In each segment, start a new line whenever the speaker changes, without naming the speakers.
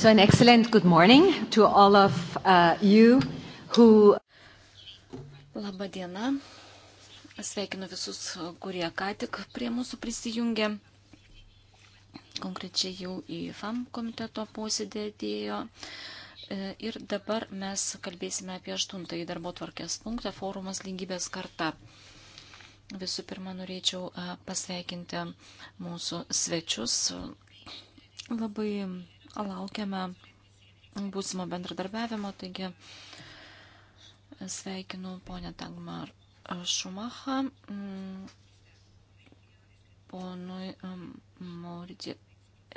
So an excellent good morning to all of uh, you who.
Labą dieną. Sveikinu visus, kurie ką tik prie mūsų prisijungė. Konkrečiai jau į FAM komiteto posėdį atėjo. E, ir dabar mes kalbėsime apie aštuntąjį darbo tvarkės punktą - forumas lygybės karta. Visų pirma, norėčiau e, pasveikinti mūsų svečius. Labai laukiame būsimo bendradarbiavimo, taigi sveikinu ponę Dagmar Šumachą, mm, ponui mm, Mauriti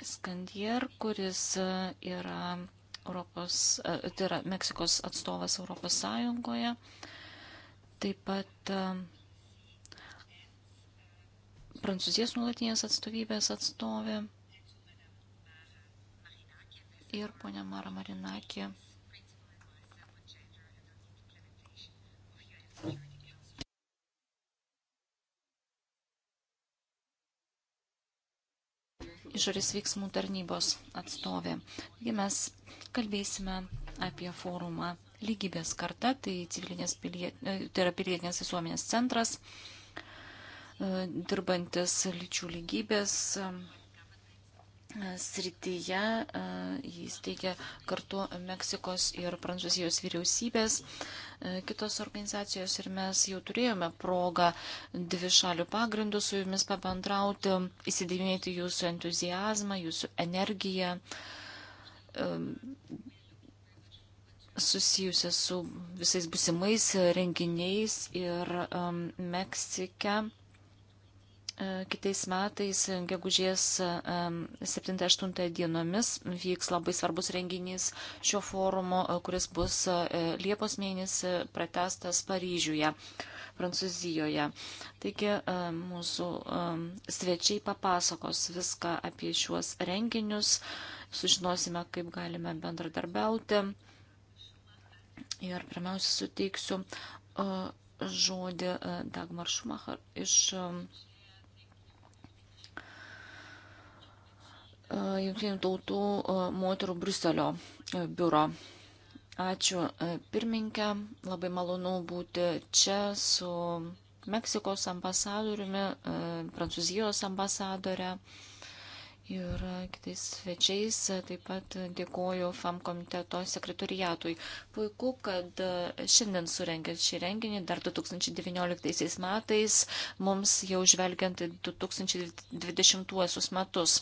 Skandier, kuris yra, Europos, e, tai yra Meksikos atstovas Europos Sąjungoje. Taip pat e, Prancūzijos nuolatinės atstovybės atstovė ir ponia Mara Marinakė. išorės veiksmų tarnybos atstovė. Taigi mes kalbėsime apie forumą lygybės karta, tai, pilie, e, tai yra pilietinės visuomenės centras, e, dirbantis lyčių lygybės srityje. E, jis teikia kartu Meksikos ir Prancūzijos vyriausybės, e, kitos organizacijos ir mes jau turėjome progą dvi šalių pagrindų su jumis pabendrauti, įsidėmėti jūsų entuzijazmą, jūsų energiją e, susijusią su visais busimais renginiais ir um, Meksike Kitais metais, gegužės 7-8 dienomis, vyks labai svarbus renginys šio forumo, kuris bus e, Liepos mėnesį pratestas Paryžiuje, Prancūzijoje. Taigi e, mūsų e, svečiai papasakos viską apie šiuos renginius, sužinosime, kaip galime bendradarbiauti. Ir pirmiausia, suteiksiu žodį Dagmar Šumachar iš Junktinių tautų e, moterų Bruselio e, biuro. Ačiū e, pirmininkę, labai malonu būti čia su Meksikos ambasadoriumi, Prancūzijos ambasadore ir kitais svečiais. Taip pat dėkoju FAM komiteto sekretoriatui. Puiku, kad šiandien surengėt šį renginį, dar 2019 metais, mums jau žvelgiant į 2020 metus.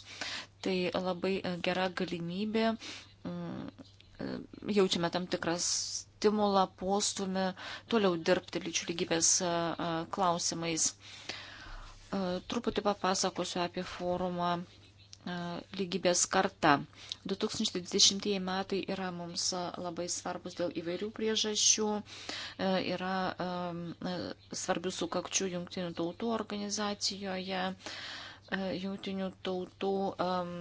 Tai labai e, gera galimybė. Mm, e, jaučiame tam tikras stimulą, postumį toliau dirbti lyčių lygybės e, klausimais. Truputį papasakosiu apie forumą lygybės karta. 2020 metai yra mums labai svarbus dėl įvairių priežasčių. Yra svarbių sukakčių jungtinių tautų organizacijoje. E, Jungtinių tautų um,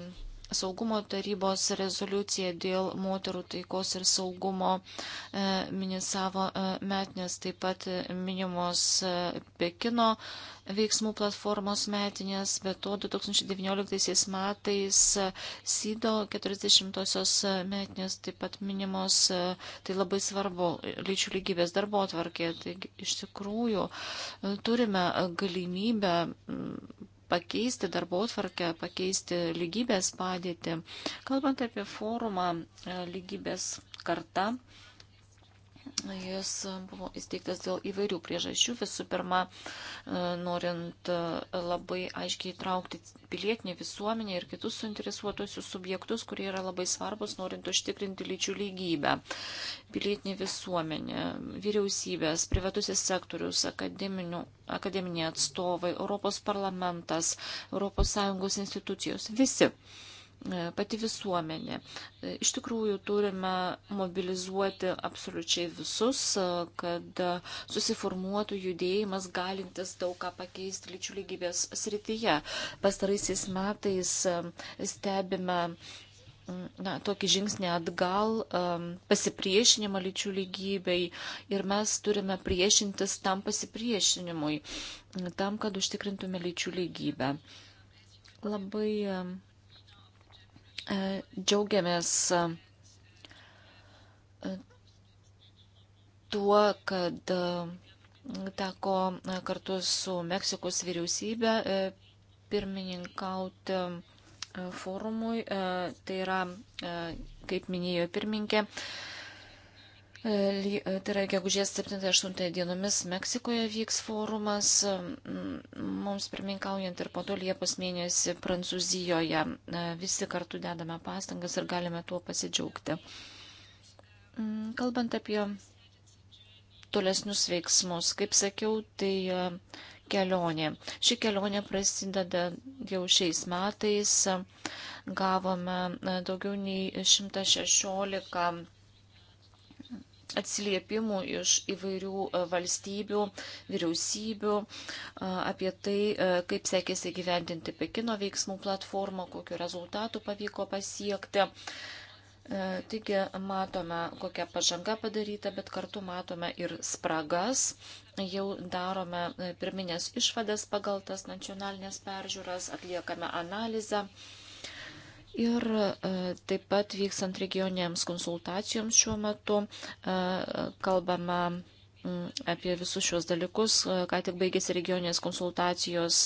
saugumo tarybos rezoliucija dėl moterų taikos ir saugumo e, minisavo e, metinės, taip pat minimos e, Pekino veiksmų platformos metinės, bet to 2019 metais e, SIDO 40-osios e, metinės taip pat minimos, e, tai labai svarbu lyčių lygybės darbo atvarkė. Taigi iš tikrųjų e, turime galimybę. M, pakeisti darbo tvarkę, pakeisti lygybės padėtį. Kalbant apie forumą e, lygybės karta, Jis buvo įsteigtas dėl įvairių priežasčių. Visų pirma, e, norint e, labai aiškiai įtraukti pilietinį visuomenę ir kitus suinteresuotusius subjektus, kurie yra labai svarbus, norint užtikrinti lyčių lygybę. Pilietinė visuomenė, vyriausybės, privatusis sektorius, akademiniai atstovai, Europos parlamentas, ES institucijos, visi E, pati visuomenė. E, iš tikrųjų turime mobilizuoti absoliučiai visus, e, kad susiformuotų judėjimas galintis daug ką pakeisti lyčių lygybės srityje. Pastaraisiais metais stebime na, tokį žingsnį atgal, um, pasipriešinimą lyčių lygybei ir mes turime priešintis tam pasipriešinimui, tam, kad užtikrintume lyčių lygybę. Labai um, E, džiaugiamės e, tuo, kad e, teko kartu su Meksikos vyriausybė pirmininkauti forumui. Tai yra, kaip minėjo pirmininkė, E, e, tai yra gegužės 7-8 dienomis Meksikoje vyks forumas, mums pirmininkaujant ir po to Liepos mėnesį Prancūzijoje. E, visi kartu dedame pastangas ir galime tuo pasidžiaugti. Mm, kalbant apie tolesnius veiksmus, kaip sakiau, tai kelionė. Ši kelionė prasideda jau šiais metais. Gavome daugiau nei 116 atsiliepimų iš įvairių e, valstybių, vyriausybių, e, apie tai, e, kaip sekėsi gyvendinti Pekino veiksmų platformą, kokiu rezultatu pavyko pasiekti. Taigi matome, kokia pažanga padaryta, bet kartu matome ir spragas. Jau darome pirminės išvadas pagal tas nacionalinės peržiūras, atliekame analizę. Ir e, taip pat vykstant regionėms konsultacijoms šiuo metu e, kalbama apie visus šios dalykus, e, ką tik baigėsi regioninės konsultacijos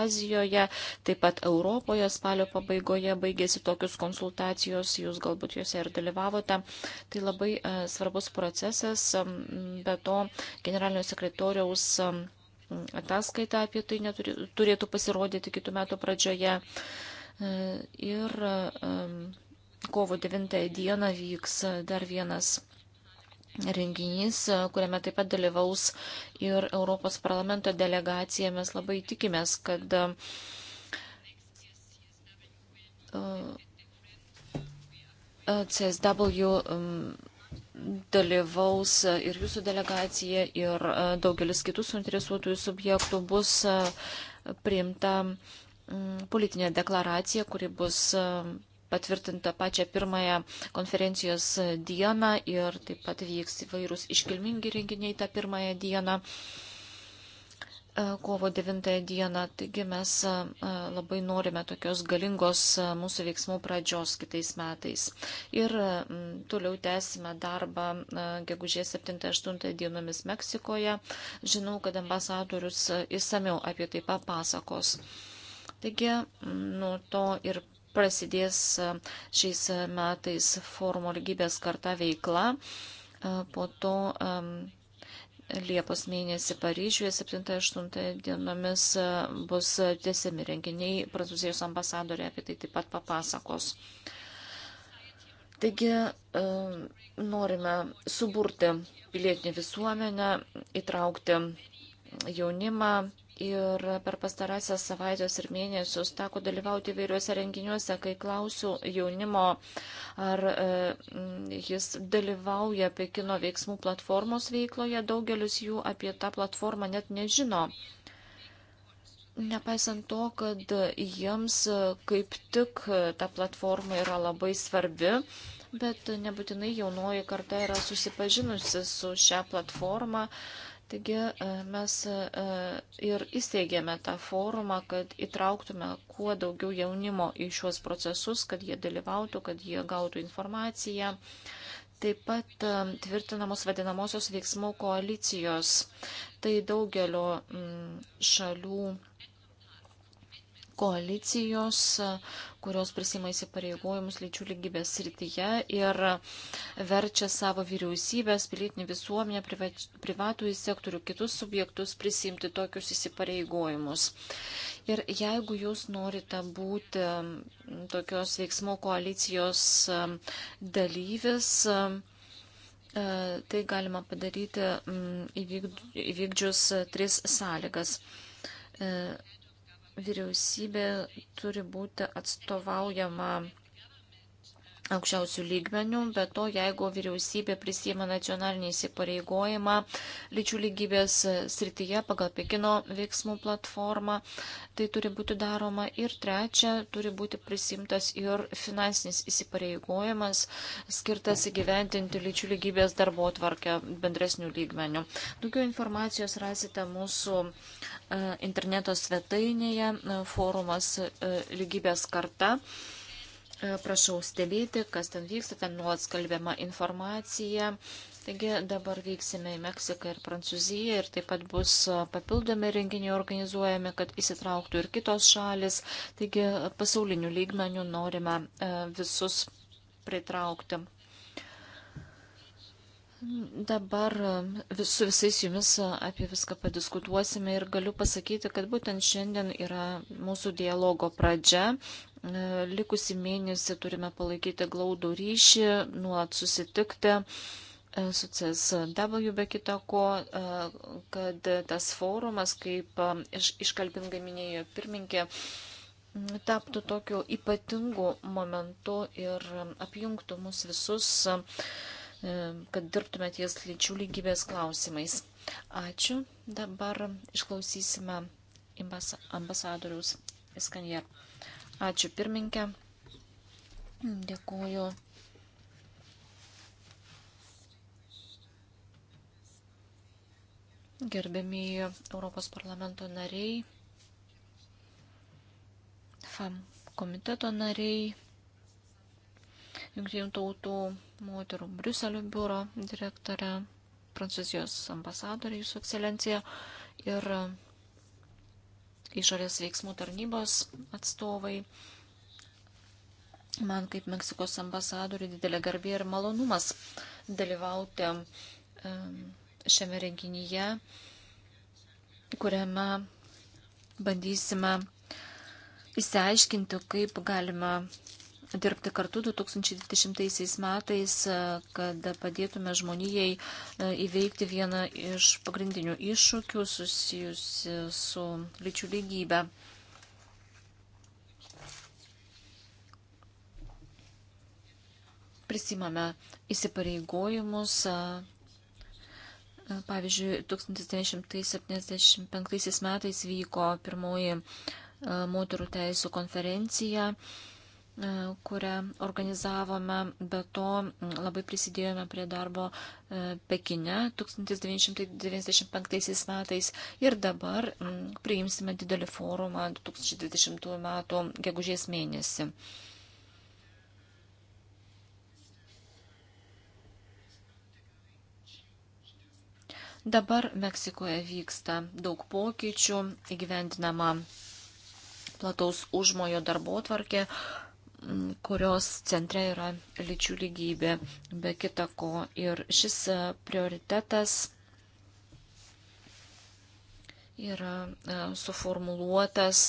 Azijoje, taip pat Europoje spalio pabaigoje baigėsi tokius konsultacijos, jūs galbūt juose ir dalyvavote. Tai labai svarbus procesas, be to generalinio sekretoriaus ataskaita apie tai neturėtų pasirodyti kitų metų pradžioje. Ir kovo 9 dieną vyks dar vienas renginys, kuriame taip pat dalyvaus ir Europos parlamento delegacija. Mes labai tikimės, kad e, CSW dalyvaus ir jūsų delegacija, ir e, daugelis kitų suinteresuotųjų subjektų bus e, priimta politinė deklaracija, kuri bus e, patvirtinta pačią pirmąją konferencijos dieną ir taip pat vyks įvairūs iškilmingi renginiai tą pirmąją dieną, e, kovo 9 dieną. Taigi mes e, labai norime tokios galingos mūsų veiksmų pradžios kitais metais. Ir toliau tęsime darbą gegužės 7-8 dienomis Meksikoje. Žinau, kad ambasadorius įsameu apie tai papasakos. Pa Taigi nuo to ir prasidės e, šiais e, metais forumo lygybės karta veikla. E, po to Liepos mėnesį Paryžiuje 7-8 dienomis bus tiesiami renginiai. Prancūzijos ambasadorė apie tai taip pat papasakos. Taigi norime suburti pilietinį visuomenę, įtraukti jaunimą, Ir per pastarąsias savaitės ir mėnesius teko dalyvauti įvairiuose renginiuose, kai klausiu jaunimo, ar e, jis dalyvauja Pekino veiksmų platformos veikloje, daugelis jų apie tą platformą net nežino. Nepaisant to, kad jiems e, kaip tik e, ta platforma yra labai svarbi, bet nebūtinai jaunoji karta yra susipažinusi su šią platformą. E, Taigi e, mes e, ir įsteigėme tą forumą, kad įtrauktume kuo daugiau jaunimo į šiuos procesus, kad jie dalyvautų, kad jie gautų informaciją. Taip pat e, tvirtinamos vadinamosios veiksmų koalicijos. Tai daugelio šalių koalicijos, kurios prisima įsipareigojimus lyčių lygybės srityje ir verčia savo vyriausybės, pilietinį visuomenę, privatų į sektorių, kitus subjektus prisimti tokius įsipareigojimus. Ir jeigu jūs norite būti tokios veiksmų koalicijos dalyvis, tai galima padaryti mm, įvykdžius tris sąlygas vyriausybė turi būti atstovaujama aukščiausių lygmenių, bet to jeigu vyriausybė prisima nacionalinį įsipareigojimą lyčių lygybės srityje pagal Pekino veiksmų platformą, tai turi būti daroma ir trečia, turi būti prisimtas ir finansinis įsipareigojimas skirtas įgyventinti lyčių lygybės darbo tvarkę bendresnių lygmenių. Daugiau informacijos rasite mūsų e, interneto svetainėje e, forumas e, lygybės karta. E, prašau stebėti, kas ten vyksta, ten nuolat skalbiama informacija. Taigi dabar vyksime į Meksiką ir Prancūziją ir taip pat bus papildomi renginiai organizuojami, kad įsitrauktų ir kitos šalis. Taigi pasaulinių lygmenių norime e, visus pritraukti. Dabar e, su visais jumis apie viską padiskutuosime ir galiu pasakyti, kad būtent šiandien yra mūsų dialogo pradžia. E, Likusi mėnesį turime palaikyti glaudų ryšį, nuolat susitikti e, su CSW be kita ko, e, kad tas forumas, kaip iškalbingai minėjo pirminkė, taptų tokiu ypatingu momentu ir apjungtų mus visus, kad dirbtume ties lyčių lygybės klausimais. Ačiū. Dabar išklausysime ambasadoriaus Eskanjer. Ačiū pirminkė. Dėkuoju. Gerbėmiai Europos parlamento nariai, FAM komiteto nariai, Junktinių tautų moterų Briuselio biuro direktorė, Prancūzijos ambasadoriai, Jūsų ekscelencija ir išorės veiksmų tarnybos atstovai. Man kaip Meksikos ambasadoriui didelė garbė ir malonumas dalyvauti šiame renginyje, kuriame bandysime įsiaiškinti, kaip galima dirbti kartu 2020 metais, e, kad padėtume žmonijai e, įveikti vieną iš pagrindinių iššūkių susijusi su lyčių lygybė. Prisimame įsipareigojimus e, Pavyzdžiui, 1975 metais vyko pirmoji moterų teisų konferencija E, kurią organizavome. Be to labai prisidėjome prie darbo e, Pekine 1995 metais ir dabar priimsime didelį forumą 2020 metų gegužės mėnesį. Dabar Meksikoje vyksta daug pokyčių, įgyvendinama plataus užmojo darbo tvarkė, kurios centre yra lyčių lygybė, be kita ko. Ir šis e, prioritetas yra e, suformuluotas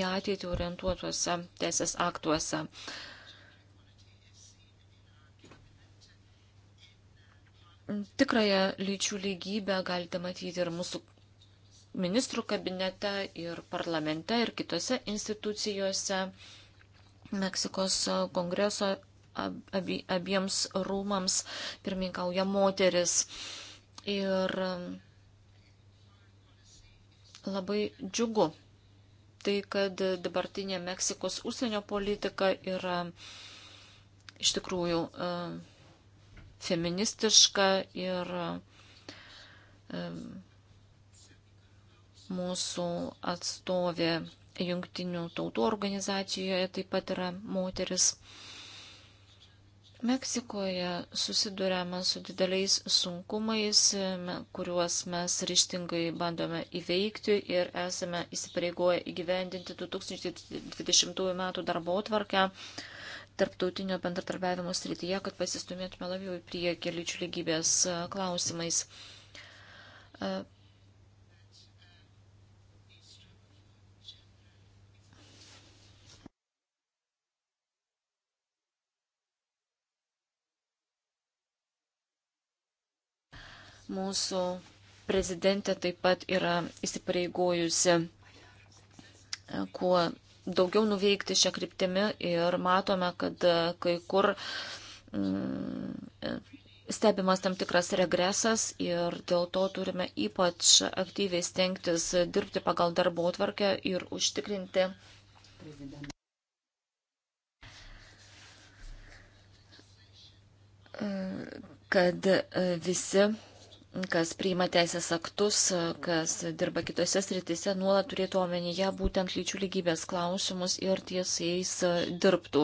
į ateitį orientuotuose teisės aktuose. Tikrąją lyčių lygybę galite matyti ir mūsų ministrų kabinete, ir parlamente, ir kitose institucijose. Meksikos kongreso abie, abiems rūmams pirmininkauja moteris. Ir labai džiugu tai, kad dabartinė Meksikos užsienio politika yra iš tikrųjų feministiška ir mūsų atstovė Jungtinių tautų organizacijoje taip pat yra moteris. Meksikoje susidurėme su dideliais sunkumais, kuriuos mes ryštingai bandome įveikti ir esame įsipareigoję įgyvendinti 2020 m. darbo tvarkę tarptautinio bendradarbiavimo srityje, kad pasistumėtume labiau į priekį lyčių lygybės e, klausimais. E, Mūsų prezidentė taip pat yra įsipareigojusi e, kuo daugiau nuveikti šią kryptimį ir matome, kad e, kai kur mm, e, stebimas tam tikras regresas ir dėl to turime ypač aktyviai stengtis dirbti pagal darbo atvarkę ir užtikrinti. kad visi kas priima teisės aktus, kas dirba kitose sritise, nuolat turėtų omenyje būtent lyčių lygybės klausimus ir tiesiais e, dirbtų.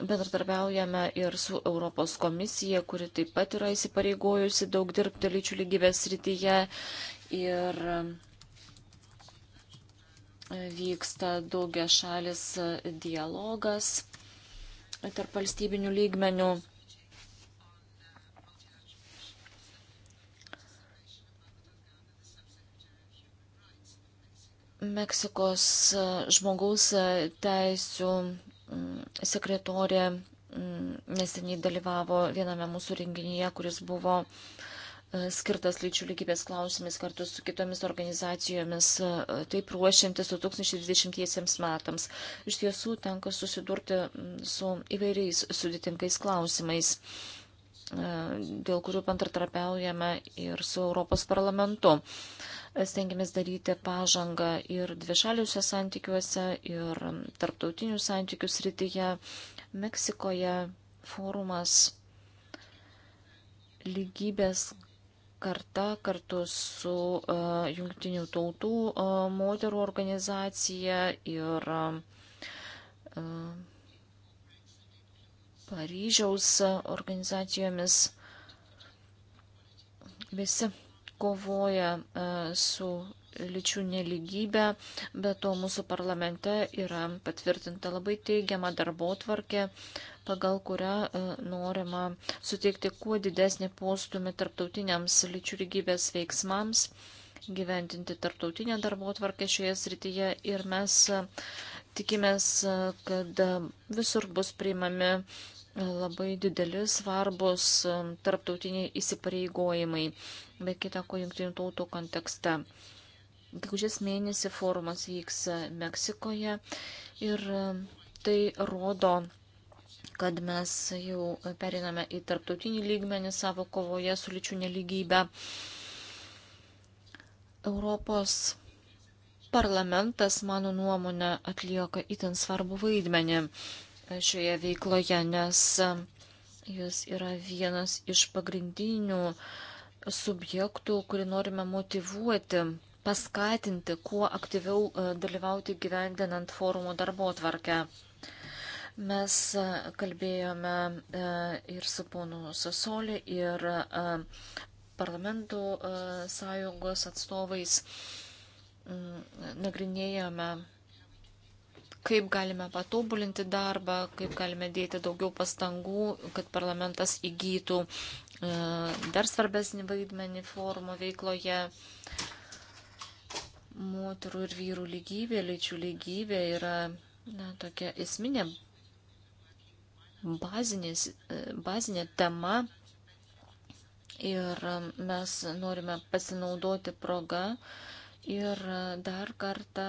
Bendradarbiaujame ir su Europos komisija, kuri taip pat yra įsipareigojusi daug dirbti lyčių lygybės srityje. Ir e, vyksta daugia šalis e, dialogas tarp valstybinių lygmenių. Meksikos e, žmogaus e, teisų sekretorė neseniai dalyvavo viename mūsų renginyje, kuris buvo e, skirtas lyčių lygybės klausimais kartu su kitomis organizacijomis, taip ruošiantis 2020 metams. Iš tiesų tenka susidurti su įvairiais sudėtingais klausimais. E, dėl kurių bendratarpiaujame ir su Europos parlamentu. Stengiamės daryti pažangą ir dvišaliuose santykiuose, ir tarptautinių santykių srityje. Meksikoje forumas lygybės karta kartu su uh, e, Junktinių tautų uh, moterų organizacija ir uh, Paryžiaus organizacijomis. Visi kovoja e, su lyčių neligybė, bet to mūsų parlamente yra patvirtinta labai teigiama darbo tvarkė, pagal kurią e, norima suteikti kuo didesnį postumį tarptautiniams lyčių lygybės veiksmams, gyventinti tarptautinę darbo tvarkę šioje srityje ir mes e, tikimės, kad visur bus priimami labai dideli svarbus um, tarptautiniai įsipareigojimai, be kita ko jungtinių tautų kontekste. Gegužės mėnesį forumas vyks Meksikoje ir um, tai rodo, kad mes jau periname į tarptautinį lygmenį savo kovoje su lyčių neligybė. Europos parlamentas, mano nuomonė, atlieka itin svarbu vaidmenį šioje veikloje, nes jis yra vienas iš pagrindinių subjektų, kurį norime motivuoti, paskatinti, kuo aktyviau e, dalyvauti gyvendinant forumo darbo tvarkę. Mes e, kalbėjome e, ir su ponu Sasoli, ir parlamentų sąjungos atstovais. Nagrinėjome kaip galime patobulinti darbą, kaip galime dėti daugiau pastangų, kad parlamentas įgytų e, dar svarbesnį vaidmenį forumo veikloje. Moterų ir vyrų lygybė, lyčių lygybė yra na, tokia esminė bazinės, e, bazinė tema. Ir e, mes norime pasinaudoti progą ir dar kartą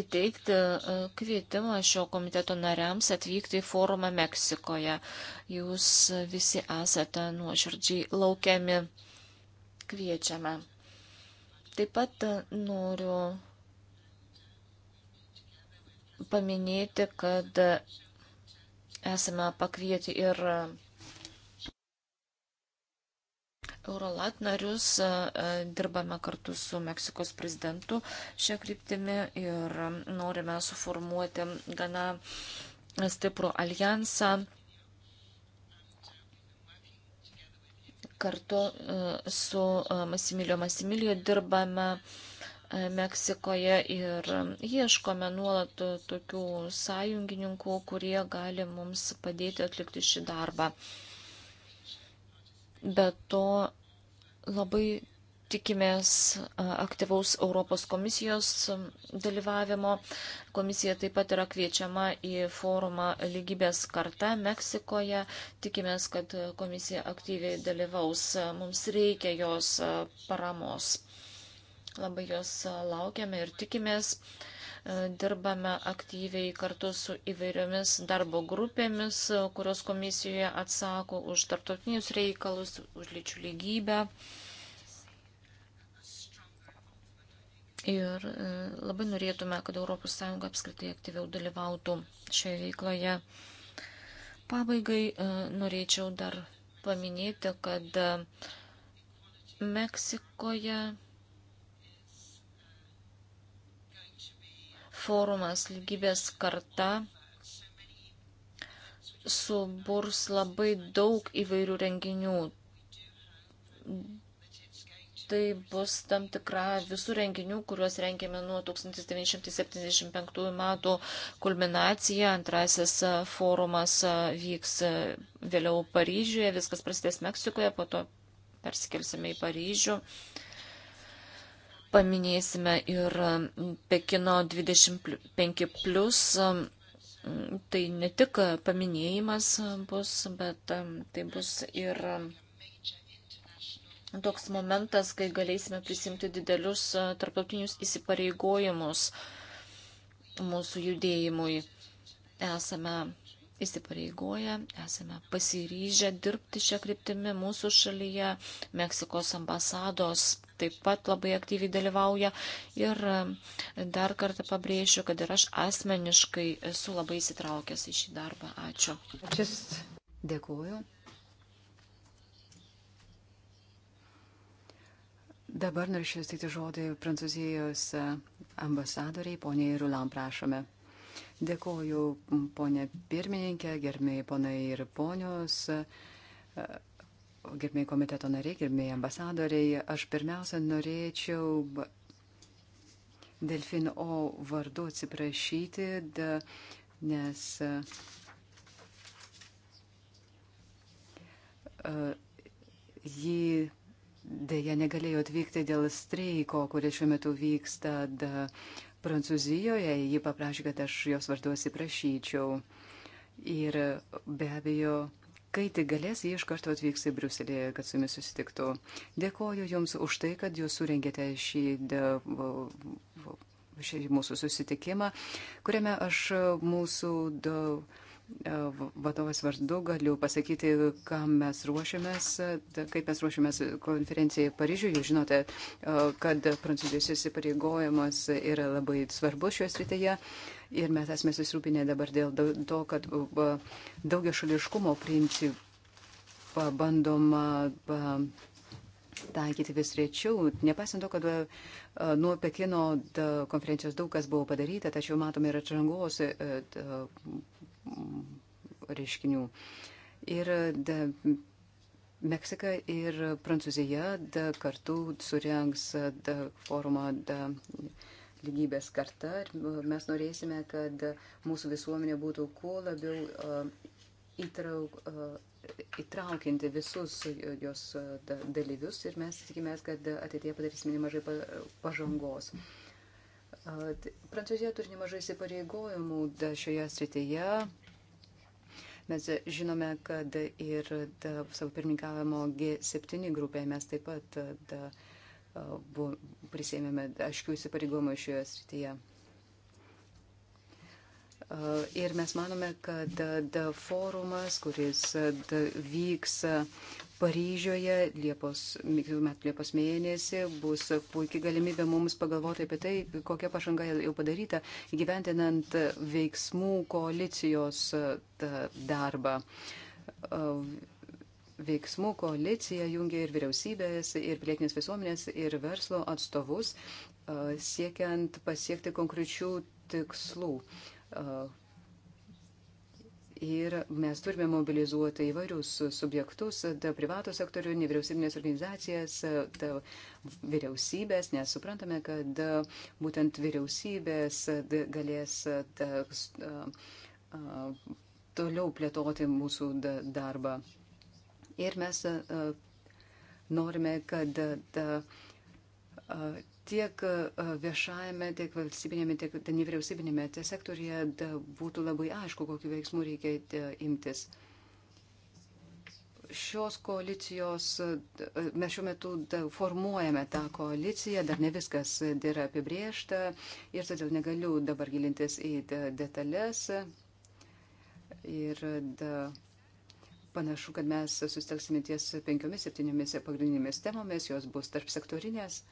įteikti e, kvietimą šio komiteto nariams atvykti į forumą Meksikoje. Jūs visi esate nuoširdžiai laukiami. Kviečiame. Taip pat e, noriu paminėti, kad e, esame pakvieti ir Eurolat narius, dirbame kartu su Meksikos prezidentu šią kryptimį ir norime suformuoti gana stiprų alijansą kartu su Masimilio Masimilio dirbame Meksikoje ir ieškome nuolat tokių sąjungininkų, kurie gali mums padėti atlikti šį darbą. Bet to labai tikimės aktyvaus Europos komisijos dalyvavimo. Komisija taip pat yra kviečiama į forumą lygybės karta Meksikoje. Tikimės, kad komisija aktyviai dalyvaus. Mums reikia jos paramos. Labai jos laukiame ir tikimės. Dirbame aktyviai kartu su įvairiomis darbo grupėmis, kurios komisijoje atsako už tarptautinius reikalus, už lyčių lygybę. Ir e, labai norėtume, kad ES apskritai aktyviau dalyvautų šioje veikloje. Pabaigai e, norėčiau dar paminėti, kad e, Meksikoje forumas lygybės karta suburs labai daug įvairių renginių. Tai bus tam tikra visų renginių, kuriuos rengėme nuo 1975 metų kulminacija. Antrasis forumas vyks vėliau Paryžiuje, viskas prasidės Meksikoje, po to persikelsime į Paryžių. Uh, Paminėsime ir um, Pekino 25 plus. Um, tai ne tik paminėjimas bus, bet um, tai bus ir toks momentas, kai galėsime prisimti didelius uh, tarptautinius įsipareigojimus mūsų judėjimui. Esame įsipareigoję, esame pasiryžę dirbti šią kryptimį mūsų šalyje. Meksikos ambasados taip pat labai aktyviai dalyvauja. Ir e, dar kartą pabrėšiu, kad ir aš asmeniškai esu labai įsitraukęs į šį darbą. Ačiū. Just...
Dėkuoju. Dabar norėčiau steikti žodį Prancūzijos ambasadoriai, poniai Rulam, prašome. Dėkoju, ponė pirmininkė, gerbėjai ponai ir ponios, e, gerbėjai komiteto nariai, gerbėjai ambasadoriai. Aš pirmiausia norėčiau Delfin O vardu atsiprašyti, nes e, e, ji dėja negalėjo atvykti dėl streiko, kuris šiuo metu vyksta da, Prancūzijoje, ji paprašė, kad aš jos vardu atsiprašyčiau. Ir be abejo, kai tik galės, jie iš karto atvyks į Briuselį, kad su jumis susitiktų. Dėkoju Jums už tai, kad Jūs surengėte šį, šį mūsų susitikimą, kuriame aš mūsų E, vadovas vardu galiu pasakyti, kam mes ruošiamės, e, kaip mes ruošiamės konferencijai Paryžiuje. Jūs žinote, e, kad prancūzijos įsipareigojimas yra labai svarbus šioje srityje. Ir mes esame susirūpinę dabar dėl to, kad daugia šališkumo principą bandoma taikyti vis rečiau. Nepaisant to, kad nuo Pekino konferencijos daug kas buvo padaryta, tačiau matome ir atžangos reiškinių. Ir da, Meksika ir Prancūzija da, kartu surengs da, forumą da, lygybės karta ir mes norėsime, kad mūsų visuomenė būtų kuo labiau uh, įtrauk, uh, įtraukinti visus jos dalyvius ir mes tikimės, kad ateitie padarysime nemažai pažangos. Uh, Prancūzija turi nemažai įsipareigojimų šioje srityje. Mes žinome, kad ir da, savo pirmininkavimo G7 grupėje mes taip pat da, bu, prisėmėme aiškių įsipareigojimų šioje srityje. Ir mes manome, kad forumas, kuris vyks Paryžioje Liepos, metų Liepos mėnesį bus puikiai galimybė mums pagalvoti apie tai, kokia pažanga jau padaryta, gyventinant veiksmų koalicijos e, darbą. E, veiksmų koalicija jungia ir vyriausybės, ir pilietinės visuomenės, ir verslo atstovus, e, siekiant pasiekti konkrečių tikslų Ir mes turime mobilizuoti įvairius subjektus, da, privato sektorių, nevyriausybinės organizacijas, da, vyriausybės, nes suprantame, kad da, būtent vyriausybės da, galės da, a, toliau plėtoti mūsų da, darbą. Ir mes a, norime, kad da, a, tiek e, viešajame, tiek valstybinėme, tiek nevyriausybinėme sektorija būtų labai aišku, kokiu veiksmu reikia e, imtis. Šios koalicijos, e, mes šiuo metu formuojame tą koaliciją, dar ne viskas yra apibriešta ir todėl negaliu dabar gilintis į detalės. Ir da, panašu, kad mes susitelksime ties penkiomis, septyniomis pagrindinėmis temomis, jos bus tarp sektorinės.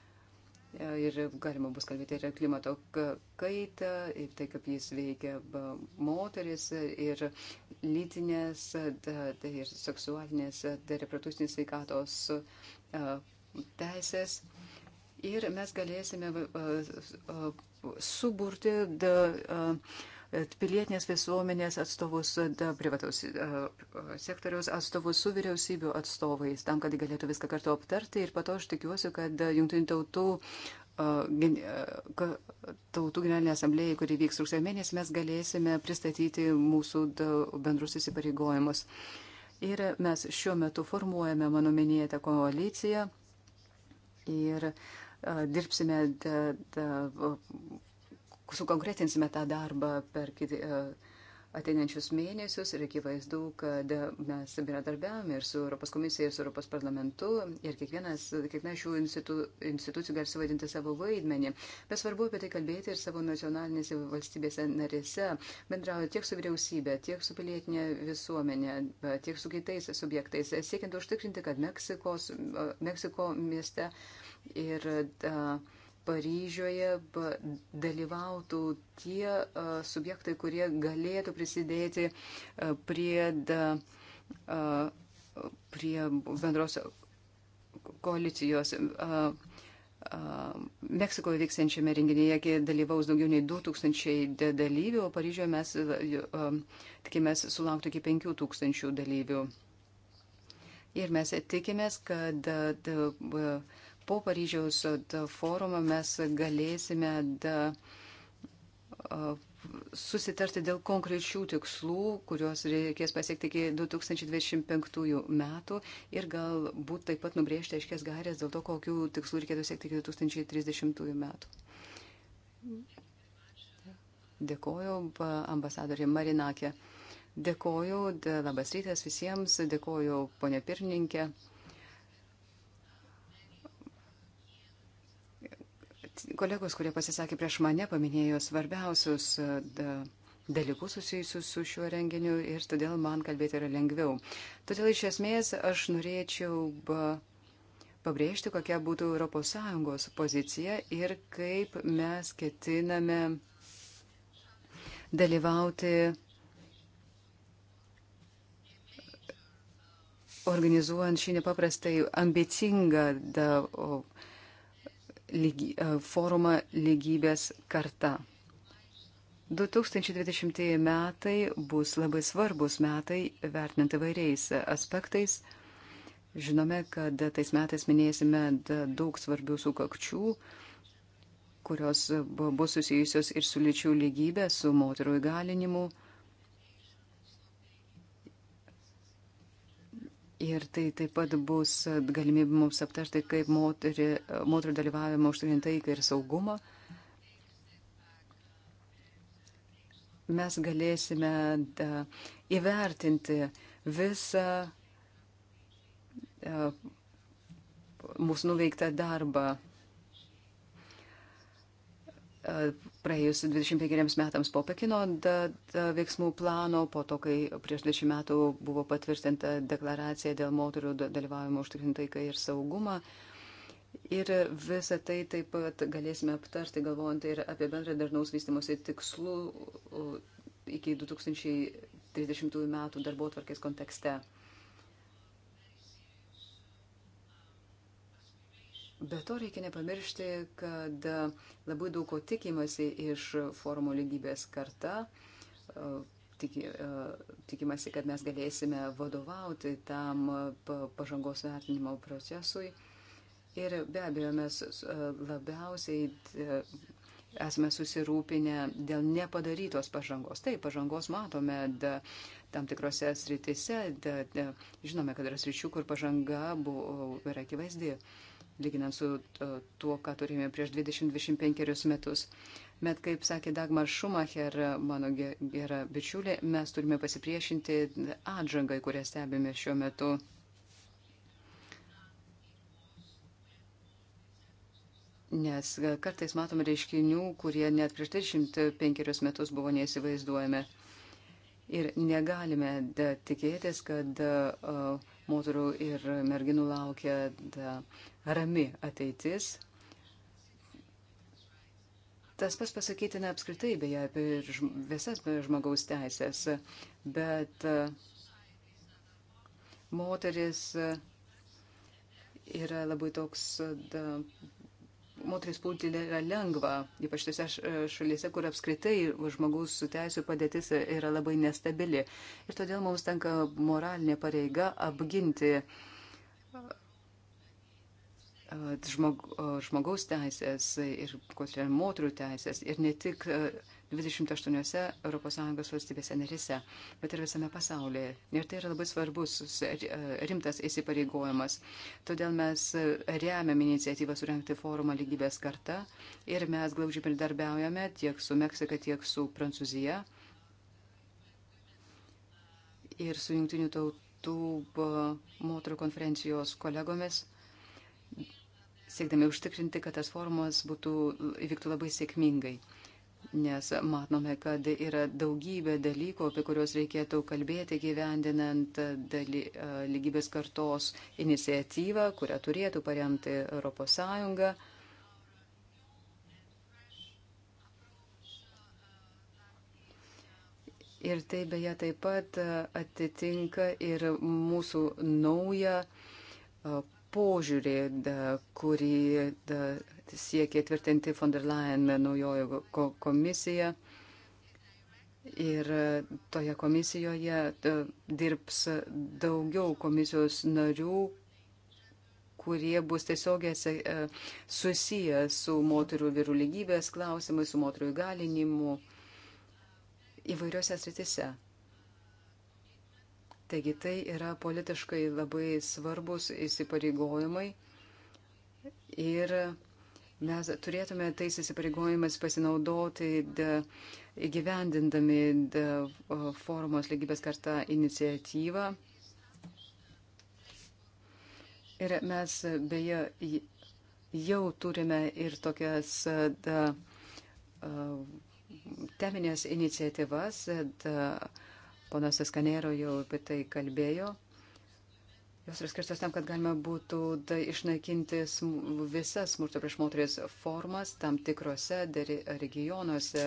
Ir galima bus kalbėti ir klimato kaitą, ir tai, kaip jis veikia moteris, ir lytinės, tai ir seksualinės, tai reprodukcinės sveikatos teisės. Ir mes galėsime suburti da, uh, pilietinės visuomenės atstovus, privataus e, sektoriaus atstovus su vyriausybių atstovais, tam, kad galėtų viską kartu aptarti. Ir pato aš tikiuosi, kad jungtinių tautų e, e, tautų generalinė asamblėja, kuri vyks rugsėjo mėnesį, mes galėsime pristatyti mūsų bendrus įsipareigojimus. Ir mes šiuo metu formuojame mano minėtą koaliciją ir dirbsime da, da, sukonkretinsime tą darbą per kitą e, ateinančius mėnesius ir akivaizdu, kad mes bendradarbiavame ir su Europos komisija, ir su Europos parlamentu, ir kiekvienas, kiekviena šių institu, institucijų gali suvaidinti savo vaidmenį. Bet svarbu apie tai kalbėti ir savo nacionalinėse valstybėse narėse, bendraujant tiek su vyriausybė, tiek su pilietinė visuomenė, e, tiek su kitais subjektais, siekiant užtikrinti, kad Meksikos, e, Meksiko mieste ir uh, Paryžioje dalyvautų tie subjektai, kurie galėtų prisidėti prie, prie bendros koalicijos. Meksikoje vyksiančiame renginėje dalyvaus daugiau nei 2000 dalyvių, o Paryžioje mes tikimės sulaukti iki 5000 dalyvių. Ir mes tikimės, kad uh, po Paryžiaus forumo mes galėsime da, susitarti dėl konkrečių tikslų, kuriuos reikės pasiekti iki 2025 metų ir galbūt taip pat nubrėžti aiškės gairės dėl to, kokių tikslų reikėtų siekti iki 2030 metų. Dėkoju ambasadorė Marinakė. Dėkoju, labas rytas visiems, dėkoju ponė pirmininkė. Kolegos, kurie pasisakė prieš mane, paminėjo svarbiausius e, dalykus susijusius su šiuo renginiu ir todėl man kalbėti yra lengviau. Todėl iš esmės aš norėčiau pabrėžti, kokia būtų ES pozicija ir kaip mes ketiname dalyvauti organizuojant šį nepaprastai ambicingą da, o, lygy, e, forumą lygybės karta. 2020 metai bus labai svarbus metai, vertinant įvairiais aspektais. Žinome, kad tais metais minėsime daug svarbių sukakčių, kurios bus susijusios ir su lyčių lygybė, su moterų įgalinimu. Ir tai taip pat bus galimybė mums aptarti, kaip moterį, moterų dalyvavimą užtikrinti taiką ir saugumą. Mes galėsime da, įvertinti visą da, mūsų nuveiktą darbą praėjus 25 metams po Pekino da, da, veiksmų plano, po to, kai prieš 10 metų buvo patvirtinta deklaracija dėl moterų dalyvavimo užtikrinti taiką ir saugumą. Ir visą tai taip pat galėsime aptarti, galvojant ir apie bendrą darnaus vystimosi tikslų iki 2030 metų darbo tvarkės kontekste. Be to reikia nepamiršti, kad labai daug ko tikimasi iš formų lygybės karta. Tiki, tikimasi, kad mes galėsime vadovauti tam pažangos vertinimo procesui. Ir be abejo, mes e, labiausiai e, esame susirūpinę dėl nepadarytos pažangos. Taip, pažangos matome da, tam tikrose sritise, da, da, žinome, kad yra sričių, kur pažanga buvo, yra akivaizdi. Uh, lyginant su e, tuo, ką turėjome prieš 20-25 metus. Bet, kaip sakė Dagmar Schumacher, mano gera bičiulė, mes turime pasipriešinti atžangai, kurią stebime šiuo metu. Nes e, kartais matome reiškinių, kurie net prieš 35 metus buvo neįsivaizduojami. Ir negalime da, tikėtis, kad da, e, moterų ir merginų laukia da, rami ateitis. Tas pas pasakytina apskritai beje apie visas žmogaus teisės, bet e, moteris e, yra labai toks, da, moteris pulti yra lengva, ypač tose šalyse, kur apskritai žmogus su teisų padėtis yra labai nestabili. Ir todėl mums tenka moralinė pareiga apginti žmog, žmogaus teisės ir moterų teisės ir ne tik 28 e, ES valstybėse narise, bet ir visame pasaulyje. Ir tai yra labai svarbus, e, e, rimtas įsipareigojimas. Todėl mes remiam iniciatyvą surenkti forumą lygybės karta ir mes glaudžiai bendarbiaujame tiek su Meksika, tiek su Prancūzija ir su Junktinių tautų moterų konferencijos kolegomis siekdami užtikrinti, kad tas forumas būtų, įvyktų labai sėkmingai. Nes matome, kad yra daugybė dalykų, apie kuriuos reikėtų kalbėti gyvendinant daly, lygybės kartos iniciatyvą, kurią turėtų paremti ES. Ir tai beje taip pat atitinka ir mūsų naują požiūrį, da, kurį da, siekia tvirtinti von der Leyen naujojo ko komisija. Ir toje komisijoje da, dirbs daugiau komisijos narių, kurie bus tiesiogiai e, susiję su moterų vyrų lygybės klausimais, su moterų įgalinimu įvairiose sritise. Taigi tai yra politiškai labai svarbus įsipareigojimai ir mes turėtume tais įsipareigojimais pasinaudoti įgyvendindami formos lygybės kartą iniciatyvą. Ir mes beje jau turime ir tokias da, teminės iniciatyvas. Da, Ponas Eskanero jau apie tai kalbėjo. Jos yra skirtos tam, kad galima būtų da, tai išnaikinti sm visas smurto prieš moteris formas tam tikrose regionuose.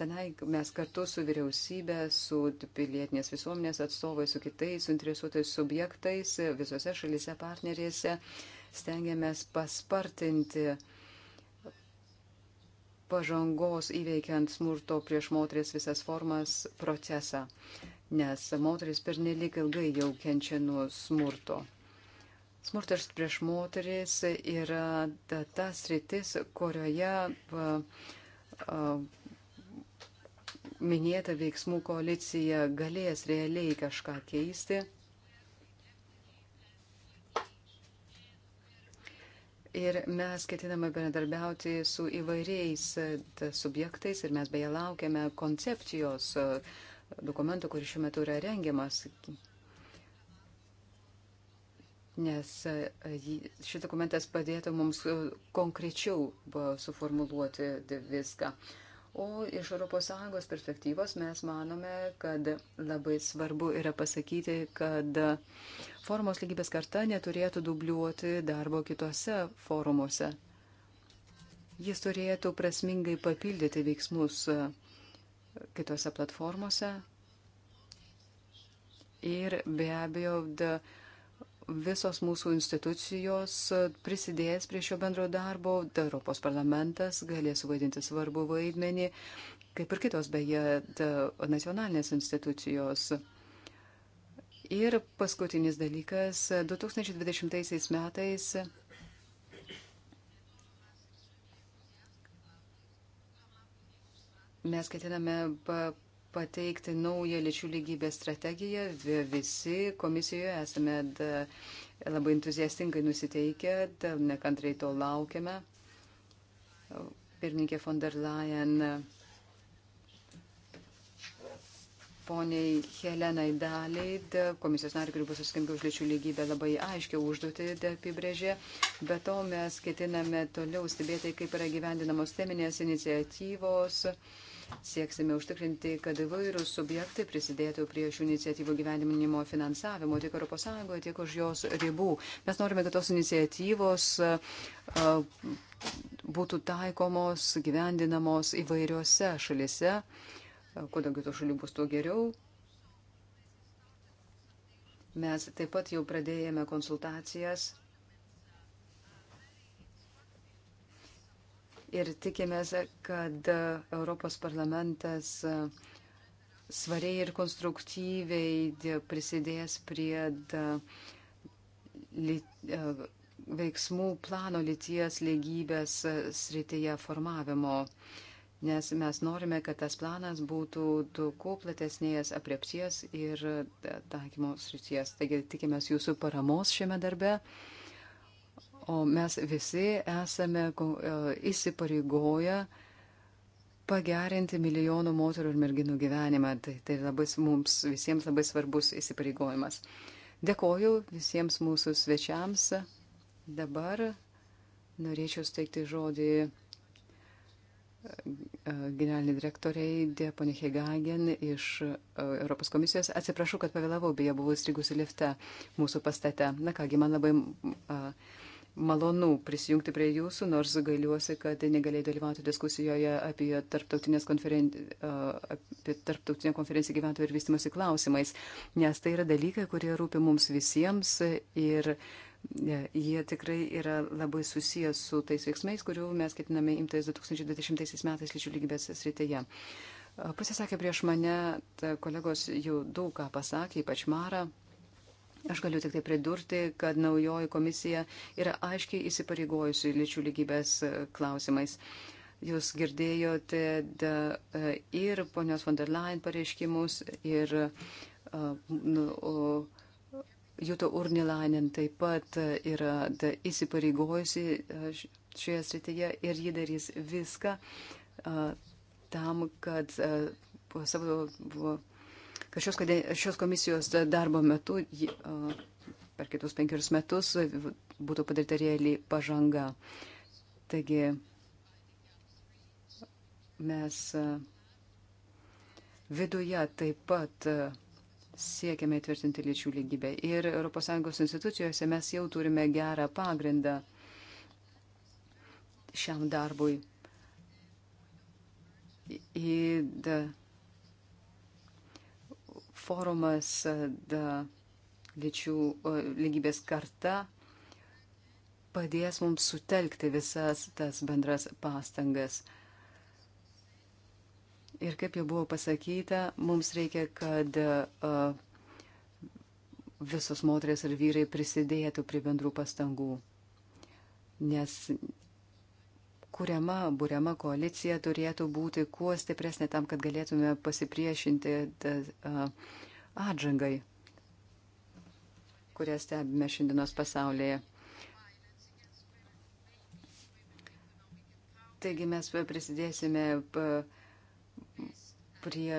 Tenai mes kartu su vyriausybė, su pilietinės visuomenės atstovai, su kitais suinteresuotais subjektais visose šalise partnerėse stengiamės paspartinti uh, pažangos įveikiant smurto prieš moteris visas formas procesą, nes moteris per nelik ilgai jau kenčia nuo smurto. Smurtas prieš moteris yra ta, ta sritis, kurioje va, a, minėta veiksmų koalicija galės realiai kažką keisti Ir mes ketiname bendradarbiauti su įvairiais e, subjektais ir mes beje laukiame koncepcijos e, dokumento, kuris šiuo metu yra rengiamas. Nes e, šis dokumentas padėtų mums konkrečiau suformuluoti viską. O iš ES perspektyvos mes manome, kad labai svarbu yra pasakyti, kad formos lygybės karta neturėtų dubliuoti darbo kitose forumuose. Jis turėtų prasmingai papildyti veiksmus kitose platformose ir be abejo da, visos mūsų institucijos prisidės prie šio bendro darbo, da, Europos parlamentas galės suvaidinti svarbu vaidmenį, kaip ir kitos beje da, nacionalinės institucijos. Ir paskutinis dalykas, 2020 metais mes ketiname pateikti naują lyčių lygybės strategiją. Visi komisijoje esame labai entuziastingai nusiteikę, nekantrai to laukiame. Pirmininkė von der Leyen poniai Helenai Daliai, komisijos nariai, kuri bus atsakinga už lyčių lygybę, labai aiškiai užduotį apibrėžė. Be to mes ketiname toliau stebėti, kaip yra gyvendinamos teminės iniciatyvos. Uh, Sieksime užtikrinti, kad įvairūs subjektai prisidėtų prie šių iniciatyvų gyvenimo finansavimo tiek ES, tiek už jos ribų. Mes norime, kad tos iniciatyvos būtų taikomos, gyvendinamos įvairiose šalise. Kuo daugiau tų šalių bus, tuo geriau. Mes taip pat jau pradėjome konsultacijas ir tikimės, kad Europos parlamentas e, svariai ir konstruktyviai prisidės prie e, veiksmų plano lyties lygybės e, srityje formavimo, nes mes norime, kad tas planas būtų kuo platesnės apriepties ir taikymo srities. Taigi tikimės jūsų paramos šiame darbe. O mes visi esame e, įsipareigoję pagerinti milijonų moterų ir merginų gyvenimą. Tai, tai labai, mums visiems labai svarbus įsipareigojimas. Dėkoju visiems mūsų svečiams. Dabar norėčiau steigti žodį e, generalinį direktoriai, ponė Hegagen iš e, Europos komisijos. Atsiprašau, kad pavėlavau, beje, buvau įstrigusi lifte mūsų pastate. Na kągi, man labai. Uh, malonu prisijungti prie jūsų, nors galiuosi, kad negalėjai dalyvauti diskusijoje apie, konferen... apie tarptautinę konferenciją gyventojų ir vystimosi klausimais, nes tai yra dalykai, kurie rūpi mums visiems ir e, jie tikrai yra labai susijęs su tais veiksmais, kurių mes ketiname imtis 2020 metais lyčių lygybės srityje. Pasisakė prieš mane, kolegos jau daug ką pasakė, ypač Mara. Aš galiu tik tai pridurti, kad naujoji komisija yra aiškiai įsipareigojusi lyčių lygybės e, klausimais. Jūs girdėjote da, e, ir ponios von der Leyen pareiškimus, ir uh, Juto Urnilainen taip pat yra da, įsipareigojusi šioje srityje ir ji darys viską a, tam, kad a, savo kad šios, šios komisijos darbo metu per kitus penkerius metus būtų padaryta realiai pažanga. Taigi mes viduje taip pat siekiame įtvirtinti lyčių lygybę. Ir ES institucijose mes jau turime gerą pagrindą šiam darbui. Į forumas e, da, lyčių e, lygybės karta padės mums sutelkti visas tas bendras pastangas. Ir kaip jau buvo pasakyta, mums reikia, kad uh, visos moteris ir vyrai prisidėtų prie bendrų pastangų, nes kuriama, būriama koalicija turėtų būti kuo stipresnė tam, kad galėtume pasipriešinti atžangai, kurią stebime šiandienos pasaulyje. Taigi mes prisidėsime prie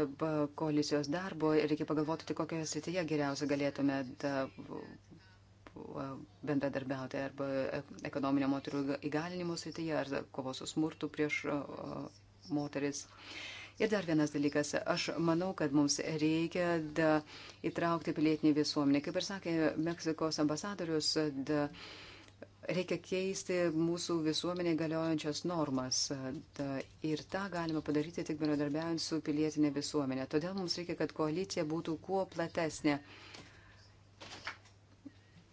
koalicijos darbo ir reikia pagalvoti, tai kokioje srityje geriausia galėtume bendradarbiauti arba ekonominio moterų įgalinimo srityje, ar kovos su smurtu prieš moteris. Ir dar vienas dalykas, aš manau, kad mums reikia da, įtraukti pilietinį visuomenį. Kaip ir sakė Meksikos ambasadorius, da, reikia keisti mūsų visuomenėje galiojančias normas. Da, ir tą galima padaryti tik bendradarbiaujant su pilietinė visuomenė. Todėl mums reikia, kad koalicija būtų kuo platesnė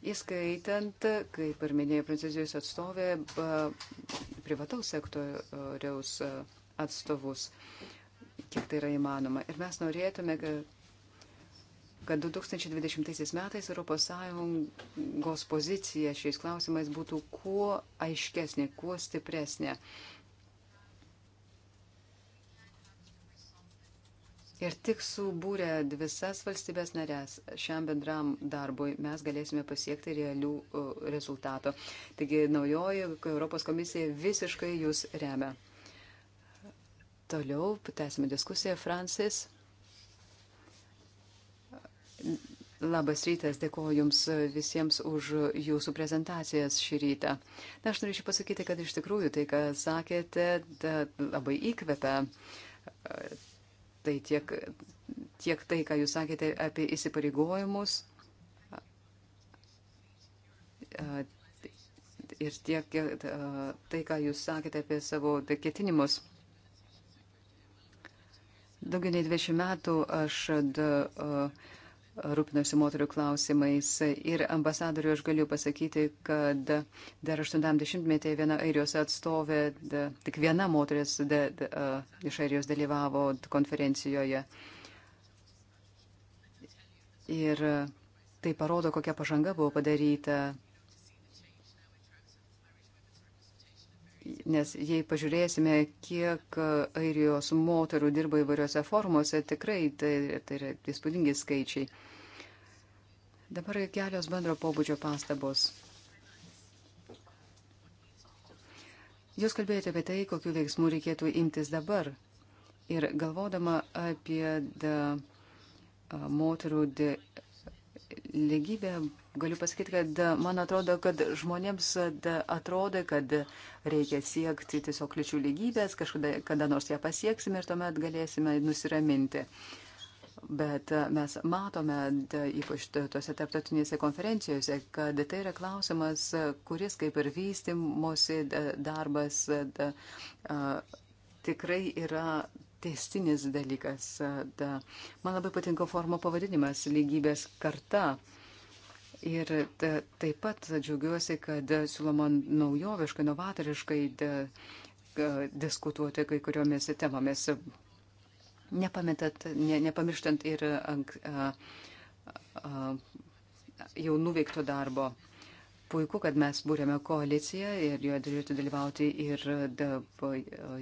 įskaitant, kaip ir minėjo Prancūzijos atstovė, privataus sektoriaus atstovus, kiek tai yra įmanoma. Ir mes norėtume, kad 2020 metais ES pozicija šiais klausimais būtų kuo aiškesnė, kuo stipresnė. Ir tik subūrę visas valstybės narės šiam bendram darbui mes galėsime pasiekti realių rezultatų. Taigi naujoji Europos komisija visiškai jūs remia. Toliau tęsime diskusiją. Francis. Labas rytas, dėkoju Jums visiems už Jūsų prezentacijas šį rytą. Na, aš norėčiau pasakyti, kad iš tikrųjų tai, ką sakėte, da, labai įkvepia Tai tiek, tiek tai, ką jūs sakėte apie įsipareigojimus ir tiek tai, ką jūs sakėte apie savo tai ketinimus. Daugiau nei 20 metų aš da, uh, rūpinosi moterių klausimais. Ir ambasadoriu aš galiu pasakyti, kad dar 80-metį viena airijos atstovė, da, tik viena moteris da, da, iš airijos dalyvavo konferencijoje. Ir tai parodo, kokia pažanga buvo padaryta. Nes jei pažiūrėsime, kiek airijos moterų dirba įvairiuose formuose, tikrai tai, tai yra įspūdingi skaičiai. Dabar kelios bendro pobūdžio pastabos. Jūs kalbėjote apie tai, kokiu veiksmu reikėtų imtis dabar. Ir galvodama apie da, moterų da, lygybę, galiu pasakyti, kad da, man atrodo, kad žmonėms da, atrodo, kad reikia siekti tiesiog lyčių lygybės, kažkada kada nors ją pasieksime ir tuomet galėsime nusiraminti. Uh, Bet e, mes matome, ypač tose tarptautinėse konferencijose, kad tai yra klausimas, e, kuris kaip ir vystimosi darbas e, da, a, tikrai yra testinis dalykas. Da. Man labai patinka formo pavadinimas - lygybės karta. Ir da, taip pat džiaugiuosi, kad siūloma naujoviškai, novatoriškai da, diskutuoti kai kuriomis temomis Nepametat, ne, nepamirštant ir ank, a, a, jau nuveikto darbo. Puiku, kad mes būrėme koaliciją ir joje turėtų dalyvauti ir da,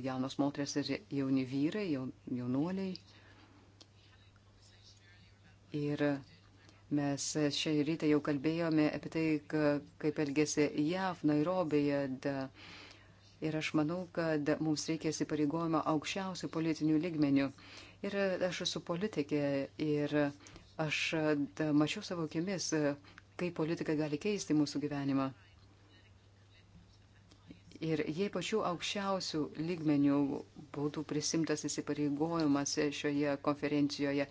jaunos moteris ir jauni vyrai, jaun, jaunuoliai. Ir mes šią rytą jau kalbėjome apie tai, kaip elgėsi JAV Nairobėje. Da, Ir aš manau, kad mums reikia įsipareigojimo aukščiausių politinių lygmenių. Ir aš esu politikė ir aš mačiau savo akimis, kaip politika gali keisti mūsų gyvenimą. Ir jei pačių aukščiausių lygmenių būtų prisimtas įsipareigojimas šioje konferencijoje,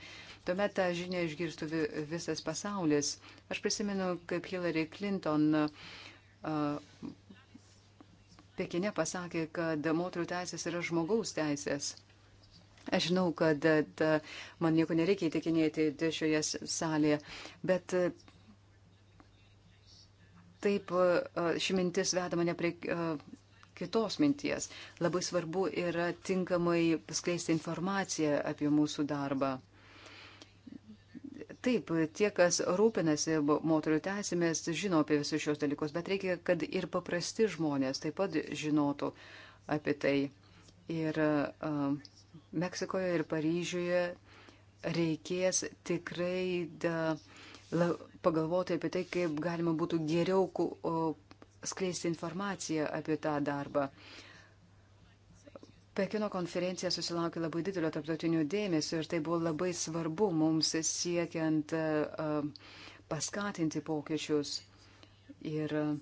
tuomet tą žinią išgirstų visas pasaulis. Aš prisimenu, kaip Hillary Clinton Pekine pasakė, kad moterų teisės yra žmogaus teisės. Aš žinau, kad man nieko nereikia įtikinėti šioje salėje, bet taip ši mintis veda mane prie kitos minties. Labai svarbu yra tinkamai paskleisti informaciją apie mūsų darbą. Taip, tie, kas rūpinasi moterių teisėmis, žino apie visus šios dalykus, bet reikia, kad ir paprasti žmonės taip pat žinotų apie tai. Ir uh, Meksikoje ir Paryžiuje reikės tikrai da, la, pagalvoti apie tai, kaip galima būtų geriau ku, o, skleisti informaciją apie tą darbą. Uh, Pekino konferencija susilaukė labai didelio tarptautinių dėmesio ir tai buvo labai svarbu mums siekiant uh, paskatinti pokyčius. Ir uh,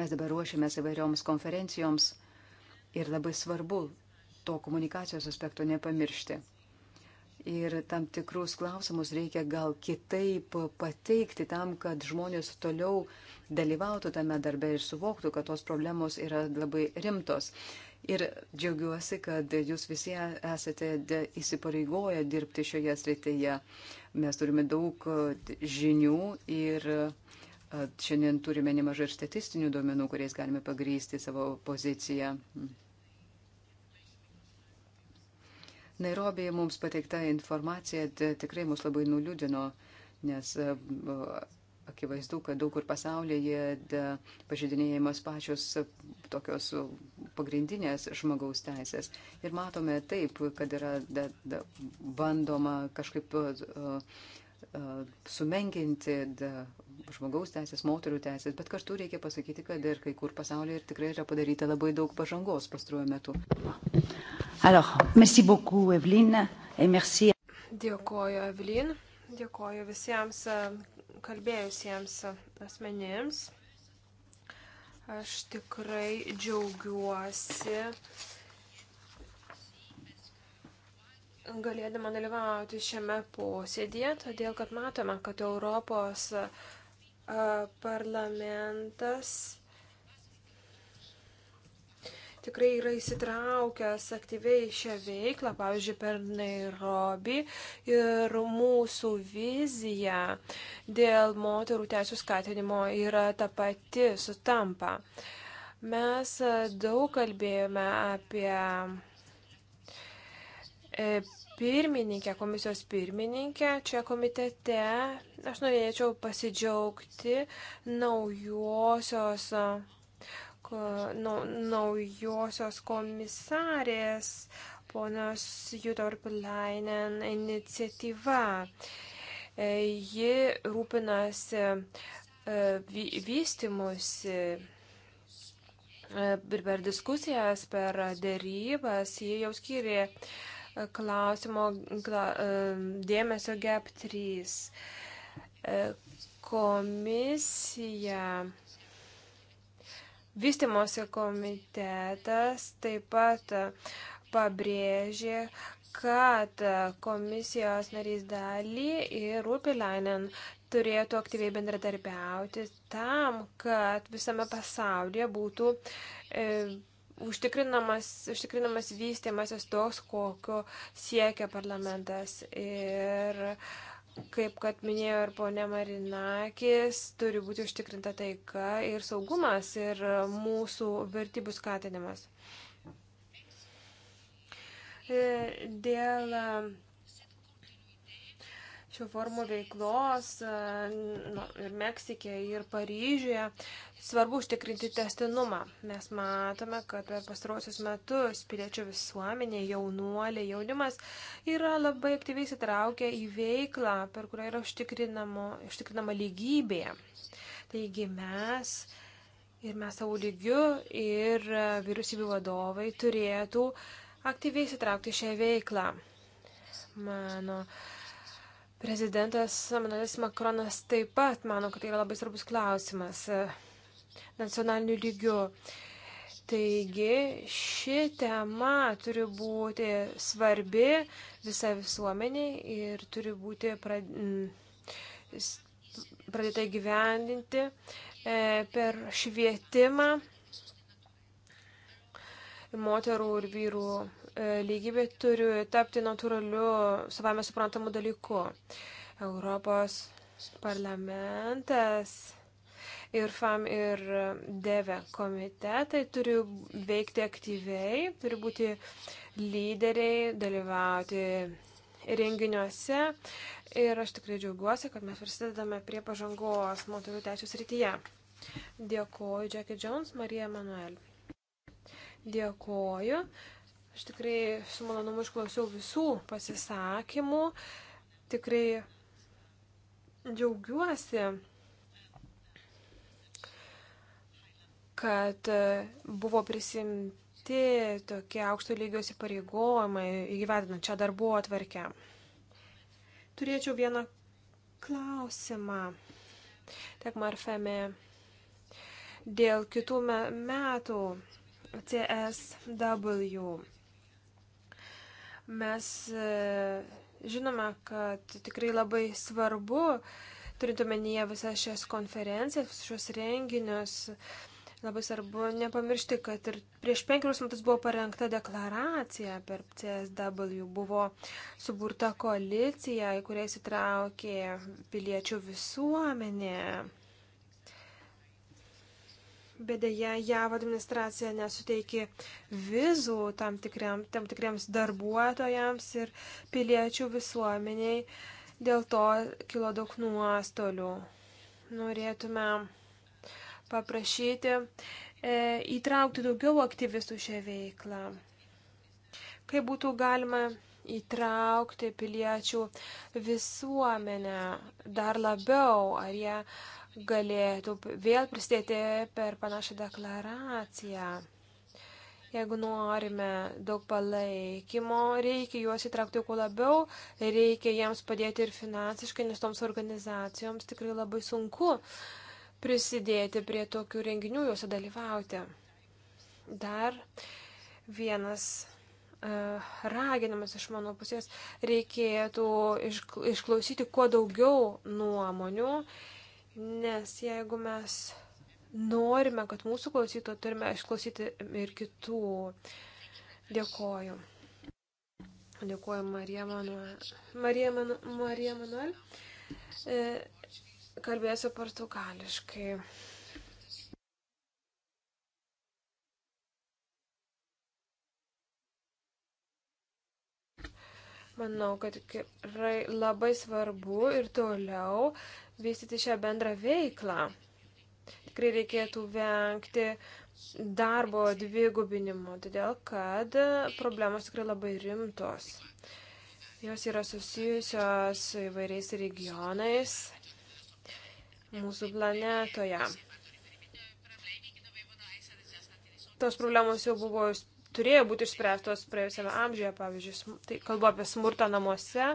mes dabar ruošiamės įvairioms konferencijoms ir labai svarbu to komunikacijos aspekto nepamiršti. Ir tam tikrus klausimus reikia gal kitaip pateikti tam, kad žmonės toliau dalyvautų tame darbe ir suvoktų, kad tos problemos yra labai rimtos. Ir džiaugiuosi, kad jūs visi esate įsipareigoję dirbti šioje srityje. Mes turime daug e, žinių ir e, šiandien turime nemažai ir statistinių duomenų, kuriais galime pagrysti savo poziciją. Nairobėje mums pateikta informacija tikrai mus labai nuliūdino, nes e, akivaizdu, kad daug kur pasaulyje pažydinėjimas pačios tokios pagrindinės žmogaus teisės. Ir matome taip, kad yra da, da, bandoma kažkaip uh, uh, sumenkinti da, žmogaus teisės, moterų teisės, bet kartu reikia pasakyti, kad ir kai kur pasaulyje ir tikrai yra padaryta labai daug pažangos pastruoju metu. Alors, merci beaucoup, Evelyn, et merci.
Dėkoju, Evelyn. Dėkoju visiems kalbėjusiems asmenims. Aš tikrai džiaugiuosi galėdama dalyvauti šiame posėdėje, todėl kad matome, kad Europos parlamentas tikrai yra įsitraukęs aktyviai šią veiklą, pavyzdžiui, per Nairobi ir mūsų vizija dėl moterų teisų skatinimo yra ta pati sutampa. Mes daug kalbėjome apie e, pirmininkę, komisijos pirmininkę čia komitete. Aš norėčiau pasidžiaugti naujosios nu, naujosios komisarės ponios Judorpilainen iniciatyva. E, ji rūpinasi e, vystimusi ir per diskusijas, per dėrybas, jie jau skyrė klausimo dėmesio GEP 3. Komisija Vystimosi komitetas taip pat pabrėžė, kad komisijos narys Dali ir Rupilainen turėtų aktyviai bendradarbiauti tam, kad visame pasaulyje būtų e, užtikrinamas, užtikrinamas vystimasis toks, kokio siekia parlamentas. Ir e, kaip kad minėjo ir ponė Marinakis, turi būti užtikrinta taika ir saugumas ir mūsų vertybių skatinimas. E, dėl šių formų veiklos e, nu, ir Meksikė, ir Paryžiuje. Svarbu užtikrinti testinumą. Mes matome, kad per pastarosius metus piliečių visuomenė, jaunuolė, jaunimas yra labai aktyviai sitraukę į veiklą, per kurią yra užtikrinama lygybė. Taigi mes ir mes savo lygiu ir vyriausybių vadovai turėtų aktyviai sitraukti šią veiklą. Mano uh, Prezidentas Emanuelis Makronas taip pat mano, kad tai yra labai svarbus klausimas e, nacionaliniu lygiu. Taigi ši tema turi būti svarbi visai visuomeniai ir turi būti pradėta gyvendinti e, per švietimą moterų ir vyrų E, lygybė turi tapti natūraliu, savame suprantamu dalyku. Europos parlamentas ir FAM ir DEVE komitetai turi veikti aktyviai, turi būti lyderiai, dalyvauti renginiuose. Ir aš tikrai džiaugiuosi, kad mes prisidedame prie pažangos moterų teisų srityje. Dėkoju, Jackie Jones, Marija Manuel. Dėkoju. Aš tikrai su malonumu išklausiau visų pasisakymų. Tikrai džiaugiuosi, kad e, buvo prisimti tokie aukšto lygio įsipareigojimai įgyvendinant čia darbo atvarkę. Turėčiau vieną klausimą. Tek Marfemi dėl kitų metų CSW. Mes e, žinome, kad tikrai labai svarbu, turint omenyje visas šias konferencijas, visus šios renginius, labai svarbu nepamiršti, kad ir prieš penkerius metus buvo parengta deklaracija per CSW, buvo suburta koalicija, į kurią įsitraukė piliečių visuomenė bet dėja JAV administracija nesuteikė vizų tam, tikriam, tam tikriems darbuotojams ir piliečių visuomeniai. Dėl to kilo daug nuostolių. Norėtume paprašyti e, įtraukti daugiau aktyvistų šią veiklą. Kaip būtų galima įtraukti piliečių visuomenę dar labiau, ar jie galėtų vėl prisidėti per panašią deklaraciją. Jeigu norime daug palaikymo, reikia juos įtraukti kuo labiau, reikia jiems padėti ir finansiškai, nes toms organizacijoms tikrai labai sunku prisidėti prie tokių renginių, juose dalyvauti. Dar vienas e, raginimas iš mano pusės reikėtų išklausyti kuo daugiau nuomonių Nes jeigu mes norime, kad mūsų klausyto turime išklausyti ir kitų. Dėkoju. Dėkoju Marija Manuel. Marija, Manu, Marija Manuel. E, kalbėsiu portugališkai. Manau, kad tikrai labai svarbu ir toliau vystyti šią bendrą veiklą. Tikrai reikėtų vengti darbo dvigubinimo, todėl kad problemos tikrai labai rimtos. Jos yra susijusios įvairiais regionais mūsų planetoje. Tos problemos jau buvo turėjo būti išspręstos praėjusiame amžiuje, pavyzdžiui, tai kalbu apie smurtą namuose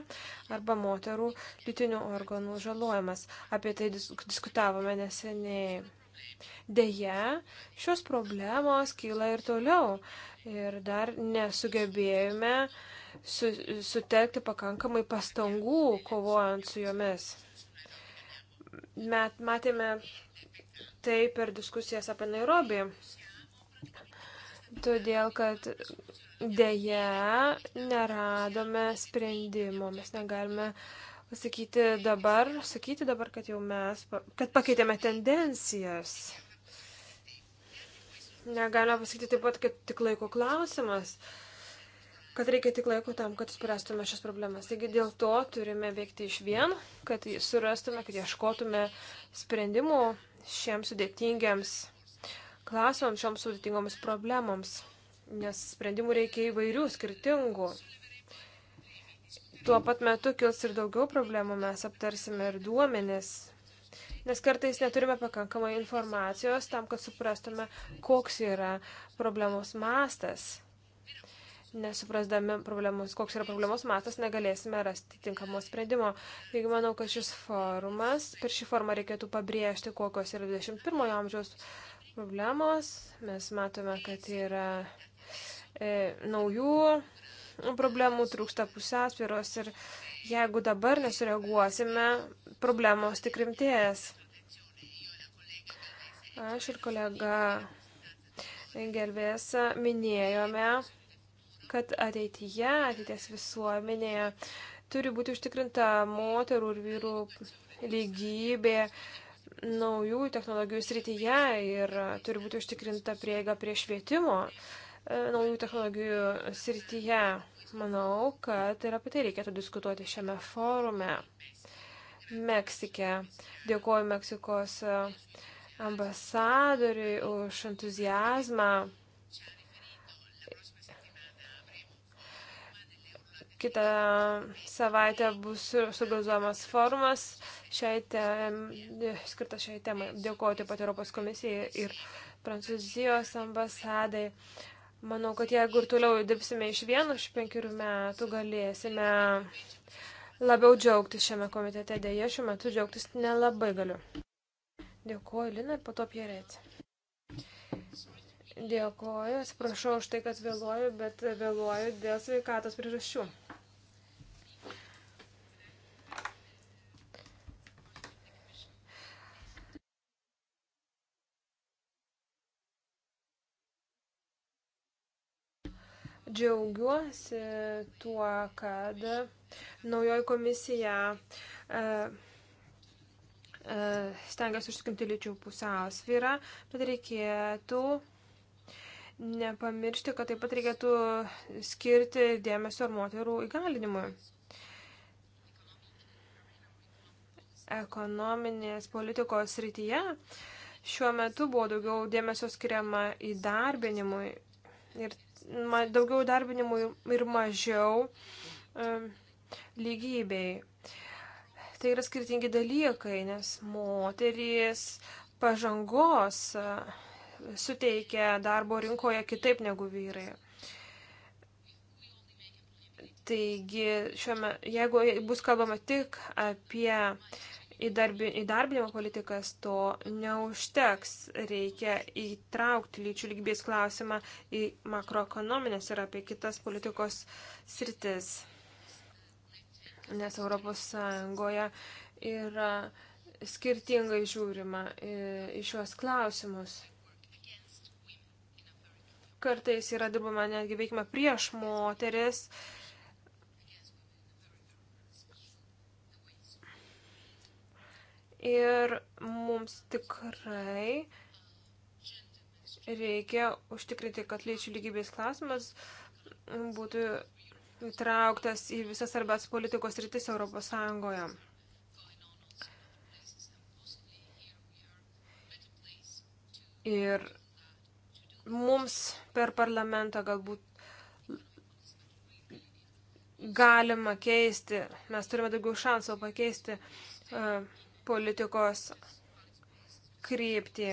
arba moterų lytinių organų žalojimas. Apie tai diskutavome neseniai. Deja, šios problemos kyla ir toliau ir dar nesugebėjome su, sutelkti pakankamai pastangų kovojant su jomis. Met, matėme tai per diskusijas apie Nairobį todėl kad dėje neradome sprendimo. Mes negalime pasakyti dabar, sakyti dabar, kad jau mes, kad pakeitėme tendencijas. Negalime pasakyti taip pat, kad tik laiko klausimas kad reikia tik laiko tam, kad spręstume šias problemas. Taigi dėl to turime veikti iš vien, kad surastume, kad ieškotume sprendimų šiems sudėtingiams klausimams, šioms sudėtingoms problemoms, nes sprendimų reikia įvairių, skirtingų. Tuo pat metu kils ir daugiau problemų, mes aptarsime ir duomenis, nes kartais neturime pakankamai informacijos tam, kad suprastume, koks yra problemos mastas nesuprasdami problemos, koks yra problemos mastas, negalėsime rasti tinkamo sprendimo. Taigi manau, kad šis forumas, per šį formą reikėtų pabrėžti, kokios yra 21 amžiaus problemos. Mes matome, kad yra e, naujų problemų, trūksta pusiausvėros ir jeigu dabar nesureaguosime, problemos tik rimtės. Aš ir kolega gerbės minėjome, kad ateityje, ateities visuomenėje turi būti užtikrinta moterų ir vyrų lygybė, naujų technologijų srityje ir e, turi būti užtikrinta prieiga prie švietimo e, naujų technologijų srityje. Manau, kad ir apie tai reikėtų diskutuoti šiame forume. Meksike. Dėkuoju Meksikos e, ambasadoriui už entuzijazmą Kita savaitė bus sugalvojamas forumas šiai tem, skirtas šiai temai. Dėkuoju taip pat Europos komisijai ir Prancūzijos ambasadai. Manau, kad jeigu ir toliau dirbsime iš vienų iš penkerių metų, galėsime labiau džiaugtis šiame komitete. Deja, šiuo metu džiaugtis nelabai galiu. Dėkuoju, Lina, ir po to Pierėti. Dėkuoju, atsiprašau už tai, kad vėluoju, bet vėluoju dėl sveikatos priežasčių. Džiaugiuosi tuo, kad naujoji komisija e, e, stengiasi užtikrinti lyčių pusiausvyrą, bet reikėtų nepamiršti, kad taip pat reikėtų skirti dėmesio ir moterų įgalinimui. Ekonominės politikos srityje šiuo metu buvo daugiau dėmesio skiriama įdarbinimui ir daugiau darbinimui ir mažiau lygybei. Tai yra skirtingi dalykai, nes moterys pažangos e, suteikia darbo rinkoje kitaip negu vyrai. Taigi, šiuo metu, jeigu bus kalbama tik apie įdarbinimo politikas to neužteks. Reikia įtraukti lyčių lygybės klausimą į makroekonominės ir apie kitas politikos sritis. Nes ES yra skirtingai žiūrima e, į šiuos klausimus. Kartais yra dirbama netgi veikima prieš moteris Ir mums tikrai reikia užtikrinti, kad lyčių lygybės klausimas būtų įtrauktas į visas svarbias politikos rytis Europos Sąjungoje. Ir mums per parlamentą galbūt galima keisti, mes turime daugiau šansų pakeisti uh, politikos kryptį.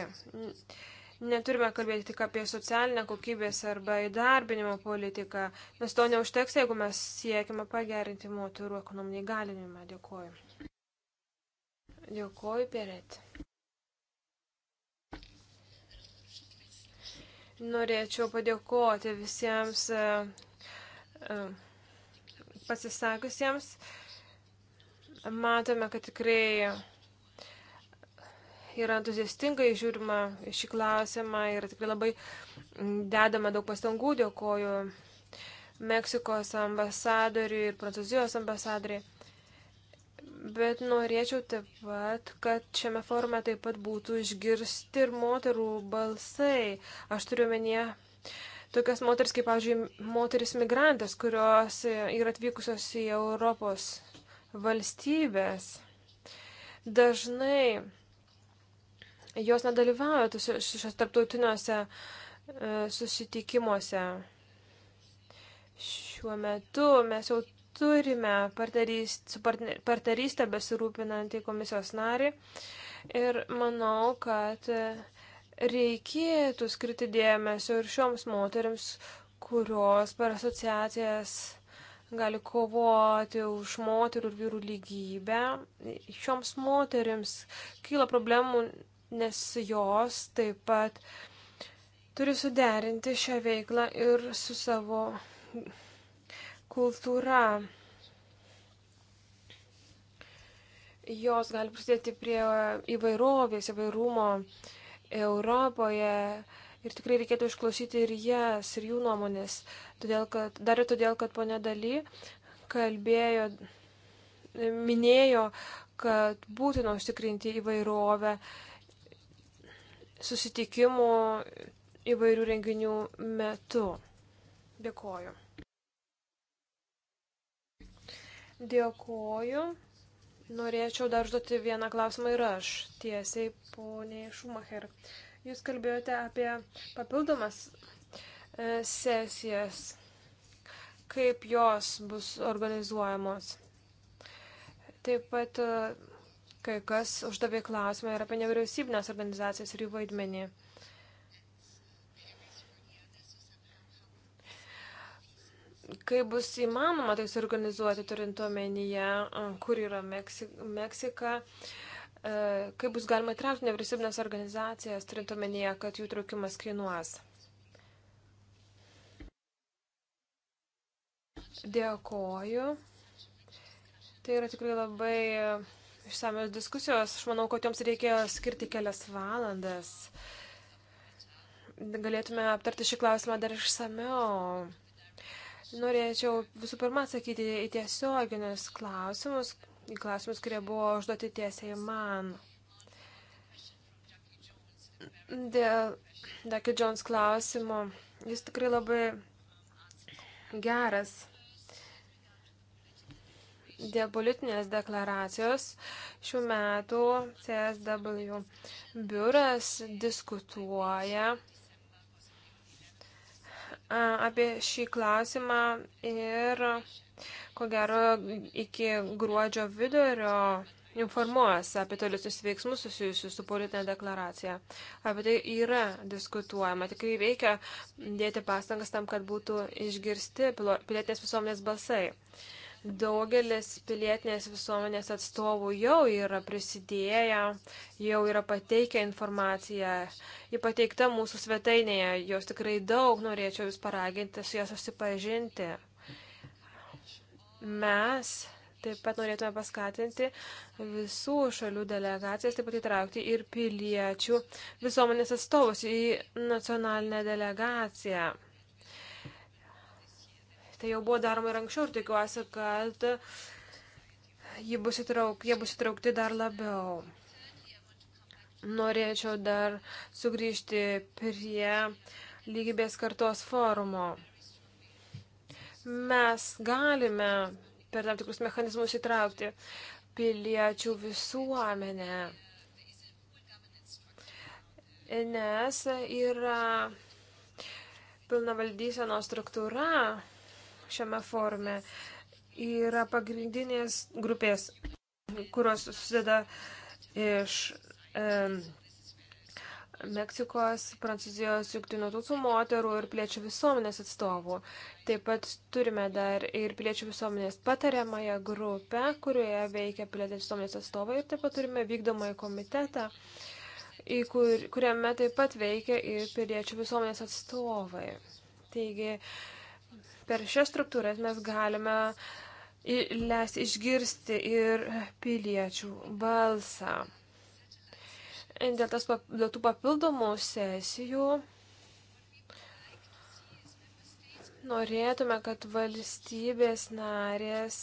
Neturime kalbėti tik apie socialinę kokybės arba įdarbinimo politiką, nes to neužteks, jeigu mes siekime pagerinti moterų ekonominį galinimą. Dėkuoju. Dėkuoju, Peret. Norėčiau padėkoti visiems e, e, pasisakusiems. Matome, kad tikrai yra entuziastingai žiūrima šį klausimą ir tikrai labai dedama daug pastangų, dėkoju Meksikos ambasadoriui ir Prancūzijos ambasadoriai. Bet norėčiau taip pat, kad šiame forume taip pat būtų išgirsti ir moterų balsai. Aš turiu menyje tokias moteris, kaip, pavyzdžiui, moteris migrantės, kurios yra atvykusios į Europos valstybės. Dažnai jos nedalyvauja šios tarptautiniuose e, susitikimuose. Šiuo metu mes jau turime partnerystę, partnerystę besirūpinantį komisijos narį ir manau, kad e, reikėtų skirti dėmesio ir šioms moteriams, kurios per asociacijas gali kovoti už moterų ir vyrų lygybę. Šioms moteriams kyla problemų nes jos taip pat turi suderinti šią veiklą ir su savo kultūra. Jos gali prisidėti prie įvairovės, įvairumo Europoje. Ir tikrai reikėtų išklausyti ir jas, ir jų nuomonės. Todėl, kad, dar ir todėl, kad ponė Daly kalbėjo, minėjo, kad būtina užtikrinti įvairovę susitikimų įvairių renginių metu. Dėkoju. Dėkoju. Norėčiau dar užduoti vieną klausimą ir aš, tiesiai poniai Šumacher. Jūs kalbėjote apie papildomas e, sesijas, kaip jos bus organizuojamos. Taip pat e, Kai kas uždavė klausimą ir apie nevyriausybinės organizacijas ir jų vaidmenį. Kaip bus įmanoma tai suorganizuoti, turint omenyje, kur yra Meksika, Meksika kaip bus galima įtraukti nevyriausybinės organizacijas, turint omenyje, kad jų traukimas kainuos. Dėkoju. Tai yra tikrai labai išsamios diskusijos. Aš manau, kad joms reikėjo skirti kelias valandas. Galėtume aptarti šį klausimą dar išsamiau. Norėčiau visų pirma atsakyti į tiesioginius klausimus, į klausimus, kurie buvo užduoti tiesiai man. Dėl Daki Jones klausimo, jis tikrai labai geras. Dėl politinės deklaracijos šių metų CSW biuras diskutuoja apie šį klausimą ir ko gero iki gruodžio vidurio informuos apie tolesnius veiksmus susijusius su politinė deklaracija. Apie tai yra diskutuojama. Tikrai reikia dėti pastangas tam, kad būtų išgirsti pilietinės visuomenės balsai. Uh, Daugelis pilietinės visuomenės atstovų jau yra prisidėję, jau yra pateikę informaciją. Ji pateikta mūsų svetainėje, jos tikrai daug, norėčiau Jūs paraginti su ją susipažinti. Mes taip pat norėtume paskatinti visų šalių delegacijas, taip pat įtraukti ir piliečių visuomenės atstovus į nacionalinę delegaciją. Tai jau buvo daroma ir anksčiau ir tikiuosi, kad jie bus, įtrauk, jie bus įtraukti dar labiau. Norėčiau dar sugrįžti prie lygybės kartos forumo. Mes galime per tam tikrus mechanizmus įtraukti piliečių visuomenę. Nes yra pilna valdysenos struktūra, šiame forume yra pagrindinės grupės, kurios susideda iš e, Meksikos, Prancūzijos, Junktinių tautų moterų ir piliečių visuomenės atstovų. Taip pat turime dar ir piliečių visuomenės patariamąją grupę, kurioje veikia piliečių visuomenės atstovai ir taip pat turime vykdomąjį komitetą, kur, kuriame taip pat veikia ir piliečių visuomenės atstovai. Taigi, Per šias struktūras mes galime leisti išgirsti ir piliečių balsą. Dėl, tas, dėl tų papildomų sesijų norėtume, kad valstybės narės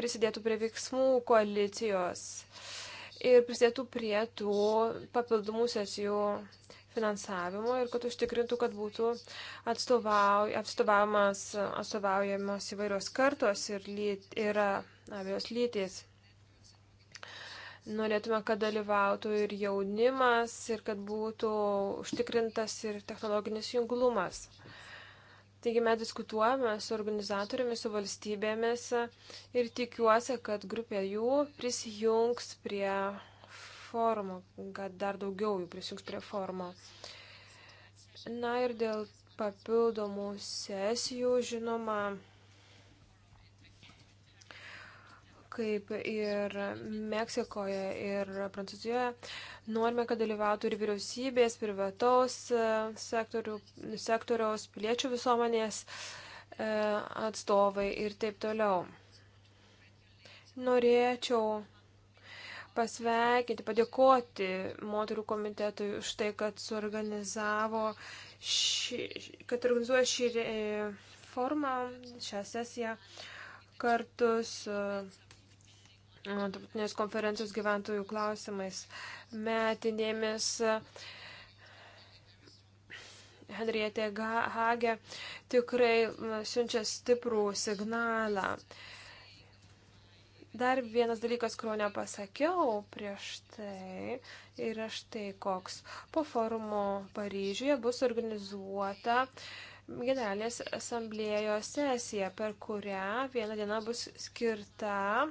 prisidėtų prie veiksmų koalicijos ir prisidėtų prie tų papildomų sesijų finansavimo ir kad užtikrintų, kad būtų atstovaujamos įvairios kartos ir lyt, yra abiejos lytys. Norėtume, kad dalyvautų ir jaunimas ir kad būtų užtikrintas ir technologinis junglumas. Taigi mes diskutuojame su organizatoriumi, su valstybėmis ir tikiuosi, kad grupė jų prisijungs prie forumo, kad dar daugiau jų prisijungs prie forumo. Na ir dėl papildomų sesijų, žinoma, kaip ir Meksikoje ir Prancūzijoje, norime, kad dalyvautų ir vyriausybės, privataus e, sektorių, sektoriaus, piliečių visuomenės e, atstovai ir taip toliau. Norėčiau pasveikinti, padėkoti moterų komitetui už tai, kad suorganizavo, šį, kad organizuoja šį e, formą, šią sesiją kartu su e, tarptautinės konferencijos gyventojų klausimais metinėmis. E, Henrietė Hagė tikrai siunčia stiprų signalą. Uh, Dar vienas dalykas, kurio nepasakiau prieš tai, yra štai koks. Po forumo Paryžiuje bus organizuota generalinės asamblėjos sesija, per kurią viena diena bus skirta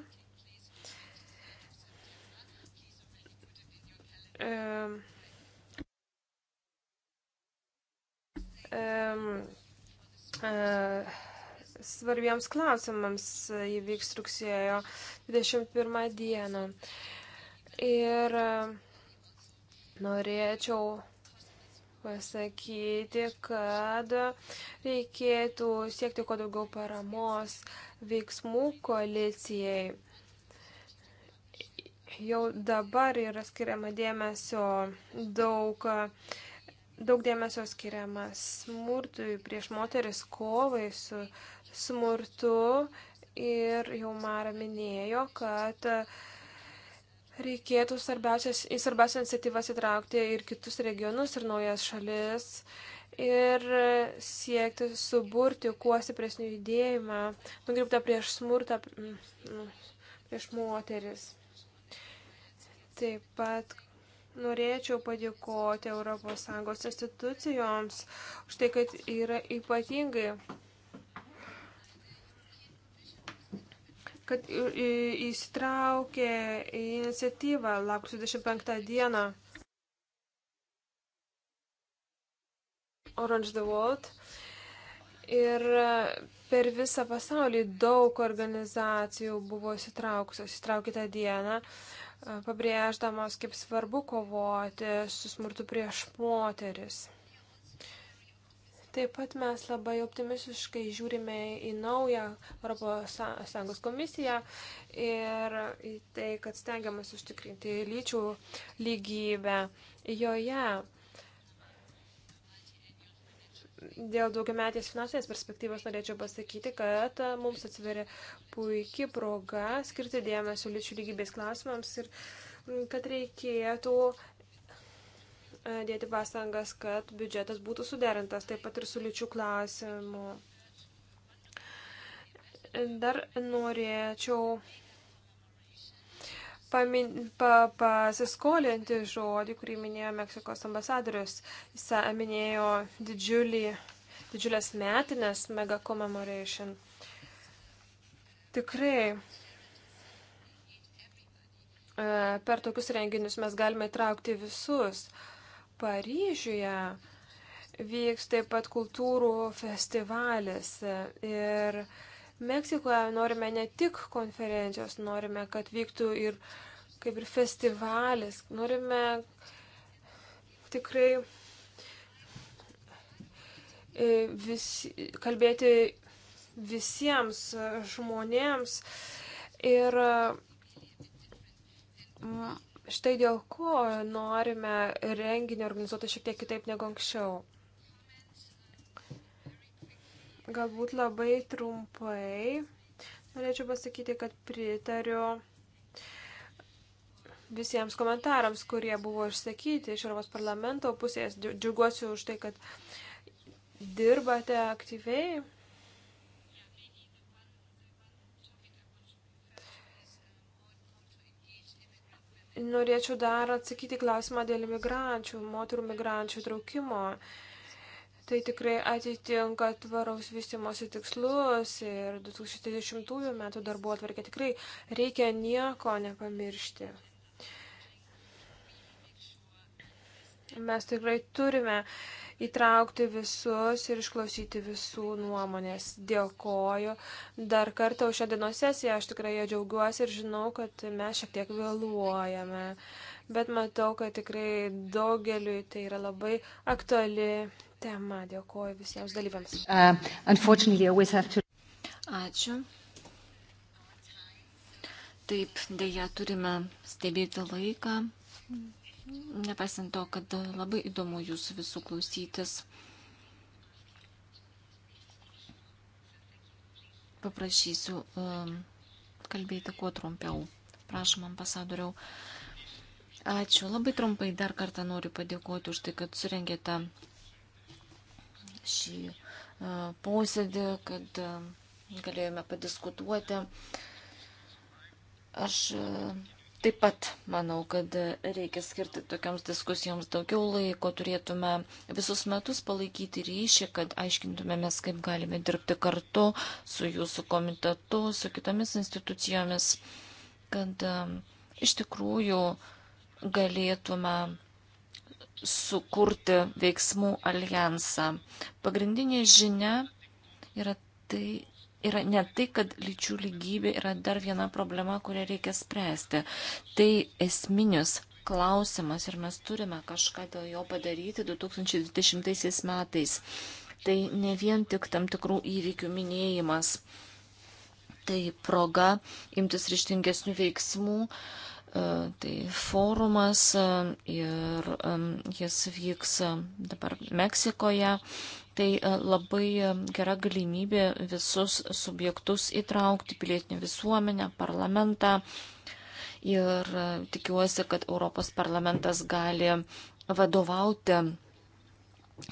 um, um, uh, svarbiems klausimams įvyks rugsėjo 21 dieną. Ir e, norėčiau pasakyti, kad reikėtų siekti kuo daugiau paramos veiksmų koalicijai. Jau dabar yra skiriama dėmesio daug, daug dėmesio skiriama smurtui prieš moteris kovai su smurtu ir jau Mara minėjo, kad reikėtų į svarbiausias iniciatyvas įtraukti ir kitus regionus ir naujas šalis ir siekti suburti kuo stipresnį judėjimą nukreiptą prieš smurtą, prieš moteris. Taip pat norėčiau padėkoti ES institucijoms už tai, kad yra ypatingai kad įsitraukė į iniciatyvą lapkričio 25 dieną Orange the World. Ir e, per visą pasaulį daug organizacijų buvo įsitraukusios, įsitraukė tą dieną, e, pabrėždamos, kaip svarbu kovoti su smurtu prieš moteris. Taip pat mes labai optimistiškai žiūrime į naują ES komisiją ir į tai, kad stengiamas užtikrinti lyčių lygybę joje. Dėl daugiametės finansinės perspektyvos norėčiau pasakyti, kad mums atsiveria puikia proga skirti dėmesio lyčių lygybės klausimams ir kad reikėtų E, dėti pastangas, kad biudžetas būtų suderintas, taip pat ir su lyčių klausimu. Dar norėčiau pamin, pa, pasiskolinti žodį, kurį minėjo Meksikos ambasadorius. Jis e, minėjo didžiulį, didžiulės metinės mega commemoration. Tikrai e, per tokius renginius mes galime įtraukti visus. Uh, Paryžiuje vyks taip pat kultūrų festivalis ir Meksikoje norime ne tik konferencijos, norime, kad vyktų ir kaip ir festivalis, norime tikrai e, vis, kalbėti visiems žmonėms ir Štai dėl ko norime renginį organizuoti šiek tiek kitaip negu anksčiau. Galbūt labai trumpai norėčiau pasakyti, kad pritariu visiems komentarams, kurie buvo išsakyti iš Europos parlamento pusės. Džiuguosi už tai, kad dirbate aktyviai Norėčiau dar atsakyti klausimą dėl migrančių, moterų migrančių traukimo. Tai tikrai atitinka tvaraus vystimosi tikslus ir 2030 metų darbo atvarkė. Tikrai reikia nieko nepamiršti. Mes tikrai turime uh, įtraukti visus ir išklausyti visų nuomonės. Dėkoju dar kartą už šią dienos sesiją, aš tikrai ją džiaugiuosi ir žinau, kad mes šiek tiek vėluojame, bet matau, kad tikrai daugeliui tai yra labai aktuali tema. Dėkoju visiems dalyviams.
Uh, to...
Ačiū. Taip, dėja turime stebėti laiką. Nepaisant to, kad labai įdomu jūsų visų klausytis. Paprašysiu um, kalbėti kuo trumpiau. Prašom, ambasadoriau. Ačiū. Labai trumpai dar kartą noriu padėkoti už tai, kad surengėte šį uh, posėdį, kad uh, galėjome padiskutuoti. Aš uh, Taip pat manau, kad reikia skirti tokiams diskusijoms daugiau laiko, turėtume visus metus palaikyti ryšį, kad aiškintumėmės, kaip galime dirbti kartu su jūsų komitetu, su kitomis institucijomis, kad um, iš tikrųjų galėtume sukurti veiksmų alijansą. Pagrindinė žinia yra tai, yra ne tai, kad lyčių lygybė yra dar viena problema, kurią reikia spręsti. Tai esminis klausimas ir mes turime kažką dėl jo padaryti 2020 metais. Tai ne vien tik tam tikrų įvykių minėjimas. Tai proga imtis ryštingesnių veiksmų, e, tai forumas e, ir e, jis vyks dabar Meksikoje Tai e, labai e, gera galimybė visus subjektus įtraukti, pilietinį visuomenę, parlamentą. Ir e, tikiuosi, kad Europos parlamentas gali vadovauti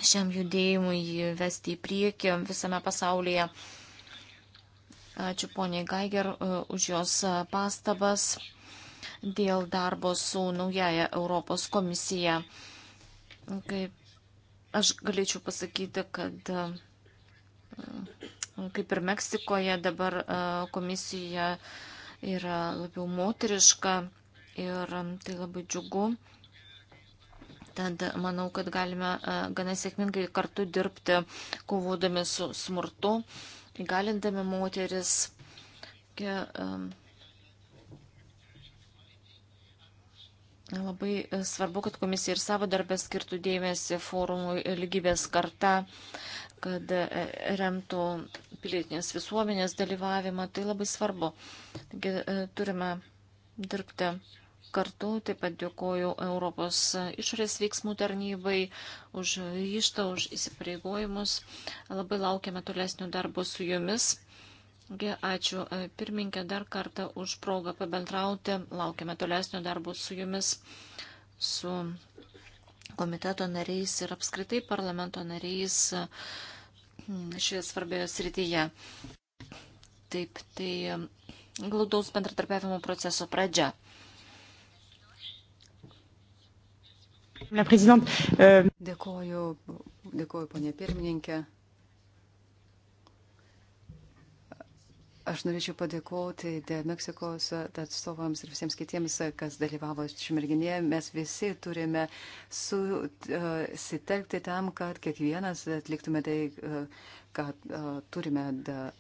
šiam judėjimui, jį vesti į priekį visame pasaulyje. Ačiū poniai Geiger už jos pastabas dėl darbo su naujaja Europos komisija. Kaip Aš galėčiau pasakyti, kad e, kaip ir Meksikoje dabar e, komisija yra labiau moteriška ir tai labai džiugu. Tad manau, kad galime e, gana sėkmingai kartu dirbti, kovodami su smurtu, įgalindami moteris. Tokia, um, Labai e, svarbu, kad komisija ir savo darbę skirtų dėmesį forumui lygybės karta, kad e, remtų pilietinės visuomenės dalyvavimą. Tai labai svarbu. Taigi, e, turime dirbti kartu. Taip pat dėkoju Europos išorės veiksmų tarnybai už ryštą, už įsipareigojimus. Labai laukiame tolesnių darbų su jumis. Ačiū e, pirmininkė dar kartą už progą pabendrauti. Laukiame tolesnio darbo su jumis, su komiteto nariais ir apskritai parlamento nariais šioje svarbioje srityje. Taip, tai glaudaus bendradarbiavimo proceso pradžia.
Euh,
dėkoju, dėkoju ponė pirmininkė. Aš norėčiau padėkoti Meksikos atstovams ir visiems kitiems, kas dalyvavo šiame renginėje. Mes visi turime susitelkti e, tam, kad kiekvienas atliktume tai, e, ką e, turime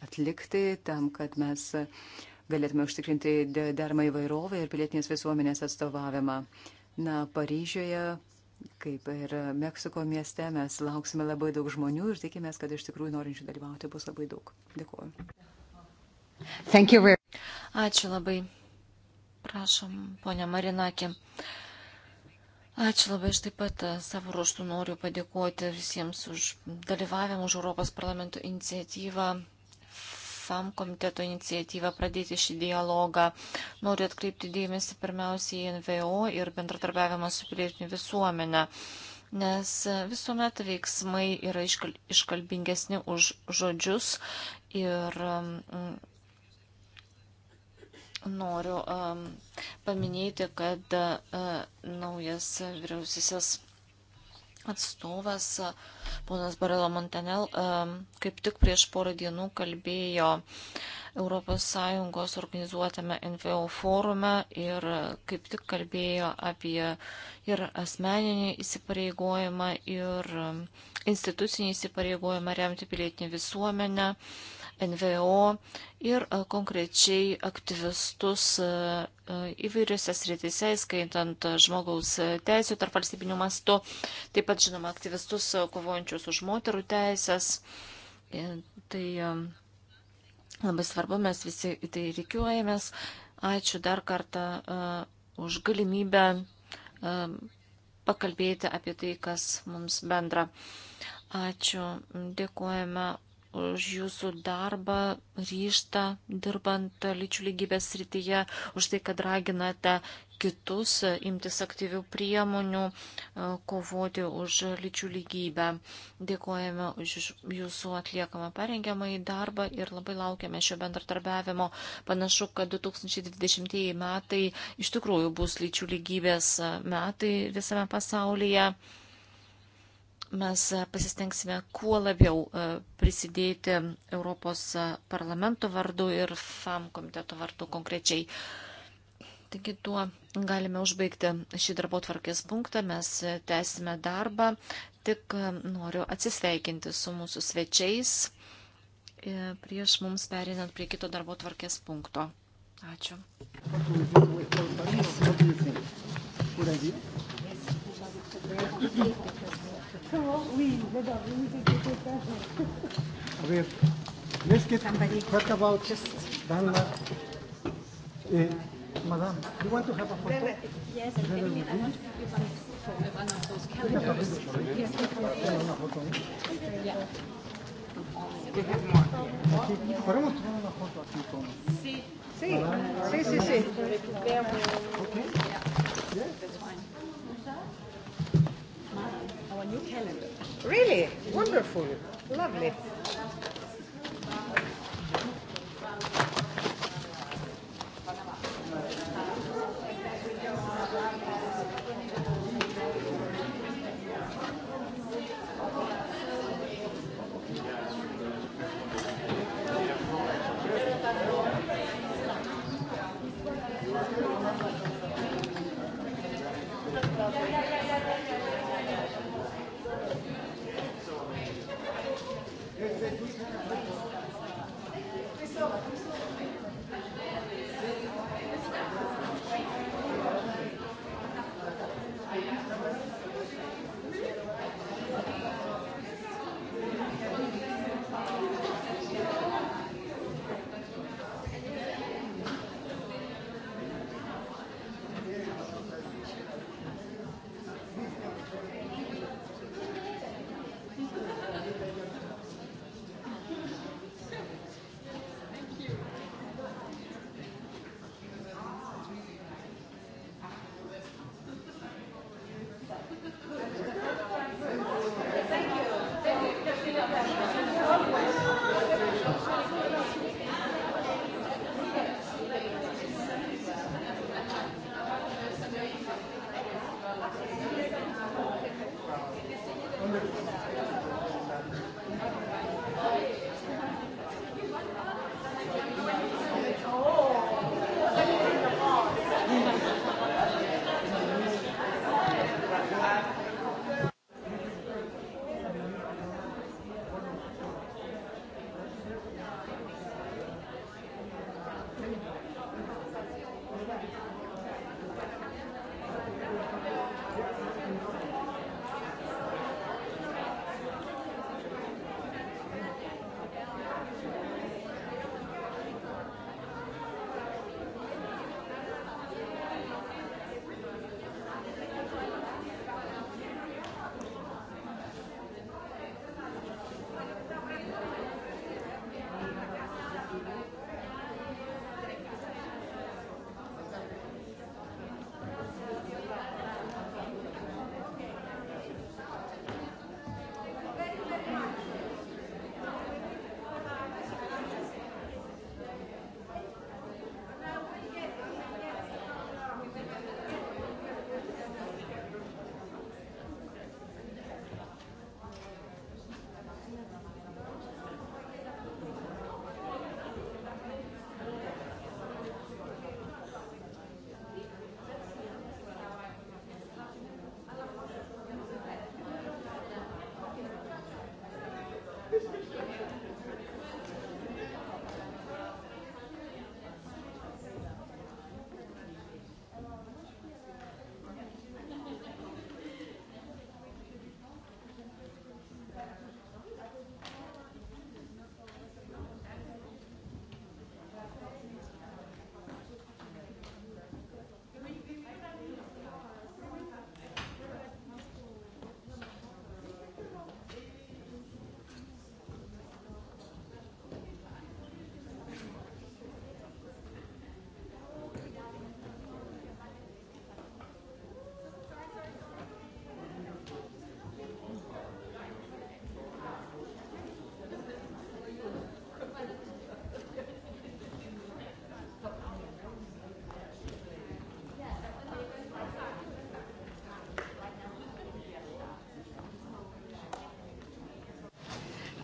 atlikti, tam, kad mes galėtume užtikrinti dermą įvairovę ir pilietinės visuomenės atstovavimą. Na, Paryžioje Kaip ir Meksiko mieste mes lauksime labai daug žmonių ir tikimės, kad iš tikrųjų norinčių dalyvauti bus labai daug. Dėkuoju.
Ačiū labai. Prašom, ponia Marinakė. Ačiū labai, aš taip pat e, savo ruoštų noriu padėkoti visiems už dalyvavimą, už Europos parlamento iniciatyvą, FAM komiteto iniciatyvą pradėti šį dialogą. Noriu atkreipti dėmesį pirmiausiai į NVO ir bendratarbiavimą su pilietinė visuomenė, nes e, visuomet veiksmai yra iškalbingesni už žodžius ir noriu um, paminėti, kad uh, naujas vyriausiasis atstovas, uh, ponas Barelo Montanel, um, kaip tik prieš porą dienų kalbėjo ES organizuotame NVO forume ir uh, kaip tik kalbėjo apie ir asmeninį įsipareigojimą, ir um, institucinį įsipareigojimą remti pilietinį visuomenę. Uh, NVO ir e, konkrečiai aktyvistus e, e, įvairiose sritise, skaitant žmogaus teisų tarp valstybinių mastų, taip pat žinoma aktyvistus kovojančius už moterų teisės. Tai labai svarbu, mes visi į tai reikiuojamės. Ačiū dar kartą už galimybę pakalbėti apie tai, kas mums bendra. Ačiū, dėkojame už jūsų darbą, ryštą dirbant lyčių lygybės srityje, už tai, kad raginate kitus imtis aktyvių priemonių, e, kovoti už lyčių lygybę. Dėkojame už jūsų atliekamą parengiamą į darbą ir labai laukiame šio bendratarbiavimo. Panašu, kad 2020 metai iš tikrųjų bus lyčių lygybės metai visame pasaulyje mes e, pasistengsime kuo labiau e, prisidėti Europos e, parlamento vardu ir FAM komiteto vardu konkrečiai. Taigi tuo galime užbaigti šį darbo tvarkės punktą, mes tęsime darbą, tik noriu atsisveikinti su mūsų svečiais prieš mums perinant prie kito darbo tvarkės punkto. Ačiū. What do you think? Good idea? Yes.
Comment Oui, j'adore. Okay. Let's get Somebody talk about just Dalla. Uh,
Madam, you want to have a photo?
Yes, I'm telling you, I want
to give you one,
one of those calendars. Yes,
yeah. Aquí, podemos tomar una foto aquí con. Sí, sí, sí,
sí. sí. Okay. Yeah. Yeah. That's fine new calendar. Really? Wonderful. Lovely. Thank you.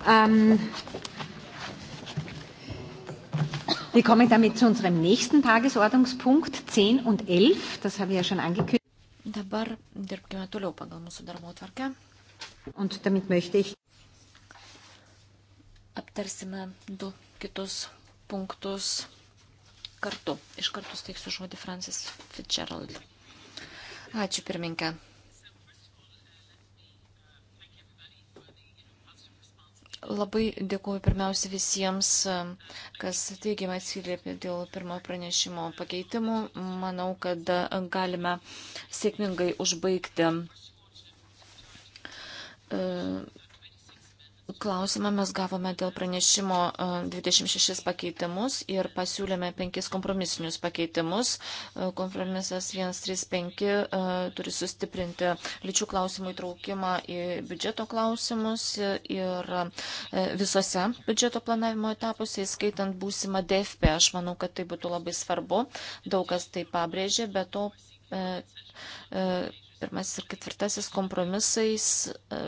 Ähm,
wir kommen damit zu unserem nächsten Tagesordnungspunkt 10 und 11. Das habe ich ja schon angekündigt. Dabar dirbkime toliau pagal mūsų darbo tvarkę. Und damit möchte ich aptarsime du kitus punktus kartu. Iš karto steiksiu žodį Francis Fitzgerald. Ačiū pirminkė. Labai dėkuoju pirmiausia visiems, kas teigiamai atsiliepė dėl pirmo pranešimo pakeitimų. Manau, kad galime sėkmingai užbaigti e, klausimą mes gavome dėl pranešimo 26 e, pakeitimus ir pasiūlėme 5 kompromisinius pakeitimus. E, kompromisas 135 e, turi sustiprinti lyčių klausimų įtraukimą į biudžeto klausimus ir visose biudžeto planavimo etapuose, įskaitant būsimą DFP. Aš manau, kad tai būtų labai svarbu. Daug kas tai pabrėžė, bet to pirmasis ir ketvirtasis kompromisais, e,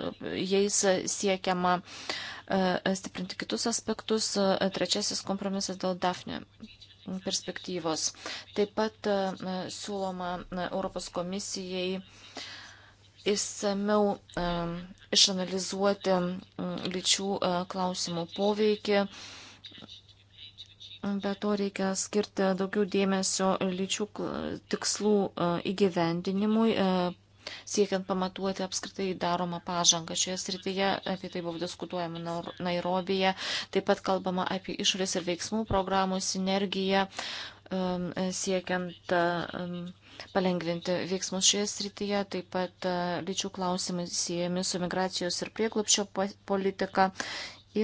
jais siekiama e, stiprinti kitus aspektus, e, trečiasis kompromisas dėl Dafnio perspektyvos. Taip pat siūloma Europos komisijai įsameu išanalizuoti lyčių klausimų poveikį. Be to reikia skirti daugiau dėmesio lyčių tikslų įgyvendinimui, siekiant pamatuoti apskritai daromą pažangą. Šioje srityje apie tai buvo diskutuojama Nairobija, taip pat kalbama apie išorės ir veiksmų programų sinergiją, um, siekiant um, palengvinti veiksmus šioje srityje, taip pat uh, lyčių klausimai siejami su migracijos ir prieklupščio politika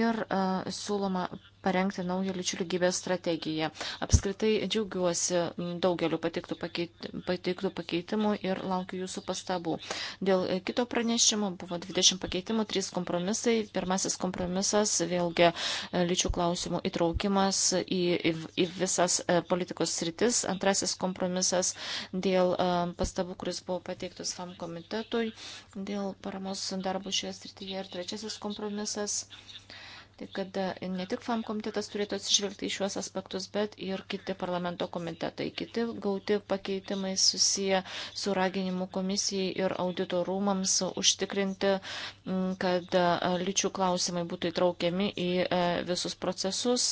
ir uh, siūloma parengti naują lyčių lygybės strategiją. Apskritai džiaugiuosi daugeliu pateiktų, pakeit, pateiktų pakeitimų ir laukiu jūsų pastabų. Dėl kito pranešimo buvo 20 pakeitimų, 3 kompromisai. Pirmasis kompromisas vėlgi e, lyčių klausimų įtraukimas į, į, į visas e, politikos sritis. Antrasis kompromisas dėl e, pastabų, kuris buvo pateiktas FAM komitetui dėl paramos darbų šioje srityje. Ir trečiasis kompromisas Tai kad e, ne tik FAM komitetas turėtų atsižvelgti į šiuos aspektus, bet ir kiti parlamento komitetai. Kiti gauti pakeitimai susiję su raginimu komisijai ir auditorumams užtikrinti, kad e, lyčių klausimai būtų įtraukiami į e, visus procesus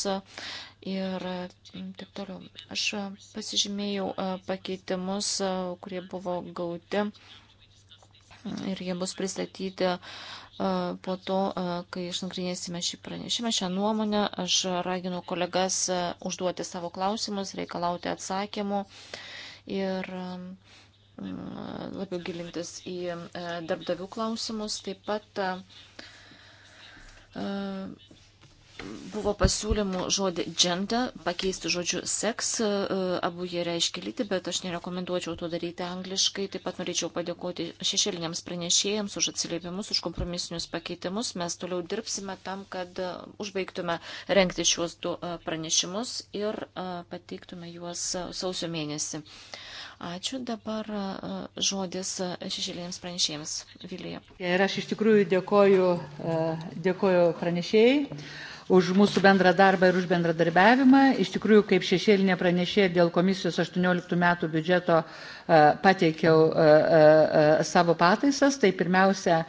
ir taip toliau. Aš pasižymėjau pakeitimus, kurie buvo gauti ir jie bus pristatyti po to, kai išnagrinėsime šį pranešimą, šią nuomonę, aš raginu kolegas užduoti savo klausimus, reikalauti atsakymų ir labiau gilintis į darbdavių klausimus. Taip pat buvo pasiūlymų žodį gender pakeisti žodžiu seks, e, abu jie reiškia lytį, bet aš nerekomenduočiau to daryti angliškai. Taip pat norėčiau padėkoti šešėliniams pranešėjams už atsiliepimus, už kompromisinius pakeitimus. Mes toliau dirbsime tam, kad e, užbaigtume renkti šiuos du e, pranešimus ir pateiktume juos sausio mėnesį. Ačiū dabar žodis šešėliniams pranešėjams Vilija.
Ir aš iš tikrųjų dėkoju, dėkoju pranešėjai už mūsų bendrą darbą ir už bendradarbiavimą. Iš tikrųjų, kaip šešėlinė pranešė dėl komisijos 18 metų biudžeto e, pateikiau e, e, savo pataisas, tai pirmiausia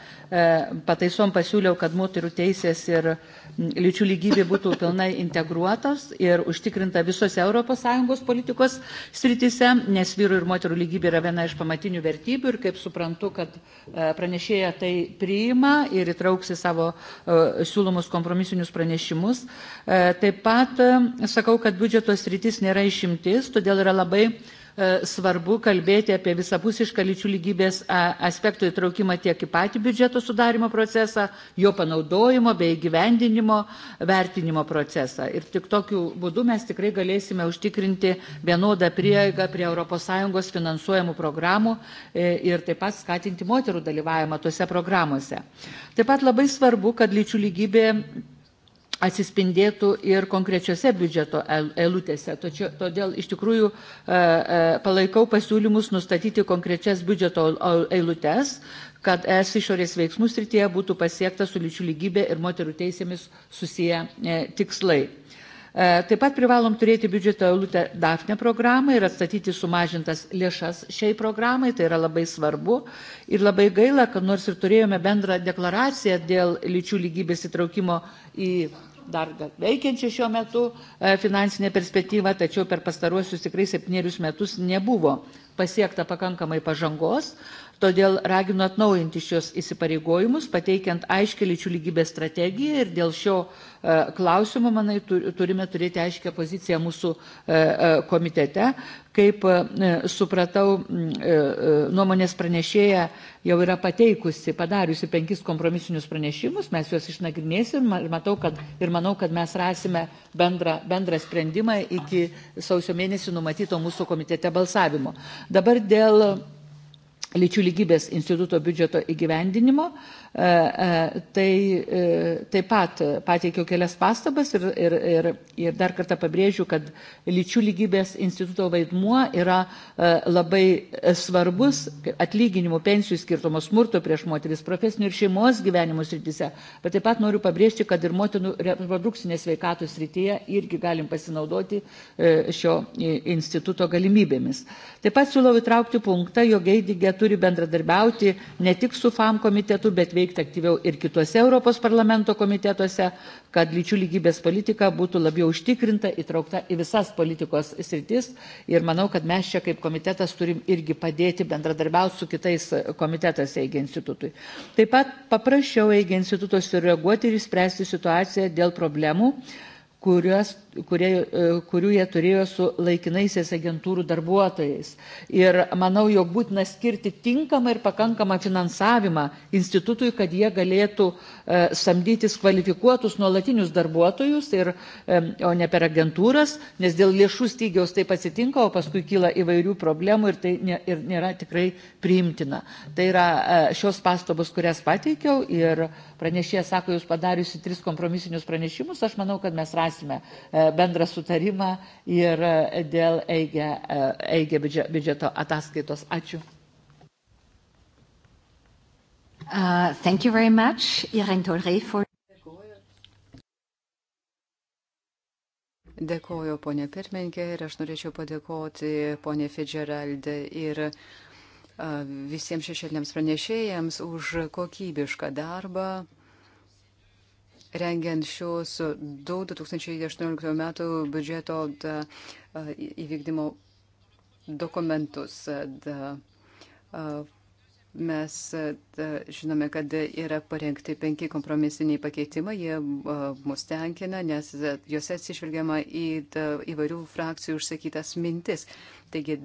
pataisom pasiūliau, kad moterų teisės ir lyčių lygybė būtų pilnai integruotos ir užtikrinta visose ES politikos sritise, nes vyrų ir moterų lygybė yra viena iš pamatinių vertybių ir kaip suprantu, kad e, pranešėja tai priima ir įtrauksi savo e, siūlomus kompromisinius pranešimus. E, taip pat sakau, kad biudžeto sritis nėra išimtis, todėl yra labai E, svarbu kalbėti apie visapusišką lyčių lygybės e, aspektų įtraukimą tiek į patį biudžeto sudarimo procesą, jo panaudojimo bei gyvendinimo vertinimo procesą. Ir tik tokiu būdu mes tikrai galėsime užtikrinti vienodą prieigą prie ES finansuojamų programų e, ir taip pat skatinti moterų dalyvavimą tose programuose. Taip pat labai svarbu, kad lyčių lygybė atsispindėtų ir konkrečiose biudžeto eilutėse. Tačiau, todėl iš tikrųjų e, e, palaikau pasiūlymus nustatyti konkrečias biudžeto eilutes, kad es išorės veiksmų srityje būtų pasiekta su lyčių lygybė ir moterų teisėmis susiję e, tikslai. Taip pat privalom turėti biudžeto eilutę DAFNE programai ir atstatyti sumažintas lėšas šiai programai, tai yra labai svarbu. Ir labai gaila, kad nors ir turėjome bendrą deklaraciją dėl lyčių lygybės įtraukimo į dar veikiančią šiuo metu e, finansinę perspektyvą, tačiau per pastaruosius tikrai septynerius metus nebuvo pasiekta pakankamai pažangos todėl raginu atnaujinti šios įsipareigojimus, pateikiant aiškę lyčių lygybės strategiją ir dėl šio e, klausimo, manai, turime turėti aiškę poziciją mūsų e, e, komitete. Kaip supratau, nuomonės pranešėja jau yra pateikusi, padariusi penkis kompromisinius pranešimus, mes juos išnagrinėsim ir, matau, kad, ir manau, kad mes rasime bendrą, bendrą sprendimą iki sausio mėnesį numatyto mūsų komitete balsavimo. Dabar dėl lyčių lygybės instituto biudžeto įgyvendinimo E, e, tai e, taip pat pateikiau kelias pastabas ir, ir, ir, ir dar kartą pabrėžiu, kad lyčių lygybės instituto vaidmuo yra labai svarbus atlyginimų pensijų skirtumo smurto prieš moteris, profesinių ir šeimos gyvenimo srityse. Bet taip pat noriu pabrėžti, kad ir motinų reprodukcinės veikatos srityje irgi galim pasinaudoti šio instituto galimybėmis. Taip pat siūlau įtraukti punktą, jog Eidigė turi bendradarbiauti ne tik su FAM komitetu, bet veikia veikti aktyviau ir kituose Europos parlamento komitetuose, kad lyčių lygybės politika būtų labiau užtikrinta, įtraukta į visas politikos sritis. Ir manau, kad mes čia kaip komitetas turim irgi padėti bendradarbiauti su kitais komitetas EIG institutui. Taip pat paprašiau EIG instituto sureaguoti ir išspręsti situaciją dėl problemų, kurios kurie, e, kurių jie turėjo su laikinaisiais agentūrų darbuotojais. Ir manau, jog būtina skirti tinkamą ir pakankamą finansavimą institutui, kad jie galėtų e, samdytis kvalifikuotus nuolatinius darbuotojus, ir, e, o ne per agentūras, nes dėl lėšų stygiaus taip atsitinka, o paskui kyla įvairių problemų ir tai nėra tikrai priimtina. Tai yra šios pastabos, kurias pateikiau ir pranešėjas sako, jūs padariusi tris kompromisinius pranešimus, aš manau, kad mes rasime bendrą sutarimą ir dėl eigę, eigę biudžeto ataskaitos. Ačiū.
Uh, thank you very much, Irene Tolré, for. Dėkoju, ponė pirmininkė, ir aš norėčiau padėkoti ponė Fidžerald ir uh, visiems šešėliniams pranešėjams už kokybišką darbą rengiant šios 2018 metų biudžeto da, įvykdymo dokumentus. Da, mes da, žinome, kad yra parengti penki kompromisiniai pakeitimai, jie mus tenkina, nes juose atsižvelgiama į da, įvairių frakcijų užsakytas mintis. Taigi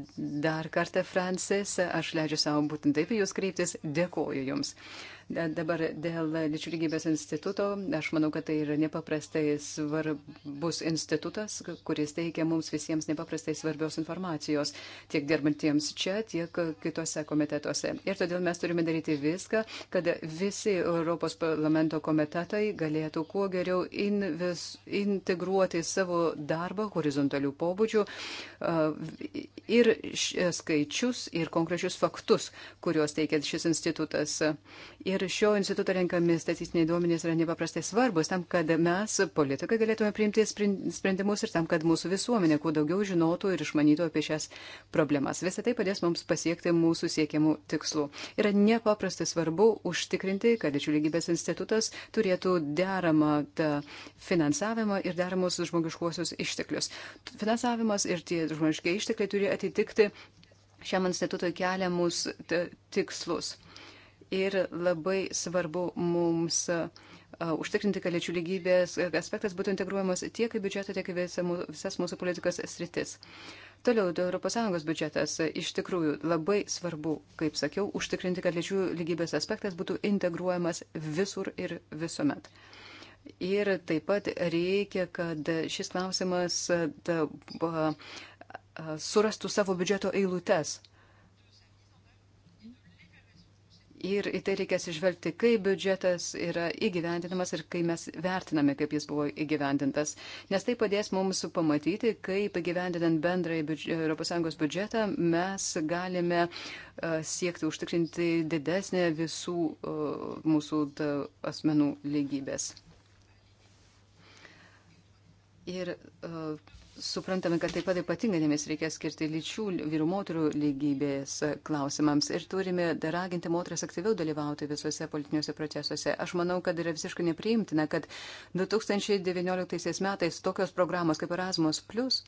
dar kartą, Francis, aš leidžiu savo būtent taip į Jūs kreiptis, dėkoju Jums. Uh, Dabar dėl lyčių lygybės instituto, aš manau, kad tai yra nepaprastai svarbus institutas, kuris teikia mums visiems nepaprastai svarbios informacijos, tiek dirbantiems čia, tiek kitose komitetuose. Ir todėl mes turime daryti viską, kad visi Europos parlamento komitetai galėtų kuo geriau invis, integruoti savo darbą horizontalių pobūdžių ir skaičius, ir konkrečius faktus, kuriuos teikia šis institutas. Ir Ir šio instituto renkami statistiniai duomenys yra nepaprastai svarbus tam, kad mes, politikai, galėtume priimti sprendimus ir tam, kad mūsų visuomenė kuo daugiau žinotų ir išmanytų apie šias problemas. Visą tai padės mums pasiekti mūsų siekiamų tikslų. Yra nepaprastai svarbu užtikrinti, kad lyčių lygybės institutas turėtų deramą finansavimą ir deramus žmogiškuosius išteklius. Finansavimas ir tie žmogiškiai ištekliai turi atitikti šiam institutui keliamus tikslus ir labai svarbu mums užtikrinti, kad lyčių lygybės aspektas būtų integruojamas tiek į biudžetą, tiek į visas mūsų politikos sritis. Toliau, tai ES biudžetas iš tikrųjų labai svarbu, kaip sakiau, užtikrinti, kad lyčių lygybės aspektas būtų integruojamas visur ir visuomet. Ir taip pat reikia, kad šis klausimas surastų savo biudžeto eilutes. Ir į tai reikės išvelgti, kaip biudžetas yra įgyvendinamas ir kai mes vertiname, kaip jis buvo įgyvendintas. Nes tai padės mums pamatyti, kaip įgyvendinant bendrąjį biudžetą, ES biudžetą mes galime e, siekti užtikrinti didesnę visų e, mūsų asmenų lygybės. Ir uh, suprantame, kad taip pat ypatingai dėmesį reikia skirti lyčių vyrų moterų lygybės klausimams ir turime dar raginti moteris aktyviau dalyvauti visuose politiniuose procesuose. Aš manau, kad yra visiškai nepriimtina, kad 2019 metais tokios programos kaip Erasmus Plus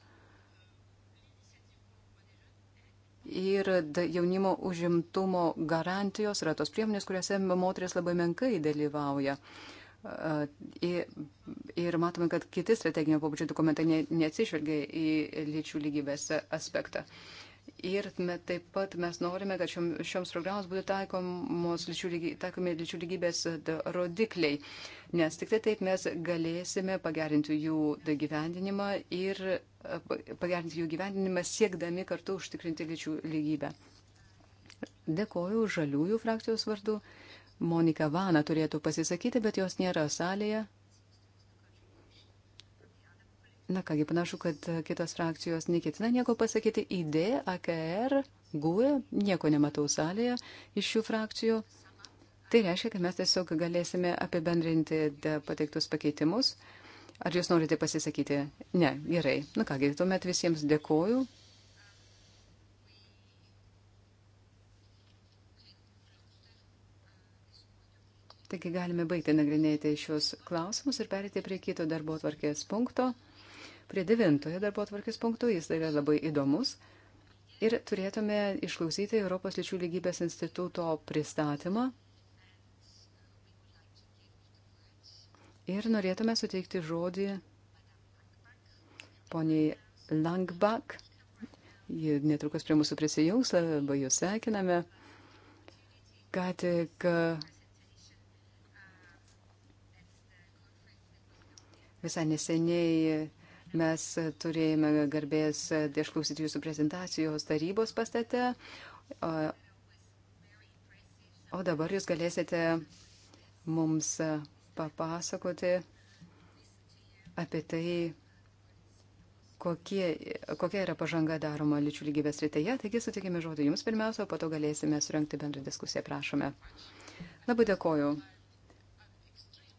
ir jaunimo užimtumo garantijos yra tos priemonės, kuriuose moteris labai menkai dalyvauja. Uh, Ir matome, kad kiti strateginio pobūdžio dokumentai neatsižvelgia į lyčių lygybės aspektą. Ir taip pat mes norime, kad šioms, šioms programos būtų lyčių lygy, taikomi lyčių lygybės rodikliai, nes tik tai taip mes galėsime pagerinti jų gyvendinimą ir pagerinti jų gyvendinimą siekdami kartu užtikrinti lyčių lygybę. Dėkoju žaliųjų frakcijos vardu. Uh, Monika Vana turėtų pasisakyti, bet jos nėra salėje. Na kągi, panašu, kad kitos frakcijos neketina nieko pasakyti. ID, AKR, GUE, nieko nematau salėje iš šių frakcijų. Tai reiškia, kad mes tiesiog galėsime apibendrinti pateiktus pakeitimus. Ar jūs norite pasisakyti? Ne, gerai. Na nu kągi, tuomet visiems dėkoju. Taigi galime baigti nagrinėti šios klausimus ir perėti prie kito darbo atvarkės punkto, prie devintojo darbo atvarkės punkto, jis yra labai įdomus. Ir turėtume išklausyti Europos lyčių lygybės instituto pristatymą. Ir norėtume suteikti žodį poniai Langbak. Ji netrukus prie mūsų prisijungs, labai jūs sveikiname. Ką tik Visai neseniai mes turėjome garbės išklausyti jūsų prezentacijos tarybos pastate, o, o dabar jūs galėsite mums papasakoti apie tai, kokie, kokia yra pažanga daroma lyčių lygybės rytėje. Taigi sutikime žodį jums pirmiausia, o po to galėsime surinkti bendrą diskusiją. Prašome. Labai dėkoju.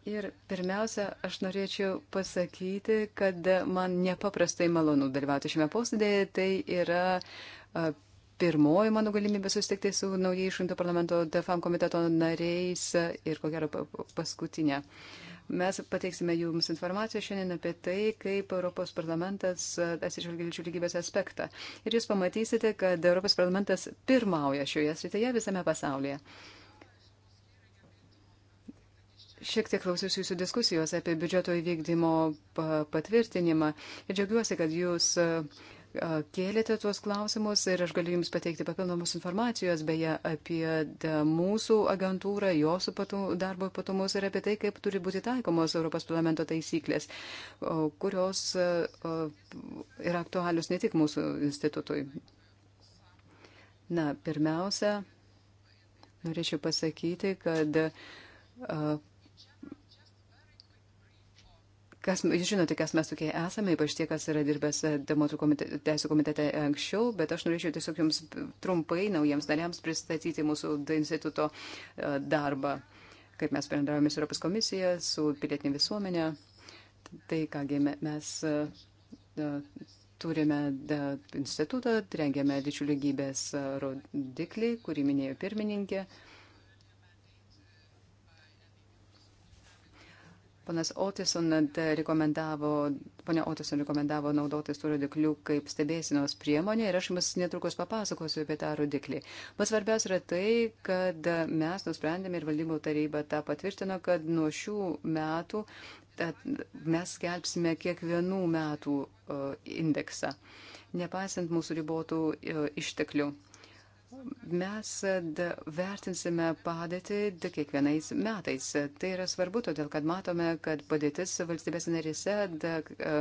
Ir pirmiausia, aš norėčiau pasakyti, kad man nepaprastai malonu dalyvauti šiame posėdėje. Tai yra pirmoji mano galimybė susitikti su naujai išrinkto parlamento DFAM komiteto nariais ir ko gero paskutinė. Mes pateiksime jums informaciją šiandien apie tai, kaip Europos parlamentas atsižvelgia lyčių lygybės aspektą. Ir jūs pamatysite, kad Europos parlamentas pirmauja šioje srityje visame pasaulyje. Uh, Šiek tiek klausiausi jūsų diskusijos apie biudžeto įvykdymo patvirtinimą ir džiaugiuosi, kad jūs kėlėte tuos klausimus ir aš galiu Jums pateikti papildomus informacijos beje apie mūsų agentūrą, jos patu, darbo ypatumus ir apie tai, kaip turi būti taikomos Europos parlamento taisyklės, kurios yra aktualius ne tik mūsų institutui. Na, pirmiausia, norėčiau pasakyti, kad Kas, jūs žinote, kas mes tokie esame, ypač tie, kas yra dirbęs e, moterų komite, teisų komitete anksčiau, bet aš norėčiau tiesiog jums trumpai naujiems nariams pristatyti mūsų instituto e, darbą, kaip mes bendravome su Europos komisija, su pilietinė visuomenė. Tai kągi mes e, turime institutą, rengiame lyčių lygybės rodiklį, kurį minėjo pirmininkė. Panas Otison rekomendavo, ponia Otison rekomendavo naudotis tų rodiklių kaip stebėsinos priemonė ir aš jums netrukus papasakosiu apie tą rodiklį. Bet svarbiausia yra tai, kad mes nusprendėme ir valdymo taryba tą patvirtino, kad nuo šių metų mes skelbsime kiekvienų metų e, indeksą, nepaisant mūsų ribotų e, išteklių. Mes e, vertinsime padėtį kiekvienais metais. Tai yra svarbu, todėl kad matome, kad padėtis valstybės narise e,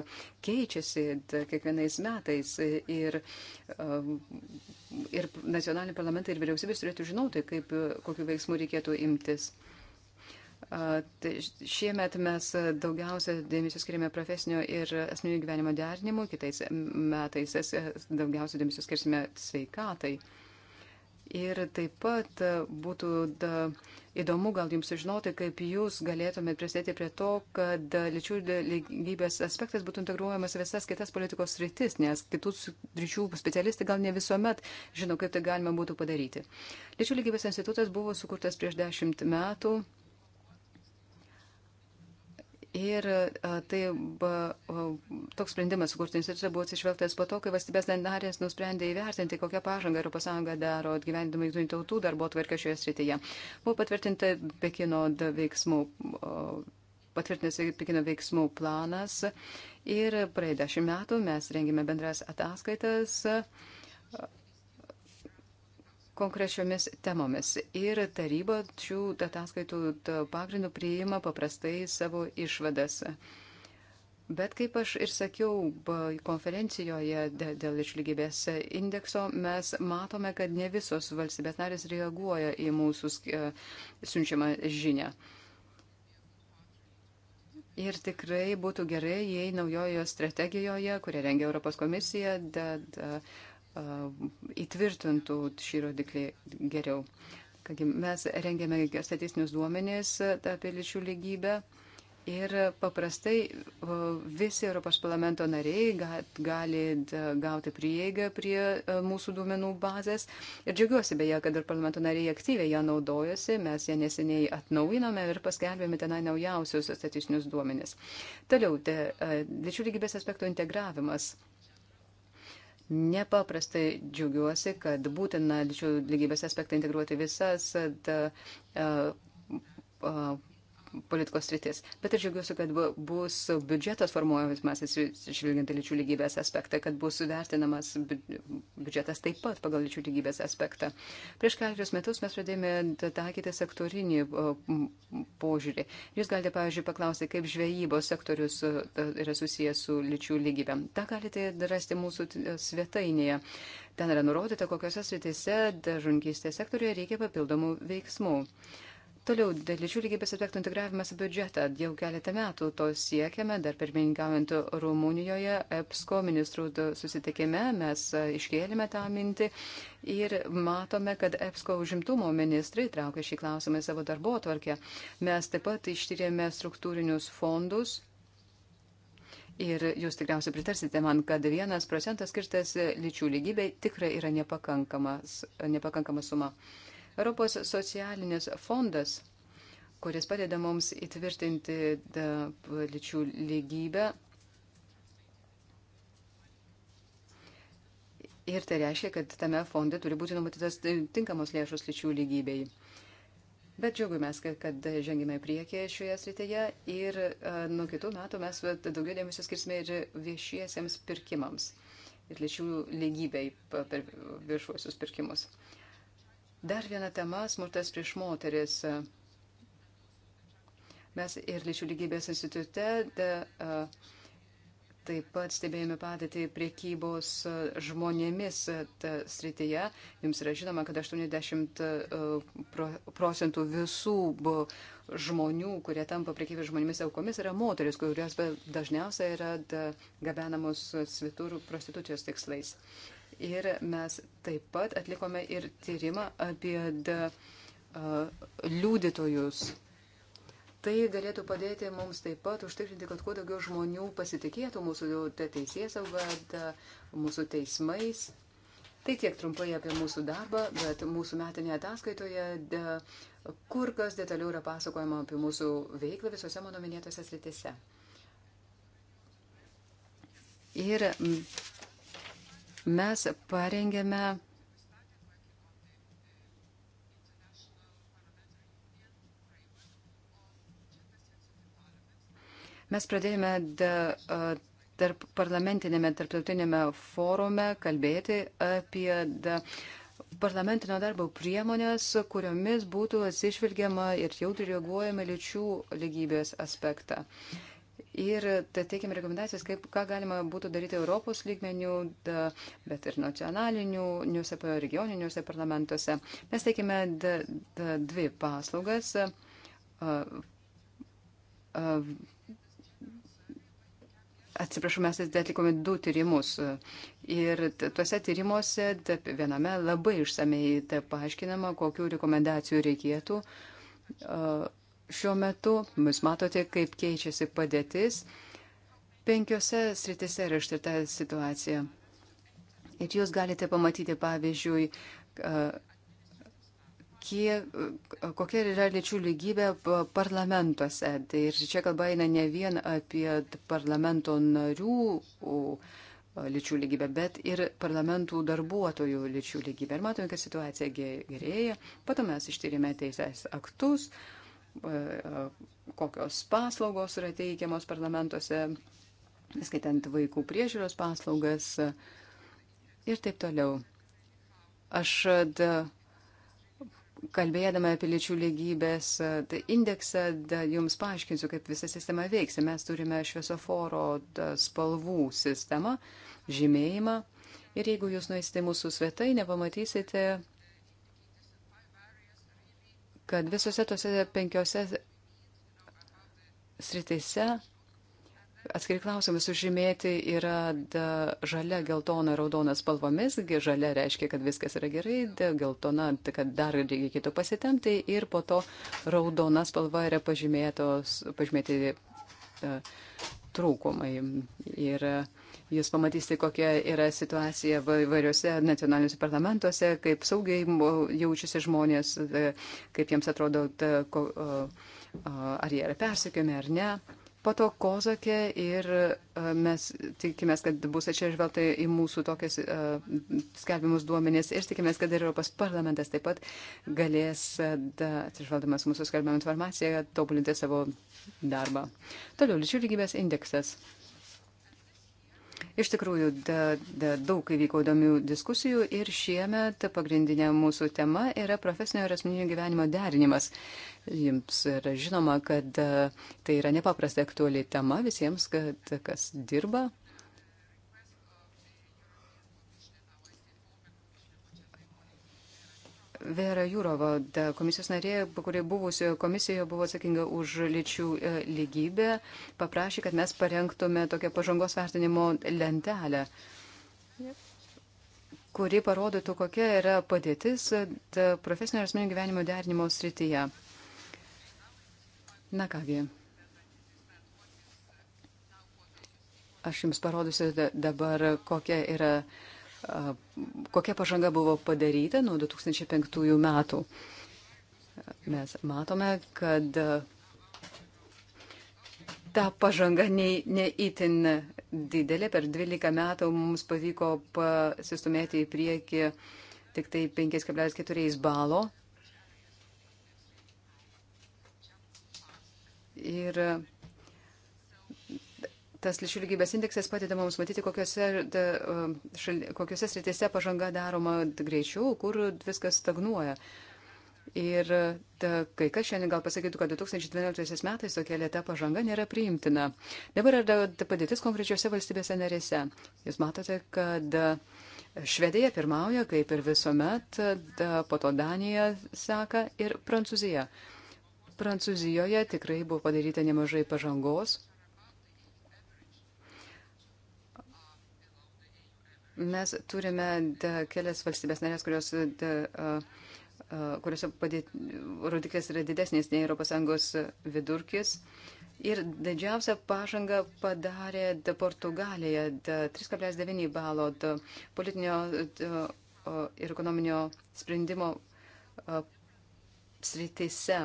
keičiasi kiekvienais metais. Ir, e, ir nacionaliniai parlamentai ir vyriausybės turėtų žinoti, kaip, kokiu veiksmu reikėtų imtis. Tai šiemet mes daugiausia dėmesio skiriame profesinio ir asmeninio gyvenimo derinimu, kitais metais daugiausia dėmesio skirsime sveikatai. Tai Ir taip pat e, būtų da, įdomu gal jums sužinoti, kaip jūs galėtumėt prisidėti prie to, kad e, lyčių lygybės aspektas būtų integruojamas visas kitas politikos rytis, nes kitų ryčių specialistai gal ne visuomet žino, kaip tai galima būtų padaryti. Lyčių lygybės institutas buvo sukurtas prieš dešimt metų. Ir tai toks sprendimas sukurti institutą buvo atsižvelgtas po to, kai valstybės narės nusprendė įvertinti, kokią pažangą ES daro atgyvendimą jungtinių tautų darbo tvarkę šioje srityje. Buvo patvirtinta Pekino veiksmų patvirtinęs Pekino veiksmų planas ir praeitą šį metų mes rengėme bendras ataskaitas konkrečiomis temomis. Ir taryba šių ataskaitų pagrindų priima paprastai savo išvadas. Bet kaip aš ir sakiau konferencijoje dėl išlygybės indekso, mes matome, kad ne visos valstybės narės reaguoja į mūsų e, siunčiamą žinią. Ir tikrai būtų gerai, jei naujojo strategijoje, kurią rengia Europos komisija, da, da, įtvirtintų šį rodiklį geriau. Kągi, mes rengiame statistinius duomenys apie lyčių lygybę ir paprastai visi Europos parlamento nariai gali gauti prieigą prie mūsų duomenų bazės. Ir džiaugiuosi beje, kad ir parlamento nariai aktyviai ją naudojasi. Mes ją neseniai atnaujinome ir paskelbėme tenai naujausius statistinius duomenys. Toliau, lyčių lygybės aspektų integravimas Nepaprastai džiaugiuosi, kad būtina lyčių lygybės aspektą integruoti visas da, a, a, politikos sritis. Bet aš džiaugiuosi, kad bus biudžetas formuojamas, išvilgiant lyčių lygybės aspektą, kad bus vertinamas biudžetas taip pat pagal lyčių lygybės aspektą. Prieš kelius metus mes pradėjome taikyti sektorinį požiūrį. Jūs galite, pavyzdžiui, paklausti, kaip žvejybos sektorius e, yra susijęs su lyčių lygybė. Ta galite rasti mūsų svetainėje. Ten yra nurodyta, kokiuose sritise žunkystės sektoriuje reikia papildomų veiksmų. Uh, Toliau, dėl lyčių lygybės aspektų integravimas į biudžetą. Jau keletą metų to siekiame, dar pirmininkaujant Rumunijoje, EPSCO ministrų susitikime mes e, iškėlėme tą mintį ir matome, kad EPSCO užimtumo ministrai traukia šį klausimą į savo darbo tvarkę. Mes taip pat ištyrėme struktūrinius fondus Ir jūs tikriausiai pritarsite man, kad vienas procentas skirtas lyčių lygybei tikrai yra nepakankamas, nepakankama suma. Europos socialinis fondas, kuris padeda mums įtvirtinti lyčių lygybę. Ir tai reiškia, kad tame fonde turi būti numatytas tinkamos lėšos lyčių lygybei. Bet džiaugiamės, kad, kad žengime priekį šioje srityje ir uh, nuo kitų metų mes daugiau dėmesio skirsime ir viešiesiems pirkimams ir lyčių lygybei per viešuosius pirkimus. Dar viena tema - smurtas prieš moteris. Mes ir lyčių lygybės institute de, taip pat stebėjome padėtį priekybos žmonėmis srityje. Jums yra žinoma, kad 80 procentų visų žmonių, kurie tampa priekybės žmonėmis aukomis, yra moteris, kurios dažniausiai yra gabenamos svetur prostitucijos tikslais. Ir mes taip pat atlikome ir tyrimą apie da, uh, liudytojus. Tai galėtų padėti mums taip pat užtikrinti, kad kuo daugiau žmonių pasitikėtų mūsų teisėsauga, mūsų teismais. Tai tiek trumpai apie mūsų darbą, bet mūsų metinėje ataskaitoje de, kur kas detaliau yra pasakojama apie mūsų veiklą visose mano minėtose sritise. Ir mes parengėme Mes pradėjome da, tarp parlamentinėme, tarptautinėme forume kalbėti apie da, parlamentinio darbo priemonės, kuriomis būtų atsižvelgiama ir jautriai reaguojama lyčių lygybės aspektą ir teikiam rekomendacijas, kaip, ką galima būtų daryti Europos lygmenių, da, bet ir nacionaliniuose, regioniniuose parlamentuose. Mes teikime da, da, dvi paslaugas. A, a, atsiprašau, mes atlikome du tyrimus. Ir tuose tyrimuose viename labai išsamei paaiškinama, kokiu rekomendacijų reikėtų uh, šiuo metu. Jūs matote, kaip keičiasi padėtis. Penkiose sritise yra ištirta situacija. Ir jūs galite pamatyti, pavyzdžiui, kie, kokia yra lyčių lygybė parlamentuose. Tai ir čia kalba eina ne vien apie parlamento narių lyčių lygybę, bet ir parlamentų darbuotojų lyčių lygybę. Ir matome, kad situacija gerėja. Pato mes ištyrėme teisės aktus. Uh, E, e, kokios paslaugos yra teikiamos parlamentuose, skaitant vaikų priežiūros paslaugas e, ir taip toliau. Aš da, kalbėdama apie lyčių lygybės da, indeksą da, jums paaiškinsiu, kaip visa sistema veiks. Mes turime šviesoforo da, spalvų sistemą, žymėjimą. Ir jeigu jūs nueisite mūsų svetainę, pamatysite kad visose tose penkiose sritise atskiri klausimai sužymėti yra da, žalia, geltona, raudona spalvomis. Žalia reiškia, kad viskas yra gerai, da, geltona, da, tai kad dar reikia kito pasitemti ir po to raudona spalva yra pažymėti da, e, trūkumai. Ir uh, Jūs pamatysite, kokia yra situacija vairiuose nacionaliniuose parlamentuose, kaip saugiai jaučiasi žmonės, e, kaip jiems atrodo, ar jie yra persekiami ar ne. Po to Kozakė ir e, mes tikimės, kad bus atsižvelgta į mūsų tokias uh, skelbimus duomenės ir tikimės, kad ir Europos parlamentas taip pat galės, atsižvelgdamas mūsų skelbiamą informaciją, tobulinti savo darbą. Toliau, lyčių lygybės indeksas. Iš tikrųjų, da, da, daug įvyko įdomių diskusijų ir šiemet pagrindinė mūsų tema yra profesinio ir asmeninio gyvenimo derinimas. Jums yra žinoma, kad tai yra nepaprastai aktuali tema visiems, kad, kas dirba Vera Jūrova, komisijos narė, kurie buvusioje komisijoje buvo atsakinga už lyčių e, lygybę, paprašė, kad mes parengtume tokią pažangos vertinimo lentelę, kuri parodytų, kokia yra padėtis e, profesinio ir asmeninio gyvenimo derinimo srityje. Na kągi. Aš jums parodysiu dabar, kokia yra uh, kokia pažanga buvo padaryta nuo 2005 metų. Mes matome, kad ta pažanga neįtin ne didelė. Per 12 metų mums pavyko pasistumėti į priekį tik tai 5,4 balo. Ir tas lyčių lygybės indeksas padeda mums matyti, kokiuose, da, um, šal, kokiuose sritise pažanga daroma greičiau, kur viskas stagnuoja. Ir da, kai kas šiandien gal pasakytų, kad 2012 metais tokia lėta pažanga nėra priimtina. Dabar yra padėtis konkrečiose valstybėse narėse. Jūs matote, kad Švedija pirmauja, kaip ir visuomet, da, po to Danija seka ir Prancūzija. Prancūzijoje tikrai buvo padaryta nemažai pažangos. Mes turime da, kelias valstybės narės, kurios da, a, a, kuriuose padėt, rodiklis yra didesnis nei ES vidurkis. Ir didžiausią pažangą padarė da Portugalija da 3,9 balo da politinio da, ir ekonominio sprendimo sritise.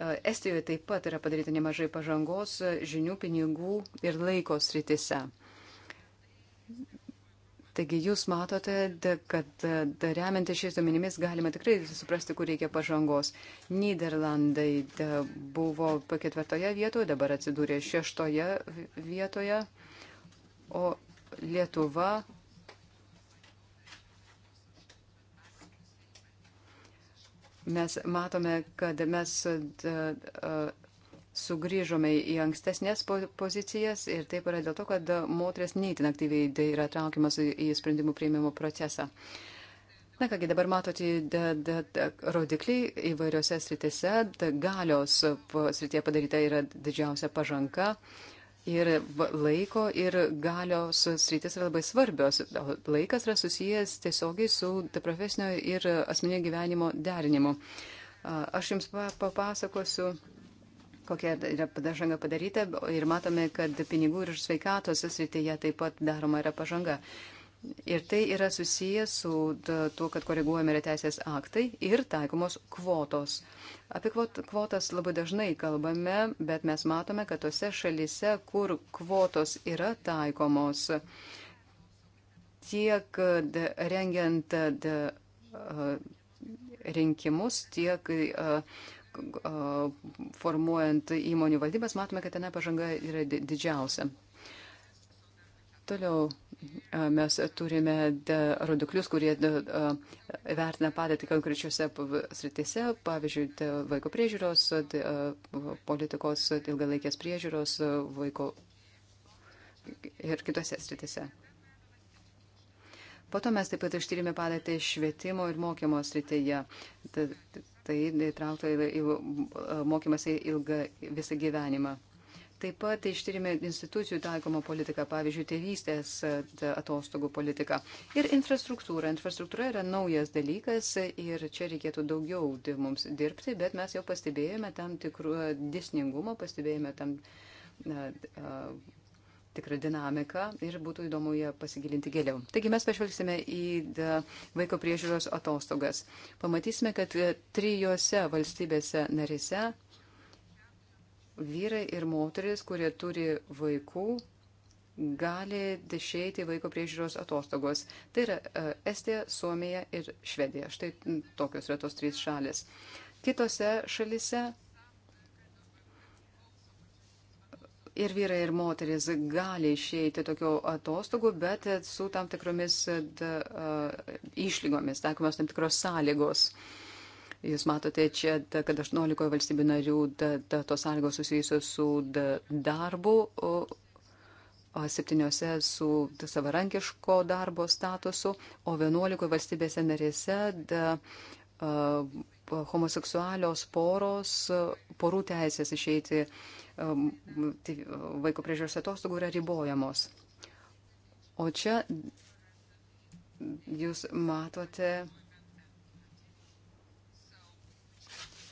Estijoje taip pat yra padaryta nemažai pažangos žinių, pinigų ir laiko sritise. Taigi jūs matote, kad remiantis šiais duomenimis galima tikrai suprasti, kur reikia pažangos. Niderlandai buvo ketvirtoje vietoje, dabar atsidūrė šeštoje vietoje, o Lietuva mes matome, kad mes sugrįžome į ankstesnės pozicijas ir taip yra dėl to, kad moteris neįtin aktyviai tai yra traukiamas į sprendimų prieimimo procesą. Na kągi, dabar matote da, da, da, rodikliai įvairiose sritise, da, galios srityje padaryta yra didžiausia pažanga. Ir laiko ir galios sritis yra labai svarbios. Laikas yra susijęs tiesiogiai su profesinio ir asmeninio gyvenimo derinimu. Aš jums papasakosiu. Pa kokia yra pažanga padaryta ir matome, kad pinigų ir sveikatos srityje taip pat daroma yra pažanga. Ir tai yra susijęs su tuo, kad koreguojami yra teisės aktai ir taikomos kvotos. Apie kvotas labai dažnai kalbame, bet mes matome, kad tose šalise, kur kvotos yra taikomos, tiek rengiant rinkimus, tiek uh, formuojant įmonių valdybas, matome, kad ten pažanga yra didžiausia. Toliau mes turime rodiklius, kurie vertina padėtį konkrečiose sritise, pavyzdžiui, vaiko priežiūros, politikos ilgalaikės priežiūros, vaiko ir kitose sritise. Po to mes taip pat ištyrėme padėtį švietimo ir mokymo srityje tai įtraukta į mokymasi ilgą visą gyvenimą. Taip pat ištyrėme institucijų taikomą politiką, pavyzdžiui, tėvystės e, atostogų politiką. Ir infrastruktūra. Infrastruktūra yra naujas dalykas ir čia reikėtų daugiau mums dirbti, bet mes jau pastebėjome tam tikrų e, disningumą, pastebėjome tam na, e, tikrą dinamiką ir būtų įdomu ją pasigilinti giliau. Taigi mes pažvelgsime į vaiko priežiūros atostogas. Pamatysime, kad e, trijose valstybėse narise vyrai ir moteris, kurie turi vaikų, gali dešėti vaiko priežiūros atostogos. Tai yra e, Estija, Suomija ir Švedija. Štai tokios yra tos trys šalis. Kitose šalise ir vyrai, ir moteris gali išeiti tokio atostogų, bet su tam tikromis išlygomis, taikomos tam tikros sąlygos. Jūs matote čia, kad 18 valstybių narių tos sąlygos susijusios su darbu, o 7 su savarankiško darbo statusu, o 11 valstybėse narėse homoseksualios poros, porų teisės išeiti Tai, e, vaiko priežiūros atostogų yra ribojamos. O čia jūs matote,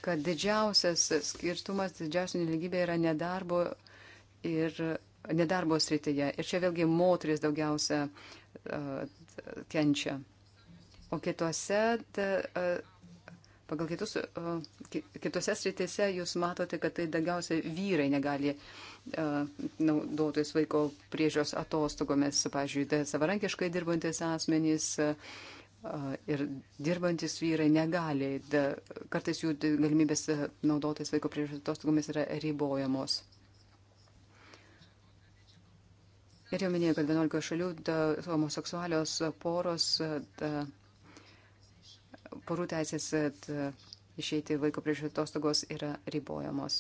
kad didžiausias skirtumas, didžiausia neligybė yra nedarbo ir nedarbo srityje. Ir čia vėlgi moteris daugiausia uh, kenčia. O kitose ta, uh, pagal kitus, uh, kitose sritise jūs matote, kad tai daugiausiai vyrai negali uh, naudotis vaiko priežios atostogomis, pavyzdžiui, tai savarankiškai dirbantis asmenys. Uh, ir dirbantis vyrai negali, da, kartais jų galimybės naudotis vaiko priežiūros atostogomis yra ribojamos. Ir jau minėjau, kad 11 šalių da, homoseksualios poros da, porų teisės išeiti vaiko prieš atostogos yra ribojamos.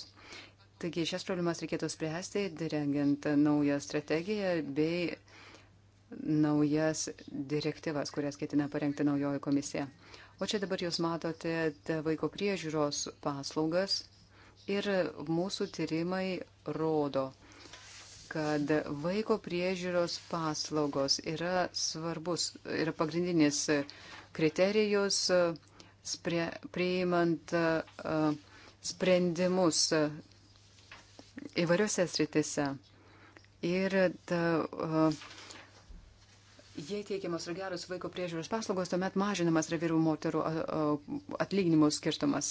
Taigi šias problemas reikėtų spręsti, rengiant naują strategiją bei naujas direktyvas, kurias ketina parengti naujoji komisija. O čia dabar jūs matote vaiko priežiūros paslaugas ir mūsų tyrimai rodo, kad vaiko priežiūros paslaugos yra svarbus, yra pagrindinis kriterijus, e, sprie, priimant e, e, sprendimus įvairiose sritise. Ir ta, jei teikiamas yra geros vaiko priežiūros paslaugos, tuomet mažinamas yra vyrų moterų atlyginimų skirtumas.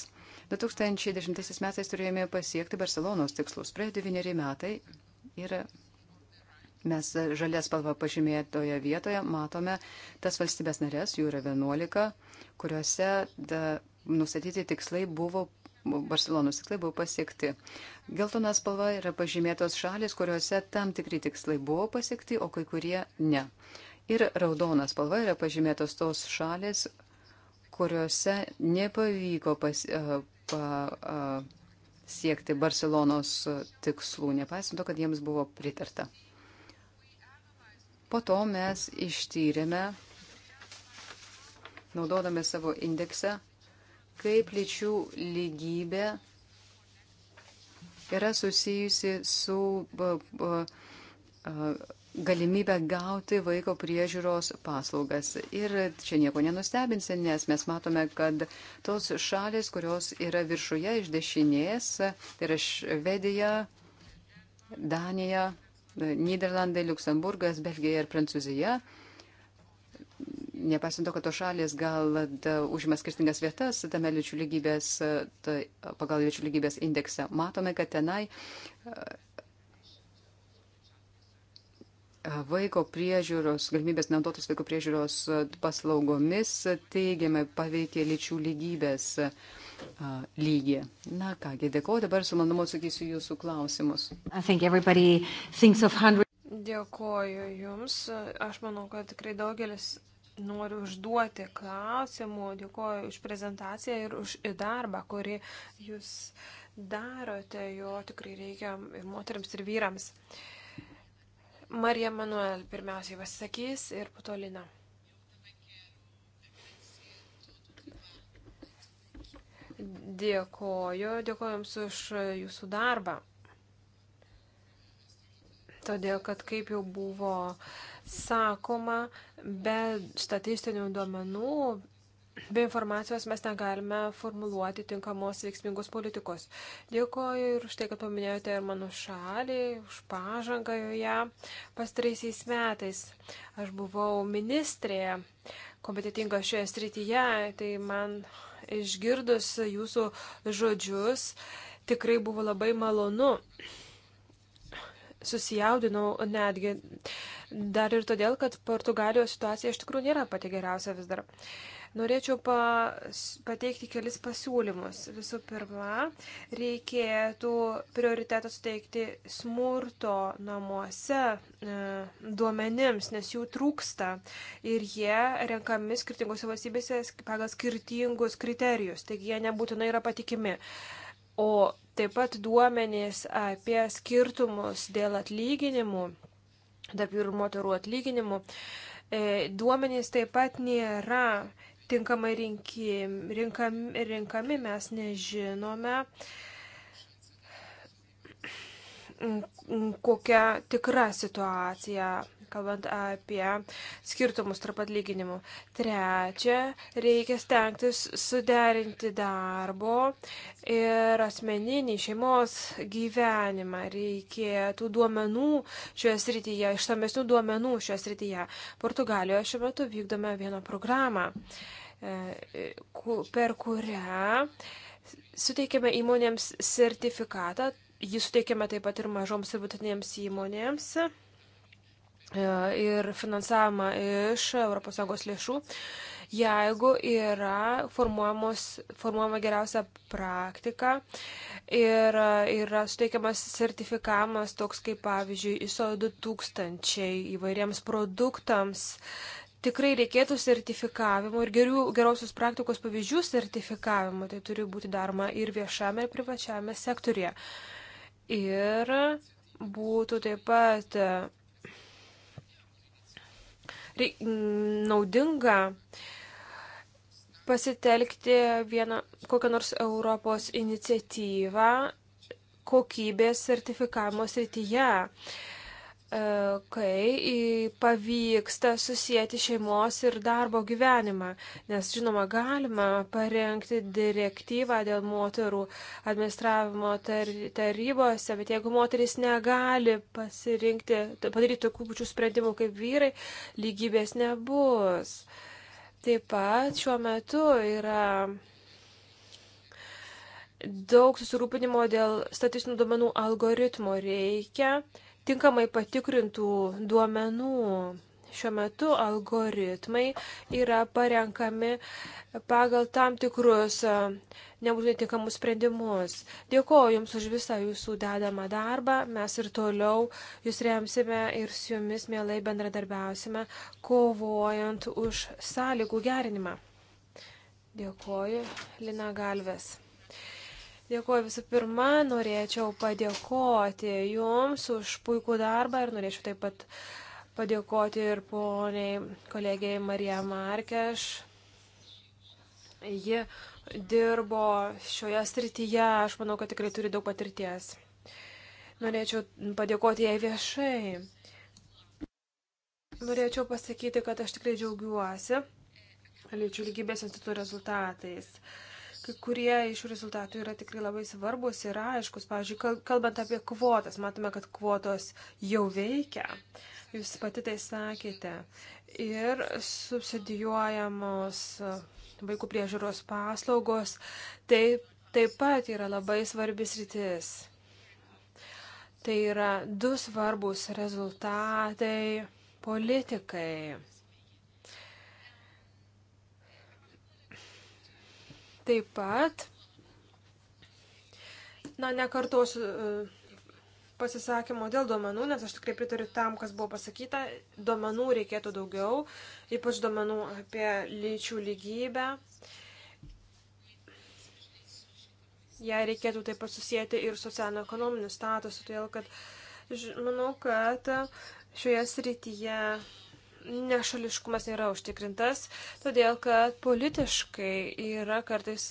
2010 metais turėjome pasiekti Barcelonos tikslus, praėjo devyneri metai ir Mes e, žalės spalva pažymėtoje vietoje matome tas valstybės narės, jų yra 11, kuriuose da, nustatyti tikslai buvo, Barcelonos tikslai buvo pasiekti. Geltona spalva yra pažymėtos šalis, kuriuose tam tikri tikslai buvo pasiekti, o kai kurie ne. Ir raudona spalva yra pažymėtos tos šalis, kuriuose nepavyko pas, e, pa, a, e, siekti Barcelonos tikslų, nepaisant to, kad jiems buvo pritarta. Po to mes ištyrėme, naudodami savo indeksą, kaip lyčių lygybė yra susijusi su galimybę gauti vaiko priežiūros paslaugas. Ir čia nieko nenustebinsi, nes mes matome, kad tos šalis, kurios yra viršuje iš dešinės, tai yra Švedija, Danija, Niderlandai, Luksemburgas, Belgija ir Prancūzija. Nepaisant to, kad to šalis gal da, užima skirtingas vietas tame lyčių lygybės, ta, pagal lyčių lygybės indeksą, matome, kad tenai vaiko priežiūros, galimybės naudotis vaiko priežiūros paslaugomis teigiamai paveikė lyčių lygybės uh, lygį. Na kągi, dėkuoju, dabar su manumu atsakysiu jūsų klausimus.
Dėkuoju Jums. Aš manau, kad tikrai daugelis nori užduoti klausimų. Dėkuoju už prezentaciją ir už darbą, kurį Jūs darote. Jo tikrai reikia ir moteriams, ir vyrams. Marija Manuel pirmiausiai pasisakys ir po to Lina. dėkoju, dėkoju Jums už Jūsų darbą. Todėl, kad kaip jau buvo sakoma, be statistinių duomenų, be informacijos mes negalime formuluoti tinkamos veiksmingos politikos. Dėkoju ir už tai, kad paminėjote ir mano šalį, už pažangą joje pastaraisiais metais. Aš buvau ministrė kompetitinga šioje srityje, tai man išgirdus jūsų žodžius tikrai buvo labai malonu. Susijaudinau netgi dar ir todėl, kad Portugalijos situacija iš tikrųjų nėra pati geriausia vis dar. Uh, Norėčiau pa, pateikti kelis pasiūlymus. Visų pirma, reikėtų prioritetą suteikti smurto namuose e, duomenims, nes jų trūksta ir jie renkami skirtingose valstybėse pagal skirtingus kriterijus, taigi jie nebūtinai yra patikimi. O taip pat duomenys apie skirtumus dėl atlyginimų, tarp vyrų ir moterų atlyginimų, e, duomenys taip pat nėra tinkamai rinkimi, rinkami, rinkami mes nežinome, kokia tikra situacija, kalbant apie skirtumus tarp atlyginimų. Trečia, reikia stengtis suderinti darbo ir asmeninį šeimos gyvenimą. Reikėtų duomenų šioje srityje, išsamesnių duomenų šioje srityje. Portugalijoje šiuo metu vykdome vieną programą. Uh, per kurią suteikiame įmonėms sertifikatą, jį suteikiame taip pat ir mažoms ir vidutinėms įmonėms e, ir finansavimą iš ES lėšų, jeigu yra formuojama geriausia praktika ir e, yra suteikiamas sertifikavimas toks kaip pavyzdžiui ISO 2000 įvairiems produktams, tikrai reikėtų sertifikavimo ir gerių, gerosios praktikos pavyzdžių sertifikavimo. Tai turi būti daroma ir viešame, ir privačiame sektorėje. Ir būtų taip pat e, reik, naudinga pasitelkti vieną kokią nors Europos iniciatyvą kokybės sertifikavimo srityje. Uh, E, kai pavyksta susijęti šeimos ir darbo gyvenimą. Nes, žinoma, galima parengti direktyvą dėl moterų administravimo tar tarybose, bet jeigu moteris negali pasirinkti, padaryti tokių pačių sprendimų kaip vyrai, lygybės nebus. Taip pat šiuo metu yra daug susirūpinimo dėl statistinių duomenų algoritmo reikia tinkamai patikrintų duomenų. Šiuo metu algoritmai yra parenkami pagal tam tikrus nebūtinai tinkamus sprendimus. Dėkuoju Jums už visą Jūsų dedamą darbą. Mes ir toliau Jūs remsime ir su Jumis mielai bendradarbiausime, kovojant už sąlygų gerinimą. Dėkuoju, Lina Galvės. Dėkuoju visų pirma, norėčiau padėkoti Jums už puikų darbą ir norėčiau taip pat padėkoti ir poniai kolegijai Marija Markeš. Ji dirbo šioje srityje, aš manau, kad tikrai turi daug patirties. Norėčiau padėkoti jai viešai. Norėčiau pasakyti, kad aš tikrai džiaugiuosi lyčių lygybės institutų rezultatais. Uh, Kai kurie iš rezultatų yra tikrai labai svarbus ir aiškus. Pavyzdžiui, kalbant apie kvotas, matome, kad kvotos jau veikia. Jūs pati tai sakėte. Ir subsidijuojamos e, vaikų priežiūros paslaugos taip, taip pat yra labai svarbis rytis. Tai yra du svarbus rezultatai politikai. Taip pat, na, nekartosiu e, pasisakymo dėl duomenų, nes aš tikrai pritariu tam, kas buvo pasakyta. Duomenų reikėtų daugiau, ypač duomenų apie lyčių lygybę. Ją reikėtų taip pat susijęti ir socialinio-ekonominiu statusu, todėl kad manau, kad šioje srityje nešališkumas nėra užtikrintas, todėl kad politiškai yra kartais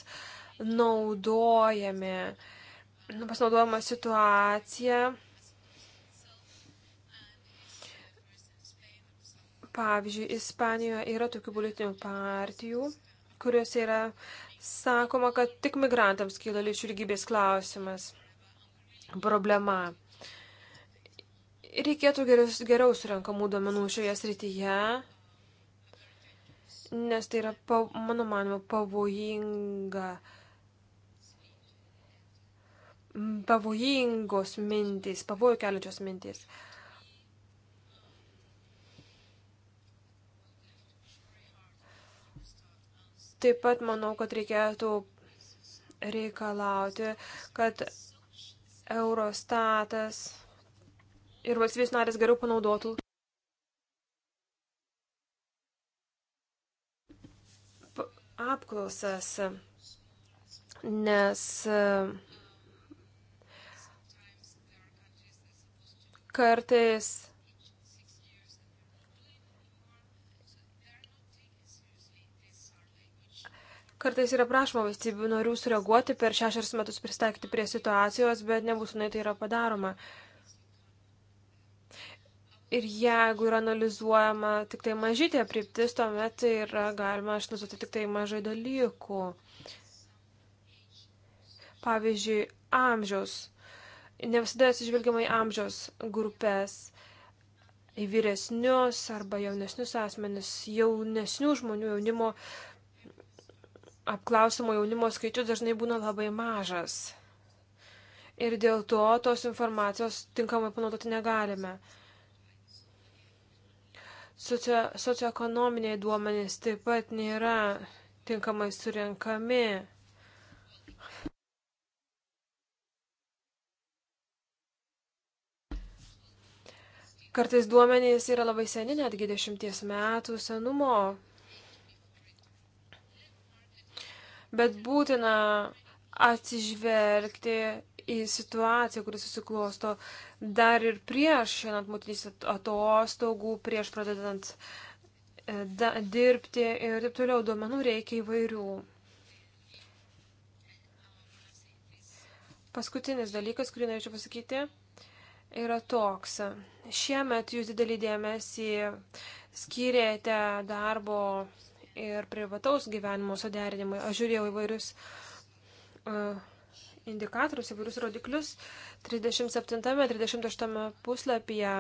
naudojami, nu, pasinaudojama situacija. Pavyzdžiui, Ispanijoje yra tokių politinių partijų, kuriuose yra sakoma, kad tik migrantams kyla lyčių lygybės klausimas problema. Reikėtų geriau surenkamų duomenų šioje srityje, nes tai yra, mano manimo, pavojinga. Pavojingos mintys, pavojų keliančios mintys. Taip pat manau, kad reikėtų reikalauti, kad Eurostatas ir valstybės narės geriau panaudotų apklausas, nes kartais Kartais yra prašoma valstybių narių sureaguoti per šešerius metus pristaikyti prie situacijos, bet nebūtinai tai yra padaroma. Uh, Ir jeigu yra analizuojama tik tai mažytė apriptis, tuomet tai yra galima išnazoti tik tai mažai dalykų. Pavyzdžiui, amžiaus. Ne visada atsižvelgiama į amžiaus grupės, į vyresnius arba jaunesnius asmenis. Jaunesnių žmonių jaunimo apklausimo jaunimo skaičius dažnai būna labai mažas. Ir dėl to tos informacijos tinkamai panaudoti negalime socio, socioekonominiai duomenys taip pat nėra tinkamai surinkami. Kartais duomenys yra labai seni, netgi dešimties metų senumo. Bet būtina atsižvelgti į situaciją, kuris susiklosto dar ir prieš šiandien motinys atostogų, prieš pradedant e, da, dirbti ir taip toliau. Duomenų reikia įvairių. Paskutinis dalykas, kurį norėčiau pasakyti, yra toks. Šiemet jūs didelį dėmesį skyrėte darbo ir privataus gyvenimo suderinimui. Aš žiūrėjau įvairius uh, indikatorius, įvairius rodiklius. 37-38 puslapyje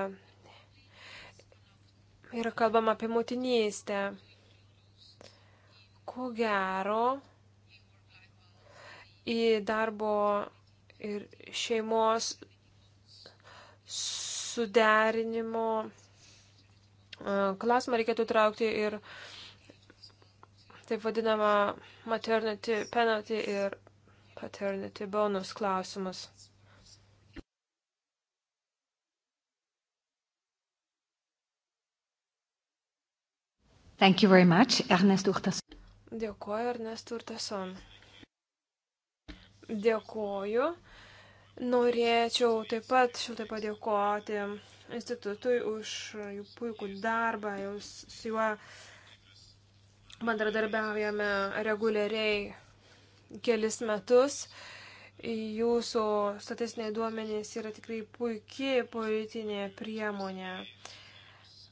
yra kalbama apie motinystę. Ko gero, į darbo ir šeimos suderinimo e, klausimą reikėtų traukti ir taip vadinamą maternity penalty ir paternity bonus klausimas.
Thank you very much, Ernest Urtason.
Dėkuoju, Ernest Urtason. Dėkuoju. Norėčiau taip pat šiltai padėkoti institutui už jų puikų darbą, jūs su juo bendradarbiaujame reguliariai kelis metus. Jūsų statistiniai duomenys yra tikrai puikiai politinė priemonė.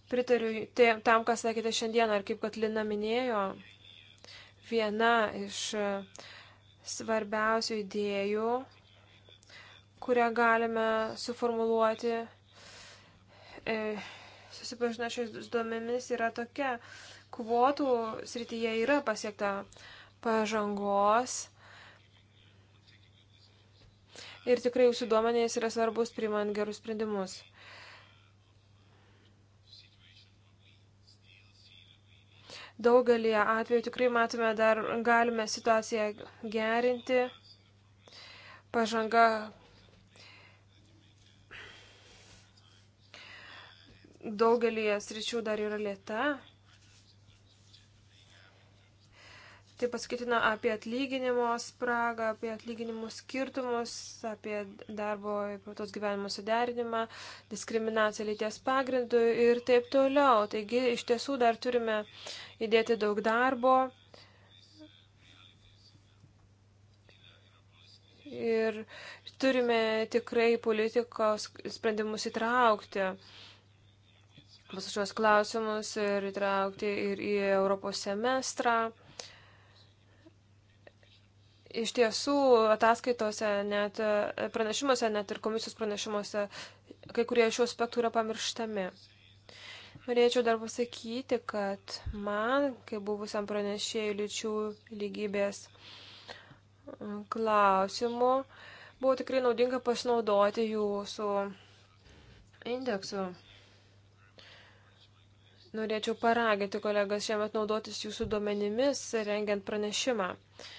Pritariu tam, ką sakėte šiandieną, ir kaip kad Lina minėjo, viena iš e, svarbiausių idėjų, kurią galime suformuluoti e, susipažinę šiais duomenimis, yra tokia. Kvotų srityje yra pasiekta uh, pažangos. Ir tikrai jūsų duomenys yra svarbus priimant gerus sprendimus. Daugelį atvejų tikrai matome, dar galime situaciją gerinti. Pažanga daugelį sričių dar yra lėta. Tai pasakytina apie atlyginimo spragą, apie atlyginimų skirtumus, apie darbo įpratos gyvenimo suderinimą, diskriminaciją lyties pagrindų ir taip toliau. Taigi iš tiesų dar turime įdėti daug darbo. Ir turime tikrai politikos sprendimus įtraukti visus šios klausimus ir įtraukti ir į Europos semestrą. Iš tiesų, ataskaitose, net pranešimuose, net ir komisijos pranešimuose, kai kurie šių aspektų yra pamirštami. Norėčiau dar pasakyti, kad man, kaip buvusiam pranešėjui lyčių lygybės klausimų, buvo tikrai naudinga pasinaudoti jūsų indeksu. Norėčiau paraginti kolegas šiemet naudotis jūsų duomenimis, rengiant pranešimą. Uh,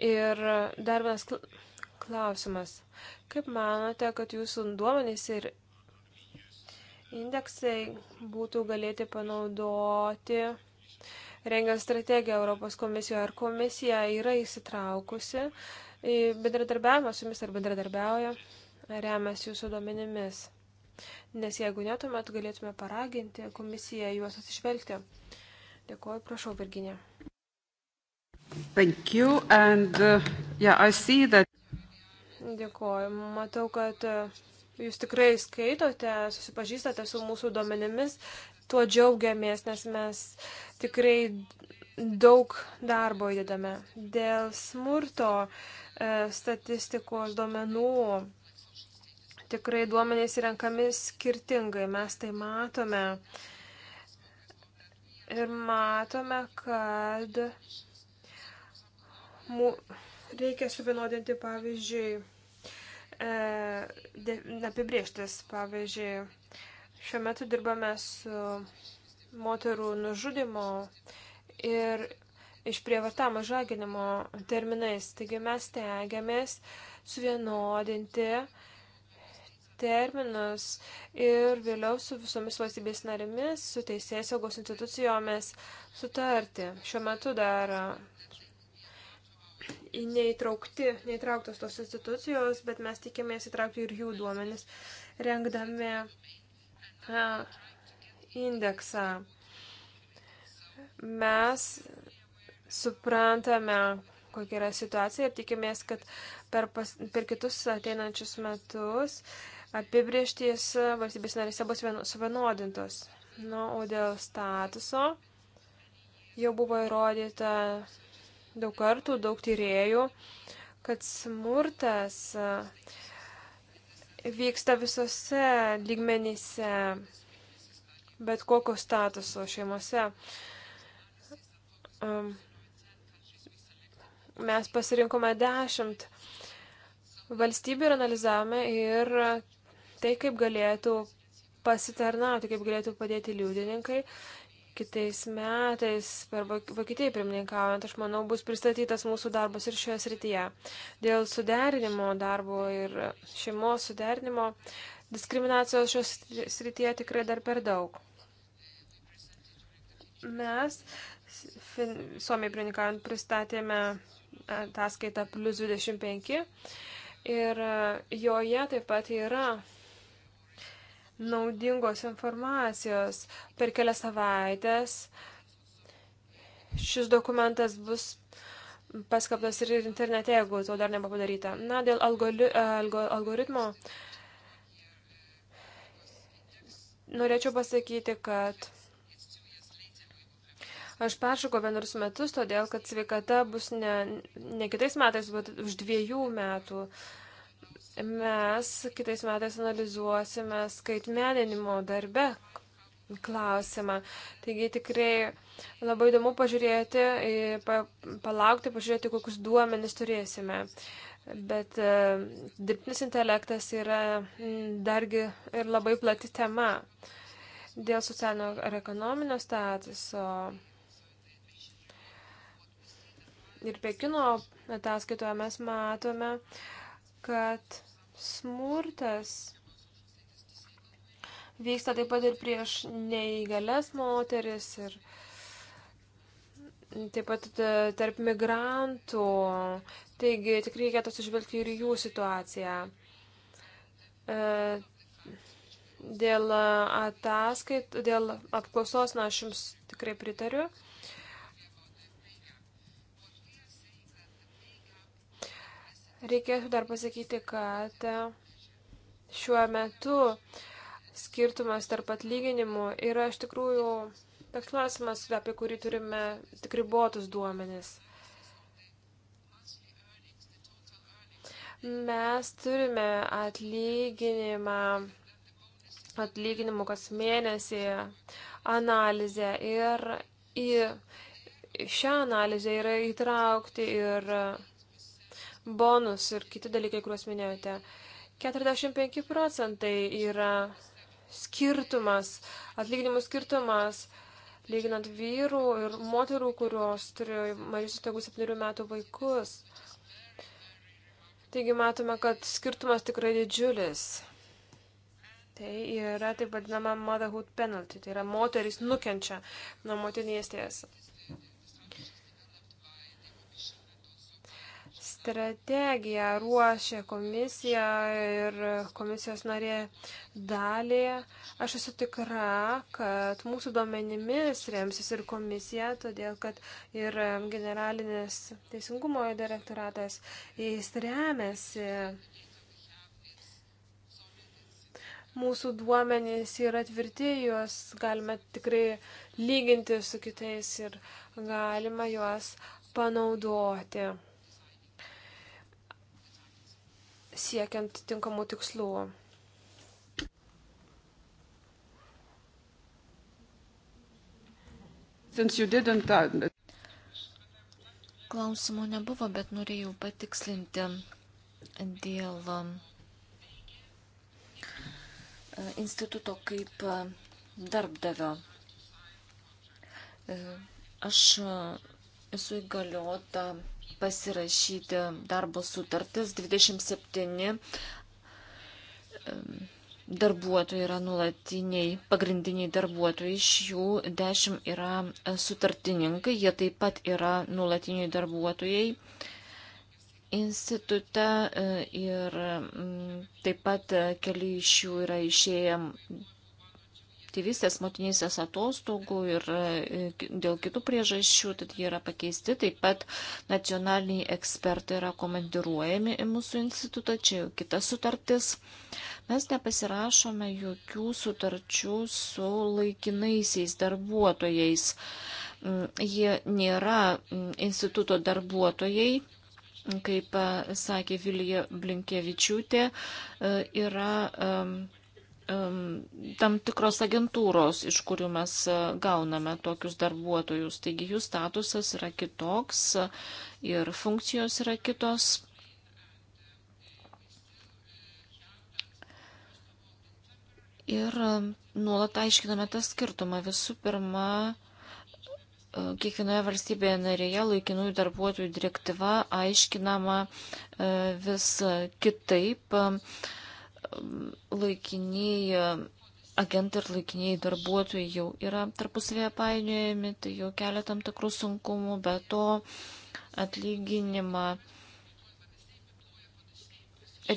Ir dar vienas klausimas. Kaip manote, kad jūsų duomenys ir indeksai būtų galėti panaudoti rengiant strategiją Europos komisijoje? Ar komisija yra įsitraukusi į bendradarbiavimą su jumis ar bendradarbiauja, remias jūsų duomenimis? Nes jeigu ne, tuomet galėtume paraginti komisiją juos atsižvelgti. Dėkuoju, prašau, Virginė. Thank you. And uh, yeah, I see that. Dėkoju. Matau, kad uh, jūs tikrai skaitote, susipažįstate su mūsų duomenimis. Tuo džiaugiamės, nes mes tikrai daug darbo įdedame. Dėl smurto uh, statistikos duomenų tikrai duomenys renkami skirtingai. Mes tai matome. Ir matome, kad reikia suvienodinti, pavyzdžiui, e, apibrieštis, pavyzdžiui, šiuo metu dirbame su moterų nužudimo ir išprievartamo žaginimo terminais. Taigi mes tengiamės suvienodinti terminus ir vėliau su visomis valstybės narimis, su teisės saugos institucijomis sutarti. Šiuo metu dar neįtraukti, neįtrauktos tos institucijos, bet mes tikimės įtraukti ir jų duomenis, rengdami a, indeksą. Mes suprantame, kokia yra situacija ir tikimės, kad per, pas, per kitus ateinančius metus apibrieštys valstybės narėse bus vien, suvienodintos. Na, nu, o dėl statuso jau buvo įrodyta daug kartų, daug tyriejų, kad smurtas e, vyksta visose lygmenyse, bet kokio statuso šeimose. Mes pasirinkome dešimt valstybių ir analizavome ir tai, kaip galėtų pasitarnauti, kaip galėtų padėti liudininkai kitais metais, per Vokietijai pirmininkaujant, aš manau, bus pristatytas mūsų darbas ir šioje srityje. Dėl suderinimo darbo ir šeimos suderinimo diskriminacijos šios srityje tikrai dar per daug. Mes fin, Suomijai pirmininkaujant pristatėme ataskaitą plus 25 ir joje taip pat yra naudingos informacijos. Per kelias savaitės šis dokumentas bus paskaptas ir internete, jeigu to dar nepadaryta. Na, dėl algoli, algo, algoritmo norėčiau pasakyti, kad aš peršokau vienus metus, todėl kad sveikata bus ne, ne kitais metais, bet už dviejų metų. Uh, Mes kitais metais analizuosime skaitmeninimo darbe klausimą. Taigi tikrai labai įdomu pažiūrėti, pa, palaukti, pažiūrėti, kokius duomenis turėsime. Bet e, dirbtinis intelektas yra mm, dargi ir labai plati tema dėl socialinio ar ekonominio statuso. Ir Pekino ataskaitoje mes matome, kad Smurtas vyksta taip pat ir prieš neįgalias moteris ir taip pat tarp migrantų. Taigi tikrai reikėtų atsižvelgti ir jų situaciją. E, dėl ataskait, dėl apklausos, na, aš jums tikrai pritariu. Reikėtų dar pasakyti, kad e, šiuo metu skirtumas tarp atlyginimų yra iš tikrųjų toks klausimas, apie kurį turime tik ribotus duomenis. Mes turime atlyginimą, atlyginimų kas mėnesį analizę ir į šią analizę yra įtraukti ir bonus ir kiti dalykai, kuriuos minėjote. 45 procentai yra skirtumas, atlyginimų skirtumas, lyginant vyrų ir moterų, kurios turi mažiausius negu 7 metų vaikus. Taigi matome, kad skirtumas tikrai didžiulis. Tai yra taip vadinama motherhood penalty, tai yra moteris nukenčia nuo motinystės. strategiją ruošė komisija ir komisijos narė dalį. Aš esu tikra, kad mūsų duomenimis remsis ir komisija, todėl kad ir generalinis teisingumo direktoratas jais remiasi mūsų duomenys yra tvirti, juos galime tikrai lyginti su kitais ir galima juos panaudoti. siekiant tinkamų tikslų. Uh,
Klausimų nebuvo, bet norėjau patikslinti dėl um, e, instituto kaip e, darbdavio. E, aš esu įgaliota pasirašyti darbo sutartis. 27 darbuotojai yra nulatiniai, pagrindiniai darbuotojai, iš jų 10 yra e, sutartininkai, jie taip pat yra nulatiniai darbuotojai institute e, ir taip pat e, keli iš jų yra išėję tėvystės motinysės atostogų ir e, dėl kitų priežasčių, tad jie yra pakeisti. Taip pat nacionaliniai ekspertai yra komandiruojami į mūsų institutą, čia jau kita sutartis. Mes nepasirašome jokių sutarčių su laikinaisiais darbuotojais. Mm, jie nėra mm, instituto darbuotojai, kaip e, sakė Vilija Blinkievičiūtė, e, yra tam tikros agentūros, iš kurių mes e, gauname tokius darbuotojus. Taigi jų statusas yra kitoks e, ir funkcijos yra kitos. Ir e, nuolat aiškiname tą skirtumą. Visų pirma, kiekvienoje valstybėje narėje laikinųjų darbuotojų direktyva aiškinama vis kitaip laikiniai agentai ir laikiniai darbuotojai jau yra tarpusavėje painiojami, tai jau kelia tam tikrų sunkumų, bet to atlyginimą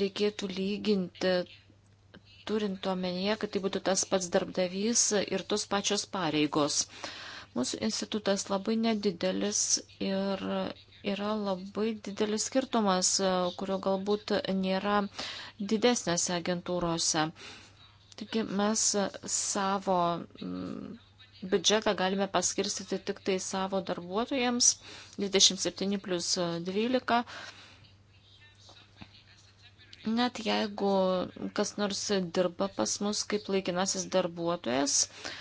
reikėtų lyginti, turint omenyje, kad tai būtų tas pats darbdavys ir tos pačios pareigos. Mūsų institutas labai nedidelis ir yra labai didelis skirtumas, kurio galbūt nėra didesnėse agentūrose. Taigi mes savo mm, biudžetą galime paskirstyti tik tai savo darbuotojams 27 plus 12. Net jeigu kas nors dirba pas mus kaip laikinasis darbuotojas, uh,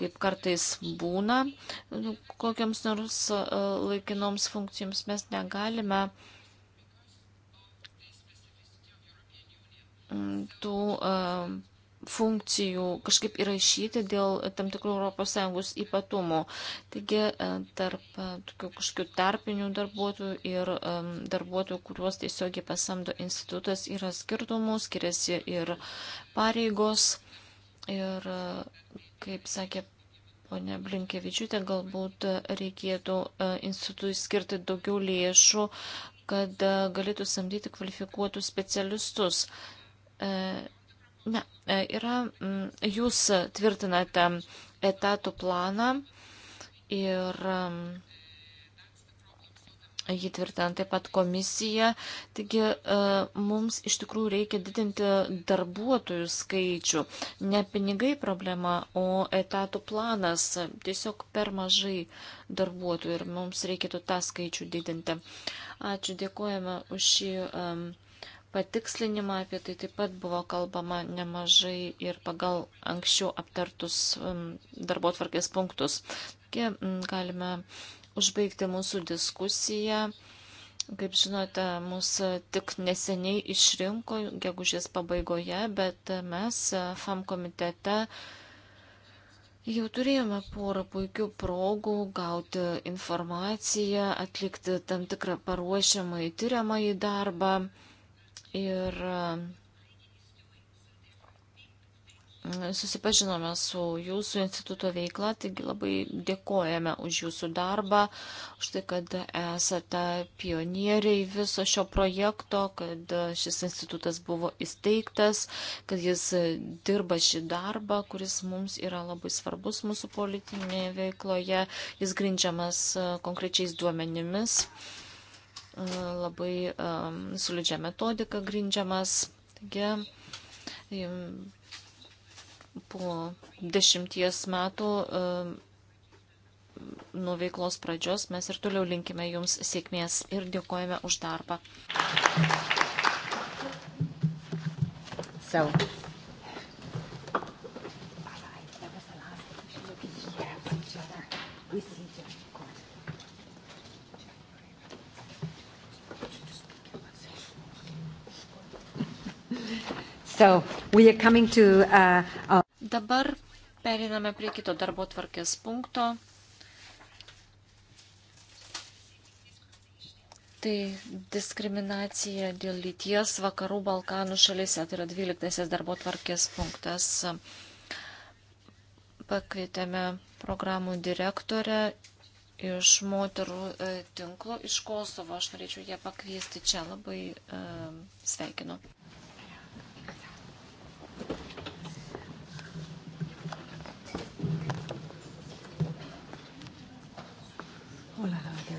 kaip kartais būna nu, kokiams nors laikinoms funkcijoms, mes negalime mm, tų funkcijų kažkaip įrašyti dėl tam tikrų ES ypatumų. Taigi tarp tokių kažkokių tarpinių darbuotojų ir darbuotojų, kuriuos tiesiogiai pasamdo institutas, yra skirtumų, skiriasi ir pareigos. Ir, kaip sakė ponia Blinkevičiūtė, galbūt reikėtų e, institutui skirti daugiau lėšų, kad e, galėtų samdyti kvalifikuotus specialistus. E, ne, yra, mm, jūs tvirtinate etatų planą ir mm, jį tvirtina taip pat komisija. Taigi e, mums iš tikrųjų reikia didinti darbuotojų skaičių. Ne pinigai problema, o etatų planas. Tiesiog per mažai darbuotojų ir mums reikėtų tą skaičių didinti. Ačiū, dėkojame už šį. Um, patikslinimą, apie tai taip pat buvo kalbama nemažai ir pagal anksčiau aptartus darbo tvarkės punktus. Taigi galime užbaigti mūsų diskusiją. Kaip žinote, mus tik neseniai išrinko, gegužės pabaigoje, bet mes FAM komitete jau turėjome porą puikių progų gauti informaciją, atlikti tam tikrą paruošiamą įtyriamą į darbą. Ir Susipažinome su jūsų instituto veikla, taigi labai dėkojame už jūsų darbą, už tai, kad esate pionieriai viso šio projekto, kad šis institutas buvo įsteigtas, kad jis dirba šį darbą, kuris mums yra labai svarbus mūsų politinėje veikloje, jis grindžiamas e, konkrečiais duomenimis, e, labai um, solidžia metodika grindžiamas. Taigi, po dešimties metų e, nuo veiklos pradžios mes ir toliau linkime Jums sėkmės ir dėkojame už darbą.
So.
So we are coming to uh, our Dabar
periname prie kito darbo tvarkės punkto. Tai diskriminacija dėl lyties vakarų Balkanų šalyse, tai yra 12 darbo tvarkės punktas. Pakvietėme programų direktorę iš moterų e, tinklo iš Kosovo. Aš norėčiau ją pakviesti čia labai e, sveikinu.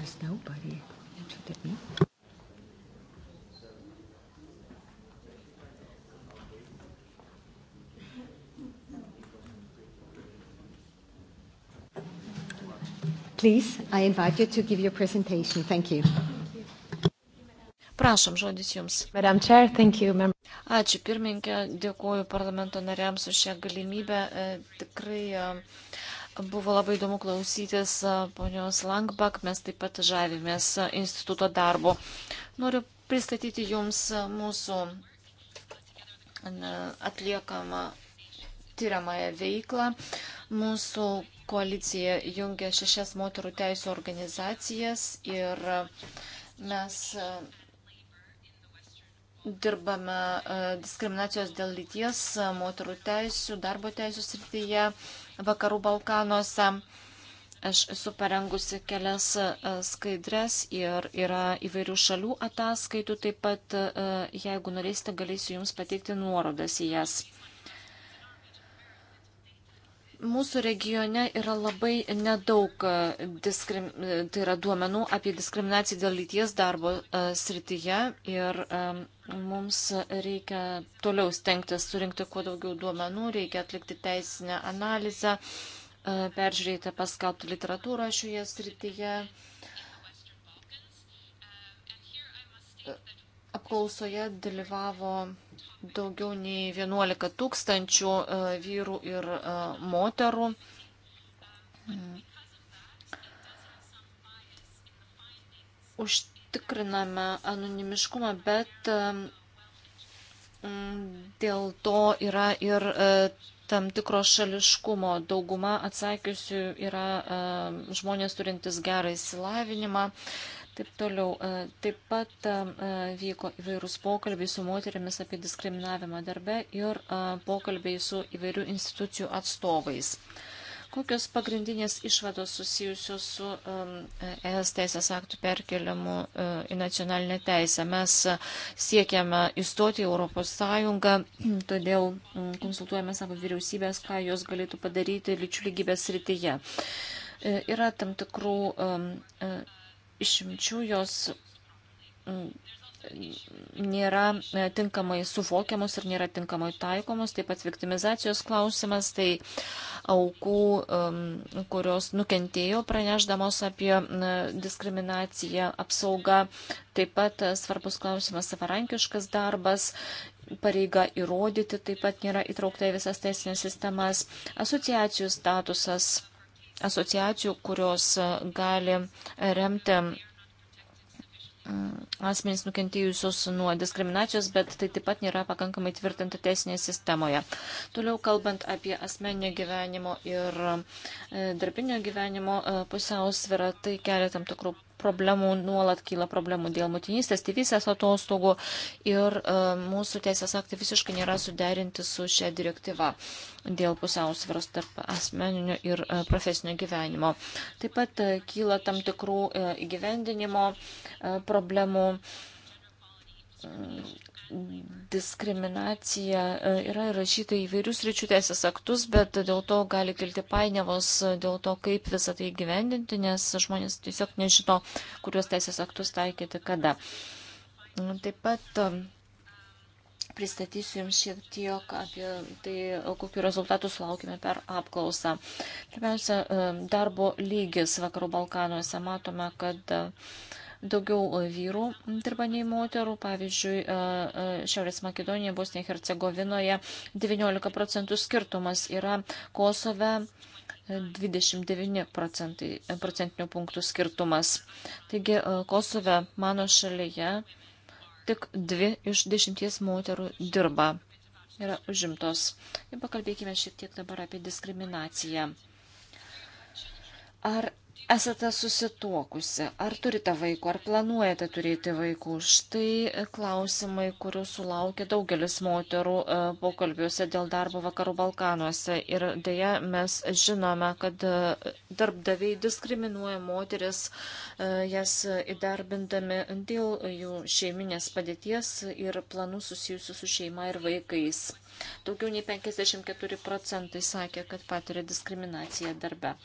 There's nobody. Interested me.
Please, I invite you to give your presentation. Thank you. Prašom, žodis Jums. Madam Chair, thank you. Ačiū pirmininkė, dėkuoju parlamento nariams už šią galimybę. E, tikrai e, Buvo labai įdomu klausytis ponios Langbak, mes taip pat žavimės instituto darbu. Noriu pristatyti Jums mūsų atliekamą tyriamąją veiklą. Mūsų koalicija jungia šešias moterų teisų organizacijas ir mes dirbame diskriminacijos dėl lyties, moterų teisų, darbo teisų srityje. Tai Vakarų Balkanuose. Aš esu parengusi kelias e, skaidres ir yra įvairių šalių ataskaitų, taip pat e, jeigu norėsite, galėsiu Jums pateikti nuorodas į jas. Mūsų regione yra labai nedaug e, diskrim, tai yra duomenų apie diskriminaciją dėl lyties darbo e, srityje ir e, mums reikia toliau stengtis surinkti kuo daugiau duomenų, reikia atlikti teisinę analizę, peržiūrėti paskelbtą literatūrą šioje srityje. Apklausoje dalyvavo daugiau nei 11 tūkstančių e, vyrų ir e, moterų. Užtikriname anonimiškumą, bet e, dėl to yra ir tam tikro šališkumo. Dauguma atsakiusių yra žmonės turintis gerą įsilavinimą, Taip toliau. E, taip pat e, e, vyko įvairūs pokalbiai su moteriamis apie diskriminavimą darbe ir pokalbiai su įvairių institucijų atstovais. Kokios pagrindinės išvados susijusios su ES teisės aktų perkeliamu į nacionalinę teisę? Mes siekiame įstoti į Europos Sąjungą, todėl konsultuojame savo vyriausybės, ką jos galėtų padaryti lyčių lygybės rytyje. Yra tam tikrų išimčių, jos mm, nėra e, tinkamai suvokiamos ir nėra tinkamai taikomos. Taip pat viktimizacijos klausimas, tai aukų, kurios nukentėjo praneždamos apie diskriminaciją, apsauga. Taip pat e, svarbus klausimas savarankiškas darbas. Pareiga įrodyti taip pat nėra įtraukta į visas teisinės sistemas. Asociacijų statusas asociacijų, kurios e, gali remti mm, asmenys nukentėjusios nuo diskriminacijos, bet tai taip pat nėra pakankamai tvirtinta teisinėje sistemoje. Toliau kalbant apie asmeninio gyvenimo ir e, darbinio gyvenimo e, pusiausvyrą, tai kelia tam tikrų problemų, nuolat kyla problemų dėl motinystės, tėvysės atostogų ir e, mūsų teisės aktai visiškai nėra suderinti su šia direktyva dėl pusiausvėros tarp asmeninio ir e, profesinio gyvenimo. Taip pat e, kyla tam tikrų įgyvendinimo problemų diskriminacija e, yra įrašyta įvairius ryčių teisės aktus, bet dėl to gali kilti painiavos, dėl to, kaip visą tai gyvendinti, nes žmonės tiesiog nežino, kuriuos teisės aktus taikyti kada. Taip pat e, pristatysiu Jums šiek tiek apie tai, kokiu rezultatu sulaukime per apklausą. Pirmiausia, e, darbo lygis Vakarų Balkanuose. Matome, kad Daugiau e, vyrų dirba nei moterų. Pavyzdžiui, e, e, Šiaurės Makedonijoje, Bosnijoje, Hercegovinoje 19 procentų skirtumas yra Kosove. 29 procentai, procentinių punktų skirtumas. Taigi Kosove mano šalyje tik dvi iš dešimties moterų dirba, yra užimtos. Ir pakalbėkime šiek tiek dabar apie diskriminaciją. Ar esate susituokusi, ar turite vaikų, ar planuojate turėti vaikų. Štai e, klausimai, kurių sulaukia daugelis moterų e, pokalbiuose dėl darbo vakarų Balkanuose. Ir dėja mes žinome, kad e, darbdaviai diskriminuoja moteris, jas įdarbindami dėl jų šeiminės padėties ir planų susijusių su šeima ir vaikais. Daugiau nei 54 procentai sakė, kad patiria diskriminaciją darbe.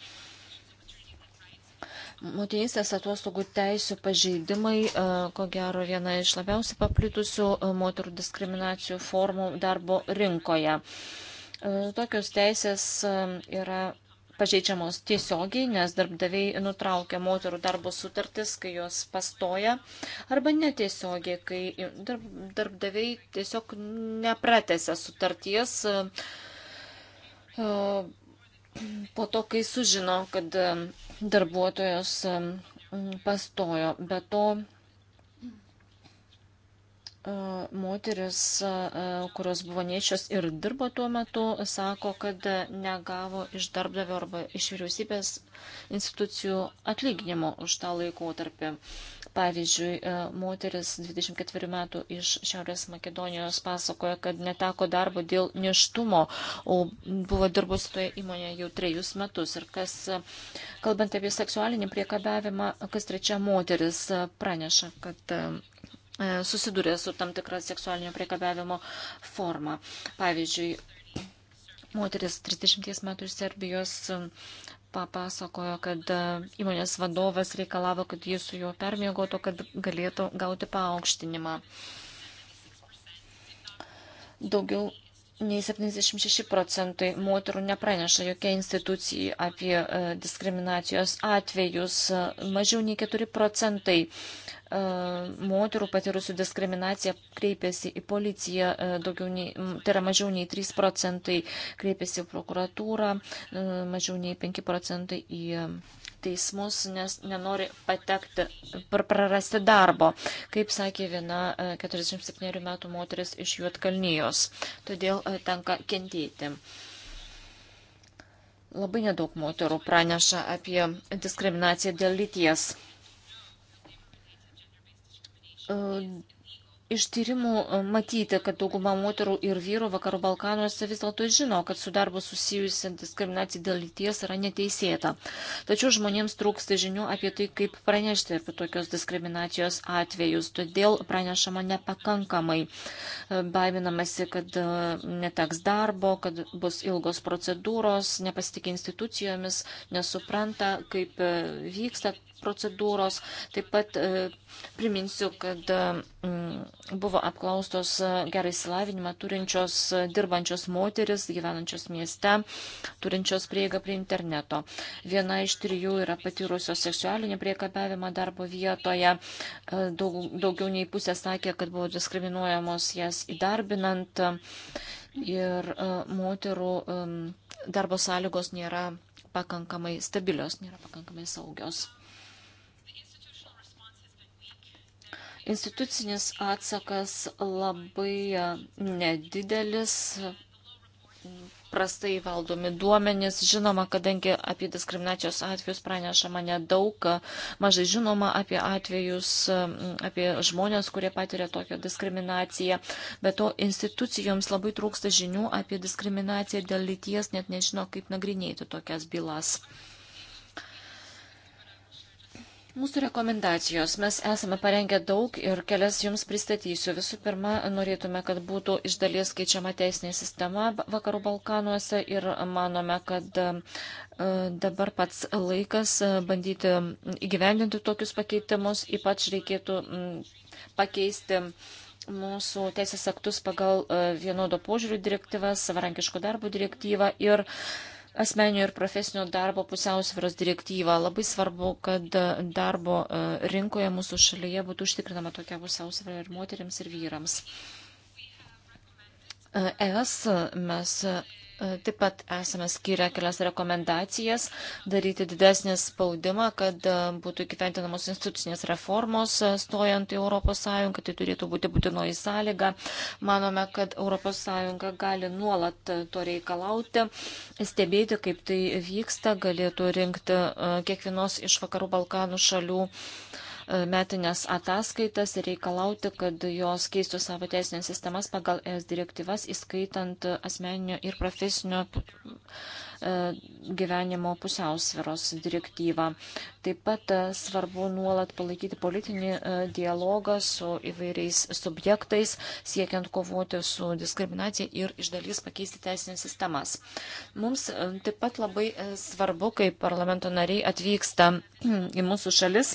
Motinystės atostogų teisų pažeidimai, e, ko gero, viena iš labiausiai paplitusių e, moterų diskriminacijų formų darbo rinkoje. E, tokios teisės yra pažeidžiamos tiesiogiai, nes darbdaviai nutraukia moterų darbo sutartis, kai jos pastoja, arba netiesiogiai, kai darbdaviai tiesiog nepratesia sutarties po to, kai sužino, kad darbuotojas pastojo. Be to, e, moteris, e, kurios buvo nečios ir dirbo tuo metu, sako, kad negavo iš darbdavio arba iš vyriausybės institucijų atlyginimo už tą laikotarpį. Pavyzdžiui, e, moteris 24 metų iš Šiaurės Makedonijos pasakoja, kad neteko darbo dėl neštumo, o buvo dirbusi toje įmonėje jau trejus metus. Ir kas, e, kalbant apie seksualinį priekabiavimą, kas trečia moteris e, praneša, kad susidūrė su tam tikra seksualinio priekabiavimo forma. Pavyzdžiui, moteris 30 metų iš Serbijos papasakojo, kad e, įmonės vadovas reikalavo, kad jis su juo permiegotų, kad galėtų gauti paaukštinimą. Daugiau nei 76 procentai moterų nepraneša jokia institucija apie e, diskriminacijos atvejus, mažiau nei 4 procentai e, moterų patirusių diskriminaciją kreipėsi į policiją, e, daugiau nei, tai yra mažiau nei 3 procentai kreipėsi į prokuratūrą, mažiau nei 5 procentai į teismus, nes nenori patekti, prarasti darbo, kaip sakė viena 47 e, metų moteris iš Juotkalnyjos. Todėl e, tenka kentėti. Labai nedaug moterų praneša apie diskriminaciją dėl lyties e, Iš tyrimų e, matyti, kad dauguma moterų ir vyrų Vakarų Balkanuose vis dėlto žino, kad su darbu susijusi diskriminacija dėl lyties yra neteisėta. Tačiau žmonėms trūksta žinių apie tai, kaip pranešti apie tokios diskriminacijos atvejus, todėl pranešama nepakankamai. E, baiminamasi, kad e, neteks darbo, kad bus ilgos procedūros, nepasitikė institucijomis, nesupranta, kaip vyksta procedūros. Taip pat e, priminsiu, kad e, buvo apklaustos e, gerai įsilavinimą turinčios dirbančios moteris, gyvenančios mieste, turinčios prieigą prie interneto. Viena iš trijų yra patyrusios seksualinį priekabiavimą darbo vietoje. Daug, daugiau nei pusė sakė, kad buvo diskriminuojamos jas įdarbinant. Ir moterų darbo sąlygos nėra pakankamai stabilios, nėra pakankamai saugios. Institucinis atsakas labai nedidelis, prastai valdomi duomenys. Žinoma, kadangi apie diskriminacijos atvejus pranešama nedaug, mažai žinoma apie atvejus, apie žmonės, kurie patiria tokią diskriminaciją. Be to, institucijoms labai trūksta žinių apie diskriminaciją dėl lyties, net nežino, kaip nagrinėti tokias bylas. Mūsų rekomendacijos. Mes esame parengę daug ir kelias jums pristatysiu. Visų pirma, norėtume, kad būtų iš dalies keičiama teisinė sistema Vakarų Balkanuose ir manome, kad e, dabar pats laikas e, bandyti įgyvendinti tokius pakeitimus. Ypač reikėtų pakeisti mūsų teisės aktus pagal e, vienodo požiūrių direktyvą, savarankiško darbo direktyvą ir uh, asmeninio ir profesinio darbo pusiausvėros direktyvą. Labai svarbu, kad e, darbo e, rinkoje mūsų šalyje būtų užtikrinama tokia pusiausvėra ir moteriams, ir vyrams. ES e mes E, taip pat esame skyrę kelias rekomendacijas daryti didesnį spaudimą, kad e, būtų įgyventinamos institucinės reformos e, stojant į ES, tai turėtų būti būtinoji sąlyga. Manome, kad ES gali nuolat to reikalauti, stebėti, kaip tai vyksta, galėtų rinkti kiekvienos iš vakarų Balkanų šalių uh, metinės ataskaitas ir reikalauti, kad jos keistų savo teisinės sistemas pagal ES direktyvas, įskaitant asmeninio ir profesinio e, gyvenimo pusiausviros direktyvą. Taip pat e, svarbu nuolat palaikyti politinį e, dialogą su įvairiais subjektais, siekiant kovoti su diskriminacija ir iš dalies pakeisti teisinės sistemas. Mums taip pat labai svarbu, kai parlamento nariai atvyksta į mūsų šalis,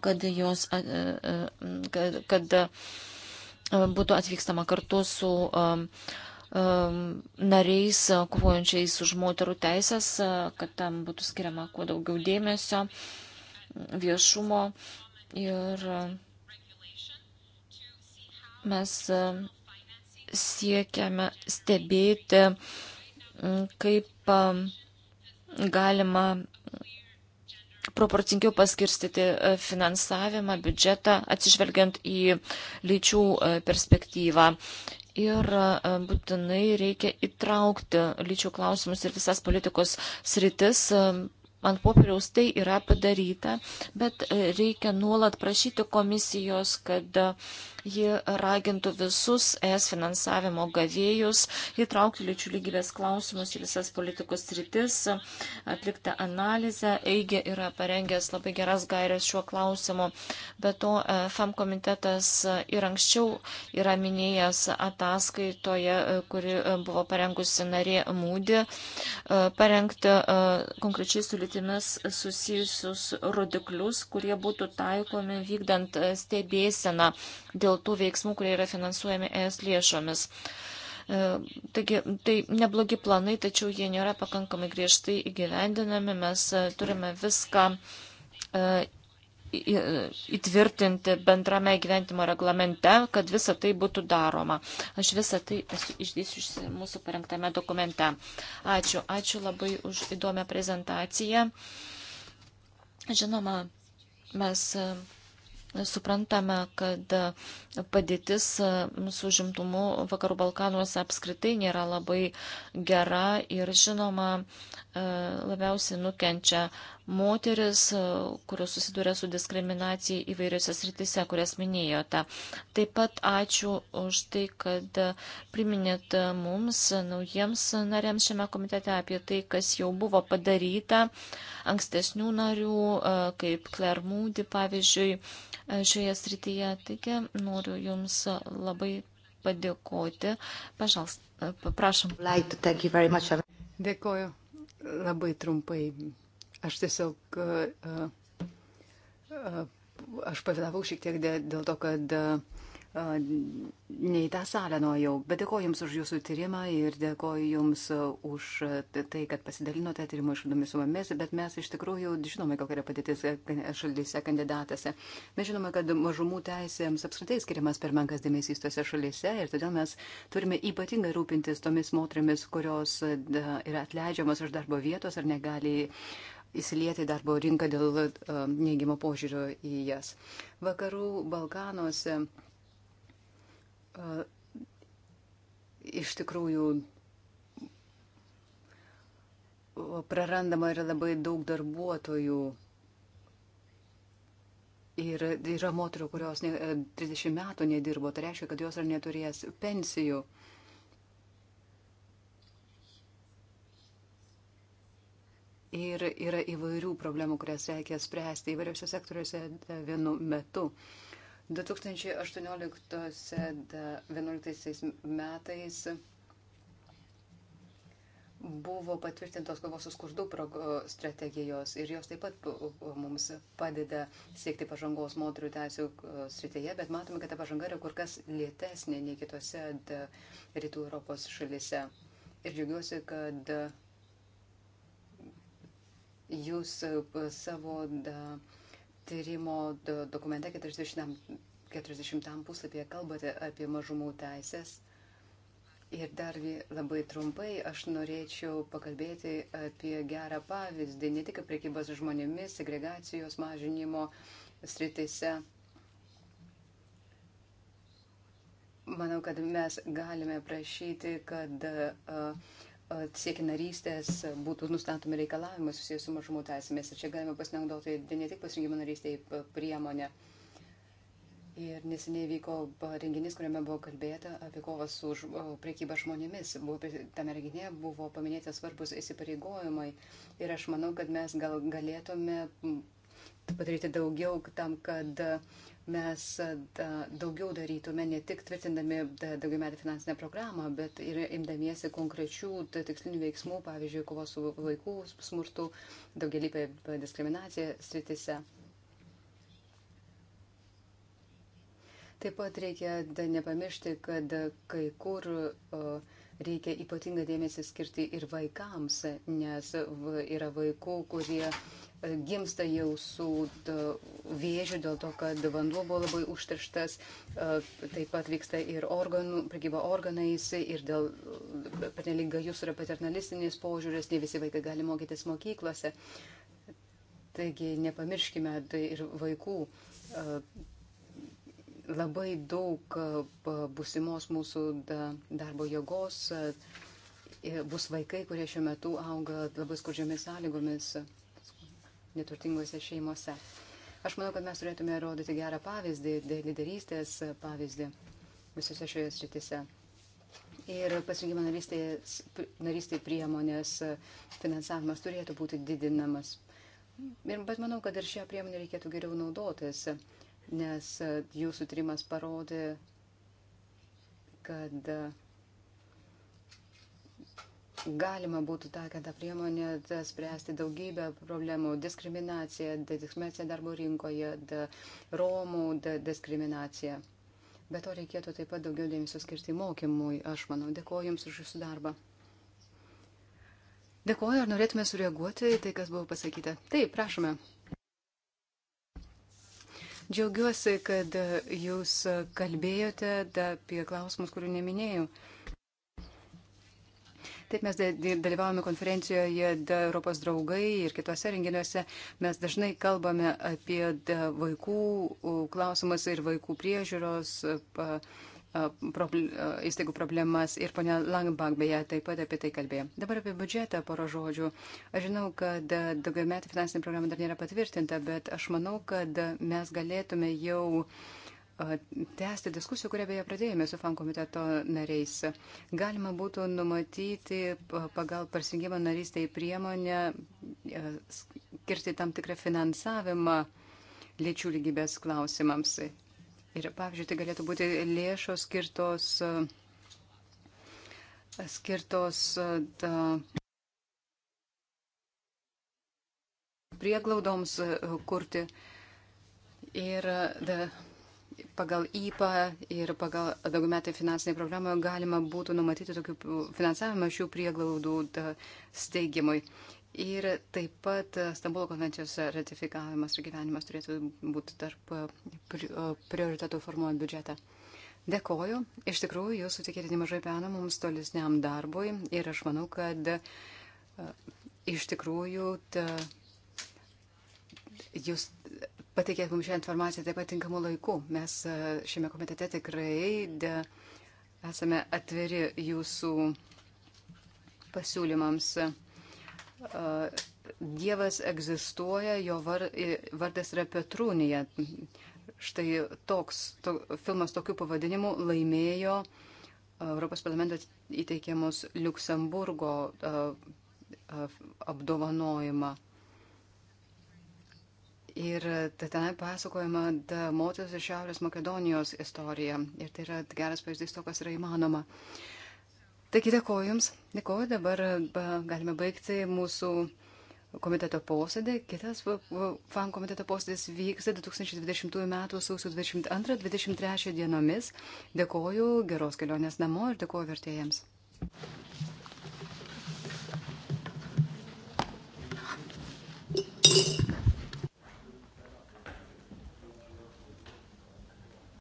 kad, jos, kad, kad būtų atvykstama kartu su nariais, kovojančiais už moterų teisės, kad tam būtų skiriama kuo daugiau dėmesio, viešumo. Ir mes siekiame stebėti, kaip galima proporcingiau paskirstyti e, finansavimą, biudžetą, atsižvelgiant į lyčių e, perspektyvą. Ir e, būtinai reikia įtraukti lyčių klausimus ir visas politikos sritis. Ant popieriaus tai yra padaryta, bet reikia nuolat prašyti komisijos, kad uh, Ji ragintų visus es finansavimo gavėjus įtraukti lyčių lygybės klausimus į visas politikos rytis, atlikti analizę. Eigė yra parengęs labai geras gairias šiuo klausimu. Be to, e, FAM komitetas e, ir anksčiau yra minėjęs ataskaitoje, e, kuri buvo parengusi narė Mūdė, parengti konkrečiai su lytimis susijusius rodiklius, kurie būtų taikomi vykdant stebėseną dėl dėl tų veiksmų, kurie yra finansuojami ES lėšomis. E, taigi, tai neblogi planai, tačiau jie nėra pakankamai griežtai įgyvendinami. Mes e, turime viską e, įtvirtinti bendrame gyventimo reglamente, kad visa tai būtų daroma. Aš visą tai esu išdėsiusi mūsų parengtame dokumente. Ačiū. Ačiū labai už įdomią prezentaciją. Žinoma, mes Suprantame, kad padėtis su žimtumu Vakarų Balkanuose apskritai nėra labai gera ir žinoma labiausiai nukenčia moteris, e, kurios susiduria su diskriminacija įvairiose sritise, kurias minėjote. Taip pat ačiū už tai, kad priminėt mums, naujiems nariams šiame komitete, apie tai, kas jau buvo padaryta ankstesnių narių, e, kaip Claire Moody, pavyzdžiui, e, šioje srityje. Taigi, noriu Jums labai padėkoti. Pažals, prašom.
Dėkoju. Labai trumpai Aš tiesiog, e, e, aš pavėlavau šiek tiek dėl to, kad e, ne į tą salę nuėjau, bet dėkoju Jums už Jūsų tyrimą ir dėkoju Jums už tai, kad pasidalinote tyrimo išvadomis su mumis, bet mes iš tikrųjų žinome, kokia yra padėtis šalyse kandidatėse. Mes žinome, kad mažumų teisėms apskritai skiriamas per menkas dėmesys tose šalyse ir todėl mes turime ypatingai rūpintis tomis moteriamis, kurios yra atleidžiamas iš darbo vietos ar negali įsilieti darbo rinką dėl e, neigiamo požiūrio į jas. Vakarų Balkanuose e, iš tikrųjų prarandama yra labai daug darbuotojų. Ir yra moterų, kurios 30 e, metų nedirbo, tai reiškia, kad jos ar neturės pensijų. Uh, ir yra įvairių problemų, kurias reikia spręsti įvairiuose sektoriuose vienu metu. 2018-2011 metais buvo patvirtintos kovos su skurdu strategijos ir jos taip pat mums padeda siekti pažangos moterų teisų srityje, bet matome, kad ta pažanga yra kur kas lėtesnė nei kitose rytų Europos šalise. Ir džiugiuosi, kad Jūs e, savo da, tyrimo da, dokumente 40, 40 puslapyje kalbate apie mažumų teisės. Ir dar labai trumpai aš norėčiau pakalbėti apie gerą pavyzdį, ne tik priekybos žmonėmis, segregacijos mažinimo sritise. Manau, kad mes galime prašyti, kad uh, siekia narystės būtų nustatomi reikalavimai susijęs su mažumų teisėmis. Ir čia galime pasinaudoti ne tik pasirinkimo narystėje priemonę. Ir neseniai vyko renginys, kuriame buvo kalbėta apie kovą su priekyba žmonėmis. Buvo, tame renginėje buvo paminėti svarbus įsipareigojimai. Ir aš manau, kad mes gal galėtume padaryti daugiau tam, kad mes daugiau darytume, ne tik tvirtindami daugiau metą finansinę programą, bet ir imdamiesi konkrečių tikslinių veiksmų, pavyzdžiui, kovos su vaikų smurtu, daugelįpė diskriminacija sritise. Taip pat reikia nepamiršti, kad kai kur reikia ypatingą dėmesį skirti ir vaikams, nes yra vaikų, kurie gimsta jau su e, vėžiu dėl to, kad vanduo buvo labai užterštas, e, taip pat vyksta ir organų, prekyba organais ir dėl e, pernelyg gajus yra paternalistinis požiūris, ne visi vaikai gali mokytis mokyklose. Taigi nepamirškime tai ir vaikų. Labai daug busimos mūsų darbo jėgos bus vaikai, kurie šiuo metu auga labai skurdžiomis sąlygomis neturtingose šeimose. Aš manau, kad mes turėtume rodyti gerą pavyzdį, lyderystės pavyzdį visose šioje sritise. Ir pasirinkimo narystės, narystės priemonės e, finansavimas turėtų būti didinamas. Ir, bet manau, kad ir šią priemonę reikėtų geriau naudotis, nes e, jūsų tyrimas parodė, kad uh, galima būtų taikant tą priemonę spręsti daugybę problemų - diskriminacija, diskriminacija darbo rinkoje, da, romų da, diskriminacija. Be to reikėtų taip pat daugiau dėmesio skirti mokymui. Aš manau, dėkoju Jums už Jūsų darbą. Dėkoju, ar norėtume sureaguoti į tai, kas buvo pasakyta. Taip, prašome. Džiaugiuosi, kad Jūs kalbėjote apie klausimus, kurių neminėjau. Taip mes dalyvavome konferencijoje Europos draugai ir kitose renginiuose. Mes dažnai kalbame apie vaikų klausimus ir vaikų priežiūros įstaigų problemas ir ponia Langbak beje taip pat apie tai kalbėjo. Dabar apie biudžetą poro žodžių. Aš žinau, kad daugiau metų finansinė programa dar nėra patvirtinta, bet aš manau, kad mes galėtume jau uh, tęsti diskusiją, kurią beje pradėjome su FAN komiteto nariais. Galima būtų numatyti pagal persijungimą narystę į priemonę, skirti tam tikrą finansavimą lyčių lygybės klausimams. Ir, pavyzdžiui, tai galėtų būti lėšos skirtos, skirtos da, prieglaudoms kurti. Ir da, pagal IPA ir pagal daugiametę finansinę programą galima būtų numatyti tokių finansavimą šių prieglaudų steigimui. Ir taip pat Stambulo konvencijos ratifikavimas ir gyvenimas turėtų būti tarp prioritetų formuojant biudžetą. Dėkoju. Iš tikrųjų, jūs sutikėte nemažai peno mums tolesniam darbui ir aš manau, kad iš tikrųjų ta, jūs pateikėt mums šią informaciją taip pat tinkamu laiku. Mes e, šiame komitete tikrai de, esame atviri jūsų pasiūlymams. E, Dievas egzistuoja, jo var, vardas yra Petrūnija. Štai toks to, filmas tokiu pavadinimu laimėjo e, Europos parlamento įteikiamus Luksemburgo apdovanojimą. Ir tenai pasakojama moteris iš Šiaurės Makedonijos istorija. Ir tai yra geras pavyzdys to, kas yra įmanoma. Taigi dėkoju Jums. Dėkoju. Dabar galime baigti mūsų komiteto posėdį. Kitas FAN komiteto posėdis vyksta 2020 m. sausio 22-23 dienomis. Dėkoju. Geros kelionės namo ir dėkoju vertėjams. Thank you.